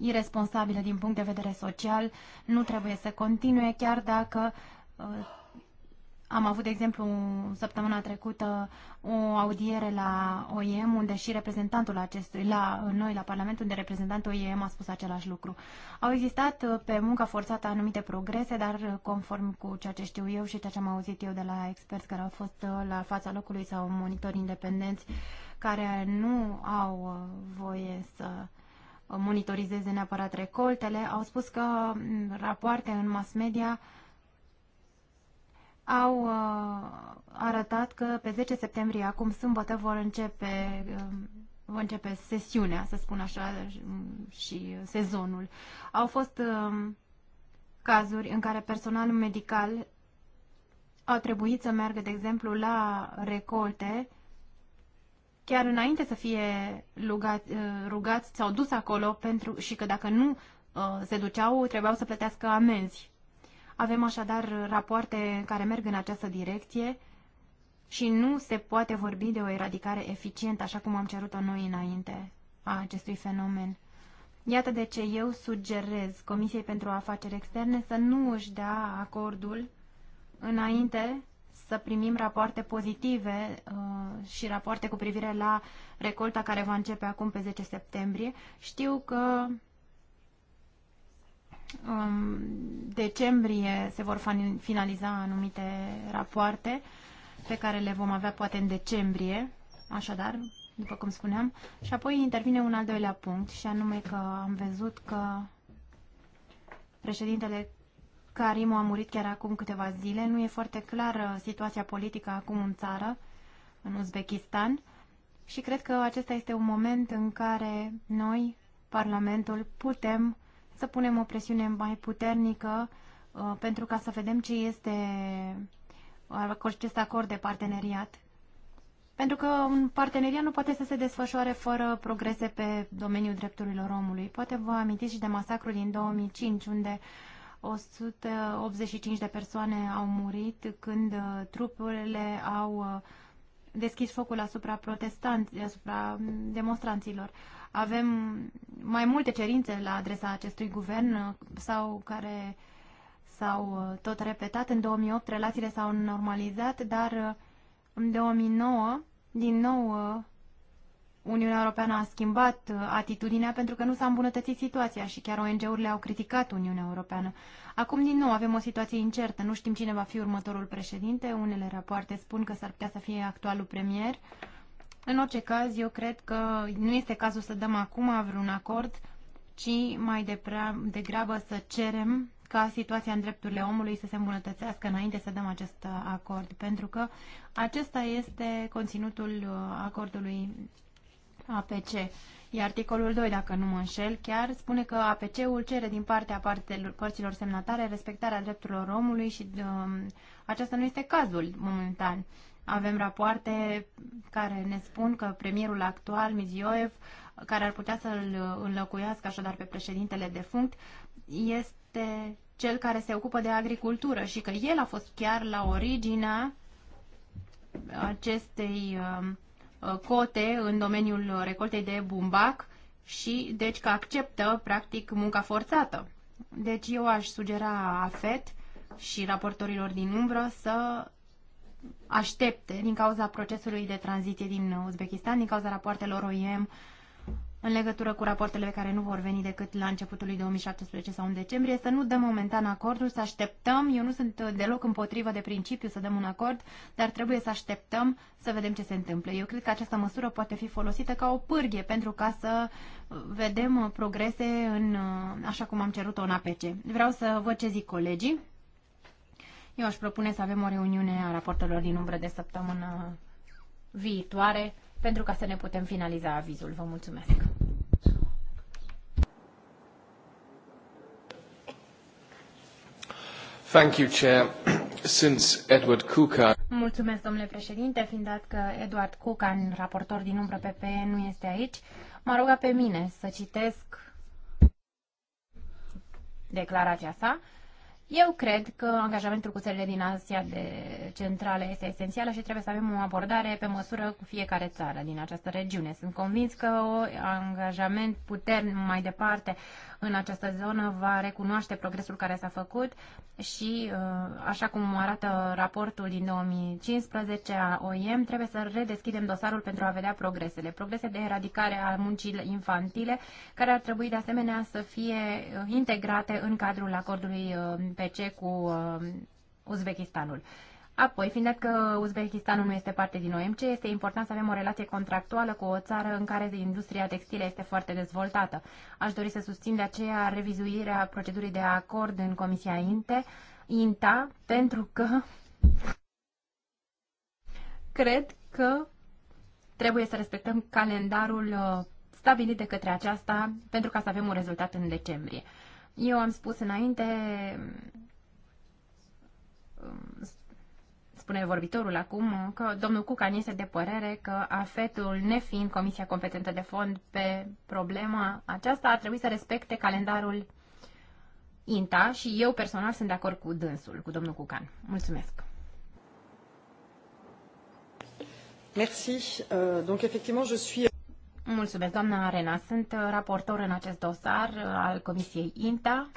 iresponsabilă din punct de vedere social, nu trebuie să continue chiar dacă am avut, de exemplu, săptămâna trecută o audiere la OIM, unde și reprezentantul acestui, la noi, la Parlament, unde reprezentantul OIM a spus același lucru. Au existat uh, pe munca forțată anumite progrese, dar uh, conform cu ceea ce știu eu și ceea ce am auzit eu de la experți care au fost uh, la fața locului sau monitori independenți, care nu au voie să monitorizeze neapărat recoltele, au spus că mm, rapoarte în mass media uh, au uh, arătat că pe 10 septembrie, acum sâmbătă, vor începe, uh, vor începe sesiunea, să spun așa, um, și sezonul. Au fost uh, cazuri în care personalul medical a trebuit să meargă, de exemplu, la recolte chiar înainte să fie uh, rugat, rugați, s-au dus acolo pentru, și că dacă nu uh, se duceau, trebuiau să plătească amenzi avem așadar rapoarte care merg în această direcție și nu se poate vorbi de o eradicare eficientă, așa cum am cerut-o noi înainte a acestui fenomen. Iată de ce eu sugerez Comisiei pentru Afaceri Externe să nu își dea acordul înainte să primim rapoarte pozitive uh, și rapoarte cu privire la recolta care va începe acum pe 10 septembrie. Știu că decembrie se vor finaliza anumite rapoarte pe care le vom avea poate în decembrie, așadar, după cum spuneam, și apoi intervine un al doilea punct și anume că am văzut că președintele Karimu a murit chiar acum câteva zile, nu e foarte clară situația politică acum în țară, în Uzbekistan, și cred că acesta este un moment în care noi, Parlamentul, putem să punem o presiune mai puternică uh, pentru ca să vedem ce este uh, acest acord de parteneriat. Pentru că un parteneriat nu poate să se desfășoare fără progrese pe domeniul drepturilor omului. Poate vă amintiți și de masacrul din 2005, unde 185 de persoane au murit când uh, trupurile au deschis focul asupra protestanților, asupra mm, demonstranților avem mai multe cerințe la adresa acestui guvern uh, sau care s-au uh, tot repetat. În 2008 relațiile s-au normalizat, dar uh, în 2009, din nou, Uniunea Europeană a schimbat atitudinea pentru că nu s-a îmbunătățit situația și chiar ONG-urile au criticat Uniunea Europeană. Acum, din nou, avem o situație incertă. Nu știm cine va fi următorul președinte. Unele rapoarte spun că s-ar putea să fie actualul premier. Uh, în orice caz, eu cred că nu este cazul să dăm acum vreun acord, ci mai degrabă să cerem ca situația în drepturile omului să se îmbunătățească înainte să dăm acest acord, pentru că acesta este conținutul uh, acordului APC. Iar articolul 2, dacă nu mă înșel, chiar spune că APC-ul cere din partea părților semnatare respectarea drepturilor omului și um, aceasta nu este cazul momentan. Avem rapoarte care ne spun că premierul actual, Mizioev, care ar putea să-l înlocuiască așadar pe președintele defunct, este cel care se ocupă de agricultură și că el a fost chiar la originea acestei um, cote în domeniul recoltei de bumbac și deci că acceptă practic munca forțată. Deci eu aș sugera AFET și raportorilor din umbră să aștepte din cauza procesului de tranziție din Uzbekistan, din cauza rapoartelor OIM în legătură cu rapoartele care nu vor veni decât la începutul lui 2017 sau în decembrie, să nu dăm momentan acordul, să așteptăm. Eu nu sunt deloc împotrivă de principiu să dăm un acord, dar trebuie să așteptăm să vedem ce se întâmplă. Eu cred că această măsură poate fi folosită ca o pârghie pentru ca să vedem progrese în, așa cum am cerut-o în APC. Vreau să văd ce zic colegii. Eu aș propune să avem o reuniune a raportelor din umbră de săptămână viitoare pentru ca să ne putem finaliza avizul. Vă mulțumesc! Thank you, Chair. Since Edward Kukan... Mulțumesc, domnule președinte, fiind dat că Edward Cucan, raportor din umbră PPE, nu este aici, m-a rugat pe mine să citesc declarația sa eu cred că angajamentul cu țările din Asia de centrală este esențială și trebuie să avem o abordare pe măsură cu fiecare țară din această regiune. Sunt convins că o angajament puternic mai departe în această zonă va recunoaște progresul care s-a făcut și, uh, așa cum arată raportul din 2015 a OIM, trebuie să redeschidem dosarul pentru a vedea progresele. Progrese de eradicare a muncii infantile, care ar trebui de asemenea să fie integrate în cadrul acordului uh, PC cu uh, Uzbekistanul. Apoi, fiind că Uzbekistanul nu este parte din OMC, este important să avem o relație contractuală cu o țară în care industria textilă este foarte dezvoltată. Aș dori să susțin de aceea revizuirea procedurii de acord în Comisia INTE, INTA, pentru că cred că trebuie să respectăm calendarul uh, stabilit de către aceasta pentru ca să avem un rezultat în decembrie. Eu am spus înainte, um, spune vorbitorul acum, că domnul Cucan este de părere că afetul, nefiind comisia competentă de fond pe problema aceasta, ar trebui să respecte calendarul INTA și eu personal sunt de acord cu dânsul, cu domnul Cucan. Mulțumesc! Merci. Euh, donc effectivement, je suis Mulțumesc, doamna Arena. Sunt uh, raportor în acest dosar uh, al Comisiei INTA.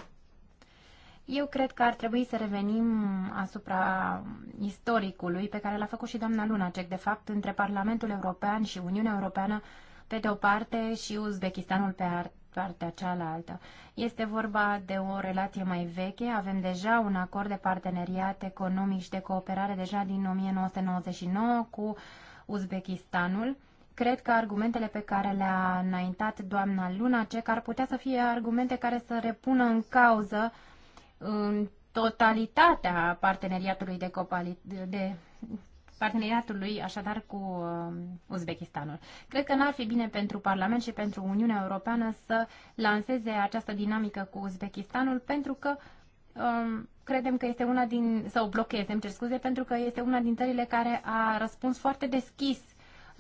Eu cred că ar trebui să revenim asupra istoricului pe care l-a făcut și doamna Lunacek, de fapt, între Parlamentul European și Uniunea Europeană pe de o parte și Uzbekistanul pe partea cealaltă. Este vorba de o relație mai veche, avem deja un acord de parteneriat economic și de cooperare deja din 1999 cu Uzbekistanul Cred că argumentele pe care le-a înaintat doamna Lunacek ar putea să fie argumente care să repună în cauză în totalitatea parteneriatului de, copali, de parteneriatului, așadar, cu uh, Uzbekistanul. Cred că n-ar fi bine pentru Parlament și pentru Uniunea Europeană să lanseze această dinamică cu Uzbekistanul, pentru că um, credem că este una din, sau blocheze, îmi cer scuze, pentru că este una din țările care a răspuns foarte deschis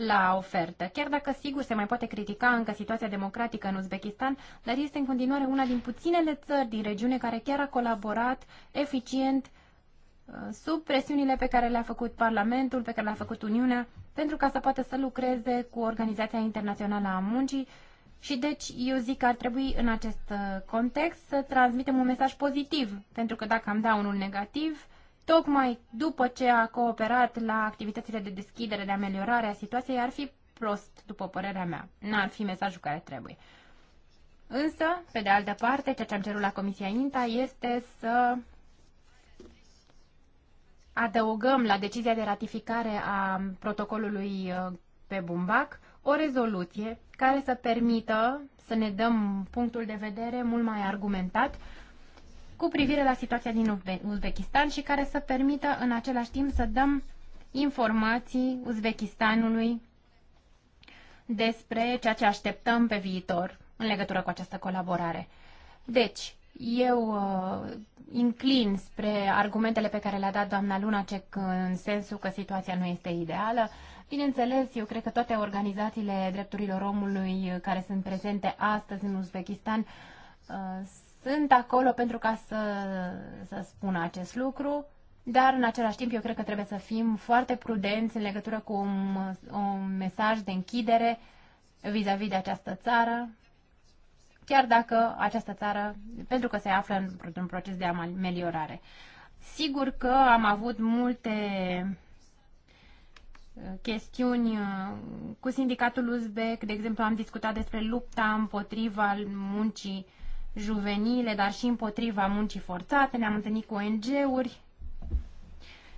la ofertă. Chiar dacă, sigur, se mai poate critica încă situația democratică în Uzbekistan, dar este în continuare una din puținele țări din regiune care chiar a colaborat eficient uh, sub presiunile pe care le-a făcut Parlamentul, pe care le-a făcut Uniunea, pentru ca să poată să lucreze cu Organizația Internațională a Muncii. Și deci eu zic că ar trebui în acest uh, context să transmitem un mesaj pozitiv, pentru că dacă am da unul negativ, tocmai după ce a cooperat la activitățile de deschidere, de ameliorare a situației, ar fi prost, după părerea mea. N-ar fi mesajul care trebuie. Însă, pe de altă parte, ceea ce am cerut la Comisia INTA este să adăugăm la decizia de ratificare a protocolului uh, pe Bumbac o rezoluție care să permită să ne dăm punctul de vedere mult mai argumentat cu privire la situația din Uzbekistan și care să permită în același timp să dăm informații Uzbekistanului despre ceea ce așteptăm pe viitor în legătură cu această colaborare. Deci, eu uh, inclin spre argumentele pe care le-a dat doamna Lunacek în sensul că situația nu este ideală. Bineînțeles, eu cred că toate organizațiile drepturilor omului care sunt prezente astăzi în Uzbekistan uh, sunt acolo pentru ca să, să spun acest lucru, dar în același timp eu cred că trebuie să fim foarte prudenți în legătură cu un, un mesaj de închidere vis-a-vis -vis de această țară, chiar dacă această țară, pentru că se află într-un proces de ameliorare. Sigur că am avut multe uh, chestiuni uh, cu sindicatul uzbek, de exemplu am discutat despre lupta împotriva muncii juvenile, dar și împotriva muncii forțate. Ne-am întâlnit cu ONG-uri,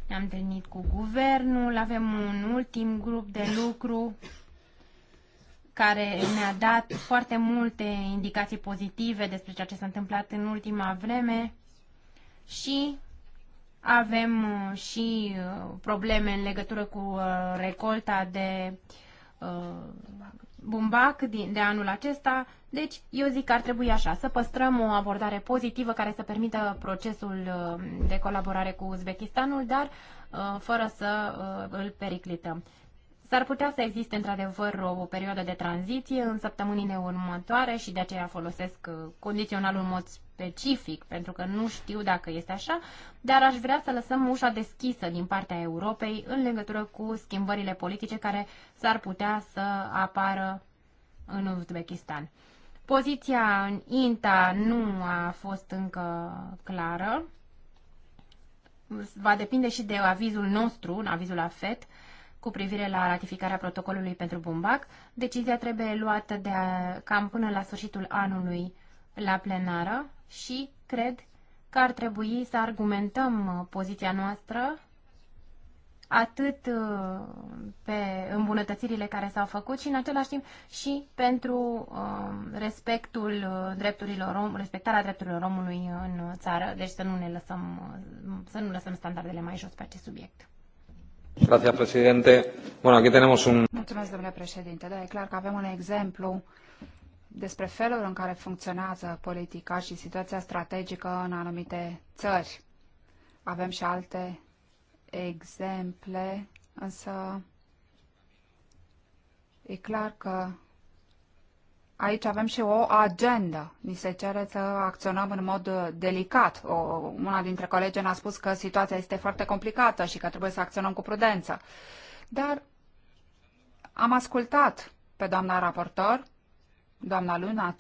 ne-am întâlnit cu guvernul, avem un ultim grup de lucru care ne-a dat foarte multe indicații pozitive despre ceea ce s-a întâmplat în ultima vreme și avem uh, și uh, probleme în legătură cu uh, recolta de uh, Uh, bumbac din, de anul acesta. Deci, eu zic că ar trebui așa, să păstrăm o abordare pozitivă care să permită procesul uh, de colaborare cu Uzbekistanul, dar uh, fără să îl periclităm. S-ar putea să existe într-adevăr o perioadă de tranziție în săptămânile următoare și de aceea folosesc condiționalul în mod specific, pentru că nu știu dacă este așa, dar aș vrea să lăsăm ușa deschisă din partea Europei în legătură cu schimbările politice care s-ar putea să apară în Uzbekistan. Poziția în INTA nu a fost încă clară. Va depinde și de avizul nostru, avizul AFET, cu privire la ratificarea protocolului pentru Bumbac. Decizia trebuie luată de a, cam până la sfârșitul anului la plenară și cred că ar trebui să argumentăm uh, poziția noastră atât uh, pe îmbunătățirile care s-au făcut și în același timp și pentru um, respectul uh, drepturilor om, respectarea drepturilor omului în țară, deci să nu ne lăsăm să nu lăsăm standardele mai jos pe acest subiect. Gracias, presidente. Bueno, aquí tenemos un... Mulțumesc, domnule președinte. Da, e clar că avem un exemplu despre felul în care funcționează politica și situația strategică în anumite țări. Avem și alte exemple, însă e clar că aici avem și o agendă. Ni se cere să acționăm în mod delicat. O, una dintre colege ne-a spus că situația este foarte complicată și că trebuie să acționăm cu prudență. Dar am ascultat pe doamna raportor doamna Luna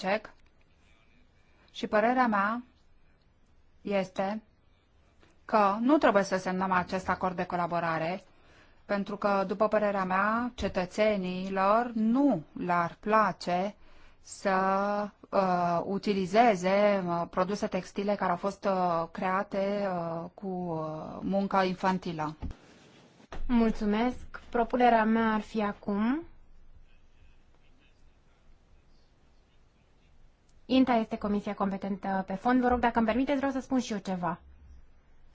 și părerea mea este că nu trebuie să semnăm acest acord de colaborare, pentru că, după părerea mea, cetățenilor nu le-ar place să uh, utilizeze uh, produse textile care au fost uh, create uh, cu uh, munca infantilă. Mulțumesc. Propunerea mea ar fi acum INTA este comisia competentă pe fond. Vă rog, dacă îmi permiteți, vreau să spun și eu ceva.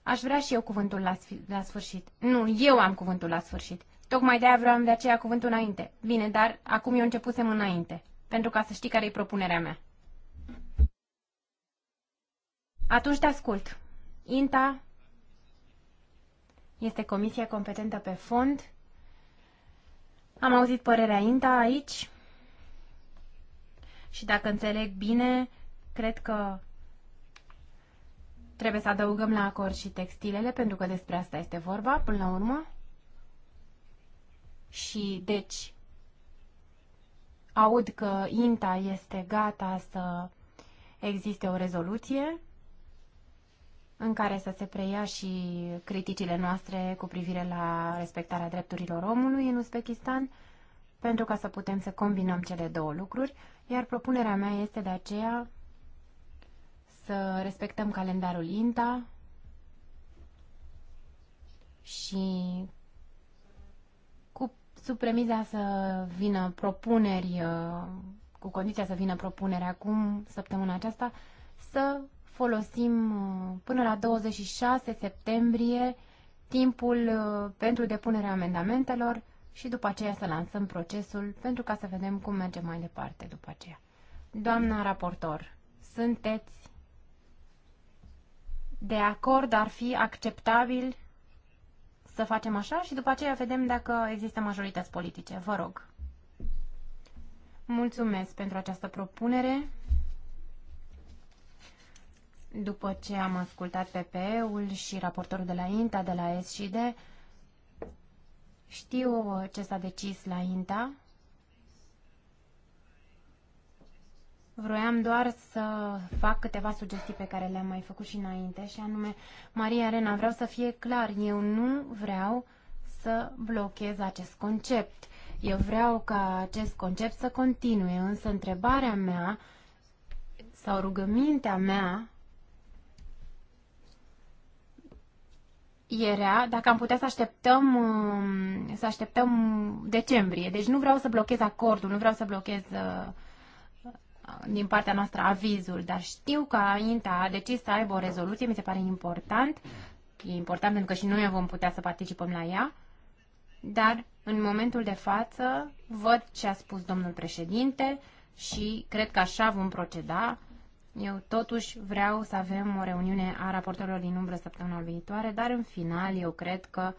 Aș vrea și eu cuvântul la, la sfârșit. Nu, eu am cuvântul la sfârșit. Tocmai de-aia vreau de aceea cuvântul înainte. Bine, dar acum eu începusem înainte, pentru ca să știi care e propunerea mea. Atunci te ascult. INTA este comisia competentă pe fond. Am auzit părerea INTA aici. Și dacă înțeleg bine, cred că trebuie să adăugăm la acord și textilele, pentru că despre asta este vorba până la urmă. Și deci aud că INTA este gata să existe o rezoluție în care să se preia și criticile noastre cu privire la respectarea drepturilor omului în Uzbekistan, pentru ca să putem să combinăm cele două lucruri iar propunerea mea este de aceea să respectăm calendarul INTA și cu, sub premiza să vină propuneri, uh, cu condiția să vină propuneri acum, săptămâna aceasta, să folosim uh, până la 26 septembrie timpul uh, pentru depunerea amendamentelor și după aceea să lansăm procesul pentru ca să vedem cum mergem mai departe după aceea. Doamna raportor, sunteți de acord, ar fi acceptabil să facem așa și după aceea vedem dacă există majorități politice. Vă rog. Mulțumesc pentru această propunere. După ce am ascultat PPE-ul și raportorul de la INTA, de la S știu ce s-a decis la INTA. Vroiam doar să fac câteva sugestii pe care le-am mai făcut și înainte, și anume, Maria Arena, vreau să fie clar, eu nu vreau să blochez acest concept. Eu vreau ca acest concept să continue, însă întrebarea mea sau rugămintea mea ierea, dacă am putea să așteptăm, um, să așteptăm decembrie. Deci nu vreau să blochez acordul, nu vreau să blochez uh, din partea noastră avizul, dar știu că INTA a decis să aibă o rezoluție, mi se pare important, e important pentru că și noi vom putea să participăm la ea, dar în momentul de față văd ce a spus domnul președinte și cred că așa vom proceda eu totuși vreau să avem o reuniune a raportorilor din umbră săptămâna viitoare, dar în final eu cred că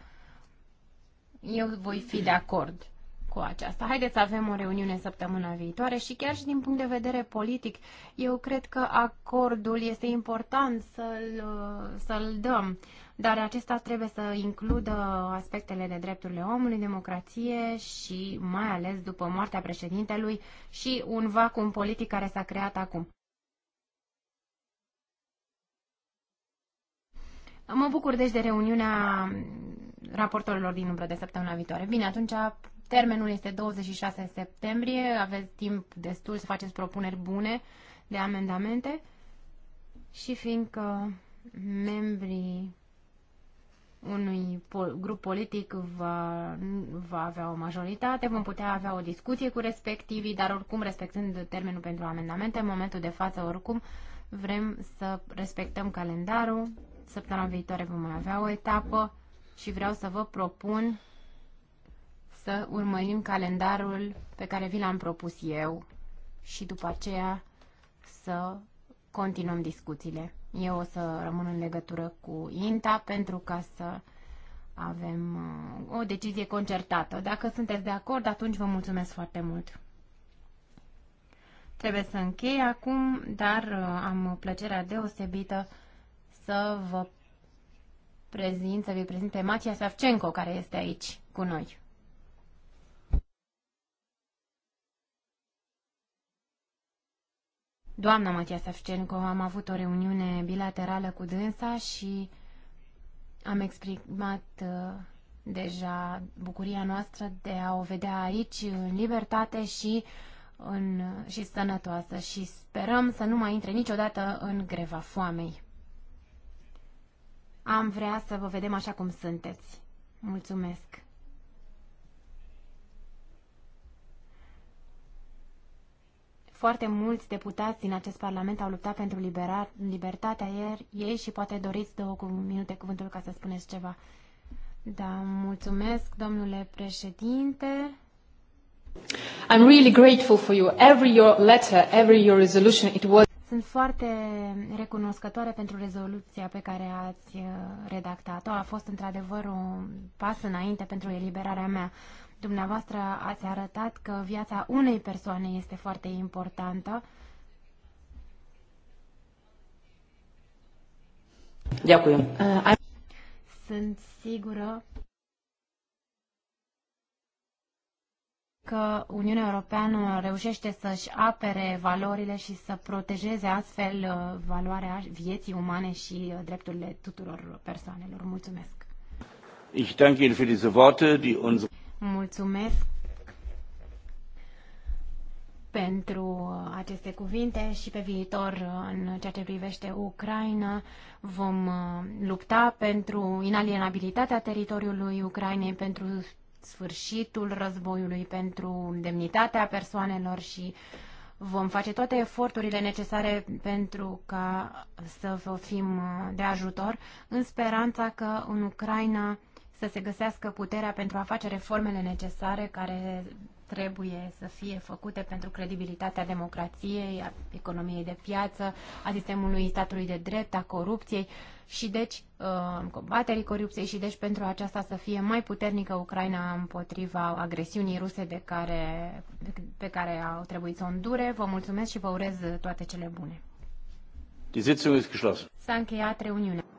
eu voi fi de acord cu aceasta. Haideți să avem o reuniune săptămâna viitoare și chiar și din punct de vedere politic, eu cred că acordul este important să-l, să-l dăm, dar acesta trebuie să includă aspectele de drepturile omului, democrație și mai ales după moartea președintelui și un vacuum politic care s-a creat acum. Mă bucur deci de reuniunea raportorilor din umbră de săptămâna viitoare. Bine, atunci termenul este 26 septembrie, aveți timp destul să faceți propuneri bune de amendamente și fiindcă membrii unui grup politic va, va avea o majoritate, vom putea avea o discuție cu respectivii, dar oricum respectând termenul pentru amendamente, în momentul de față oricum vrem să respectăm calendarul Săptămâna viitoare vom mai avea o etapă și vreau să vă propun să urmărim calendarul pe care vi l-am propus eu și după aceea să continuăm discuțiile. Eu o să rămân în legătură cu INTA pentru ca să avem uh, o decizie concertată. Dacă sunteți de acord, atunci vă mulțumesc foarte mult. Trebuie să închei acum, dar uh, am plăcerea deosebită să vă prezint, să vi prezint pe Matia Savcenko, care este aici cu noi. Doamna Matia Savcenko, am avut o reuniune bilaterală cu dânsa și am exprimat uh, deja bucuria noastră de a o vedea aici în libertate și, în, și sănătoasă și sperăm să nu mai intre niciodată în greva foamei. Am vrea să vă vedem așa cum sunteți. Mulțumesc! Foarte mulți deputați din acest parlament au luptat pentru libera, libertatea ieri, ei și poate doriți două minute cuvântul ca să spuneți ceva. Da, mulțumesc, domnule președinte. I'm really grateful for you. Every your letter, every your resolution, it was sunt foarte recunoscătoare pentru rezoluția pe care ați uh, redactat-o. A fost într-adevăr un pas înainte pentru eliberarea mea. Dumneavoastră ați arătat că viața unei persoane este foarte importantă. Sunt sigură că Uniunea Europeană reușește să-și apere valorile și să protejeze astfel uh, valoarea vieții umane și uh, drepturile tuturor persoanelor. Mulțumesc! Ich danke Ihnen für diese Worte, die Mulțumesc pentru uh, aceste cuvinte și pe viitor, în ceea ce privește Ucraina, vom lupta pentru inalienabilitatea teritoriului Ucrainei, pentru sfârșitul războiului, pentru demnitatea persoanelor și vom face toate eforturile necesare pentru ca să vă fim uh, de ajutor, în speranța că în Ucraina să se găsească puterea pentru a face reformele necesare care trebuie să fie făcute pentru credibilitatea democrației, a economiei de piață, a sistemului statului de drept, a corupției și deci uh, combaterii corupției și deci pentru aceasta să fie mai puternică Ucraina împotriva agresiunii ruse de care, pe care au trebuit să o îndure. Vă mulțumesc și vă urez toate cele bune. S-a încheiat reuniunea.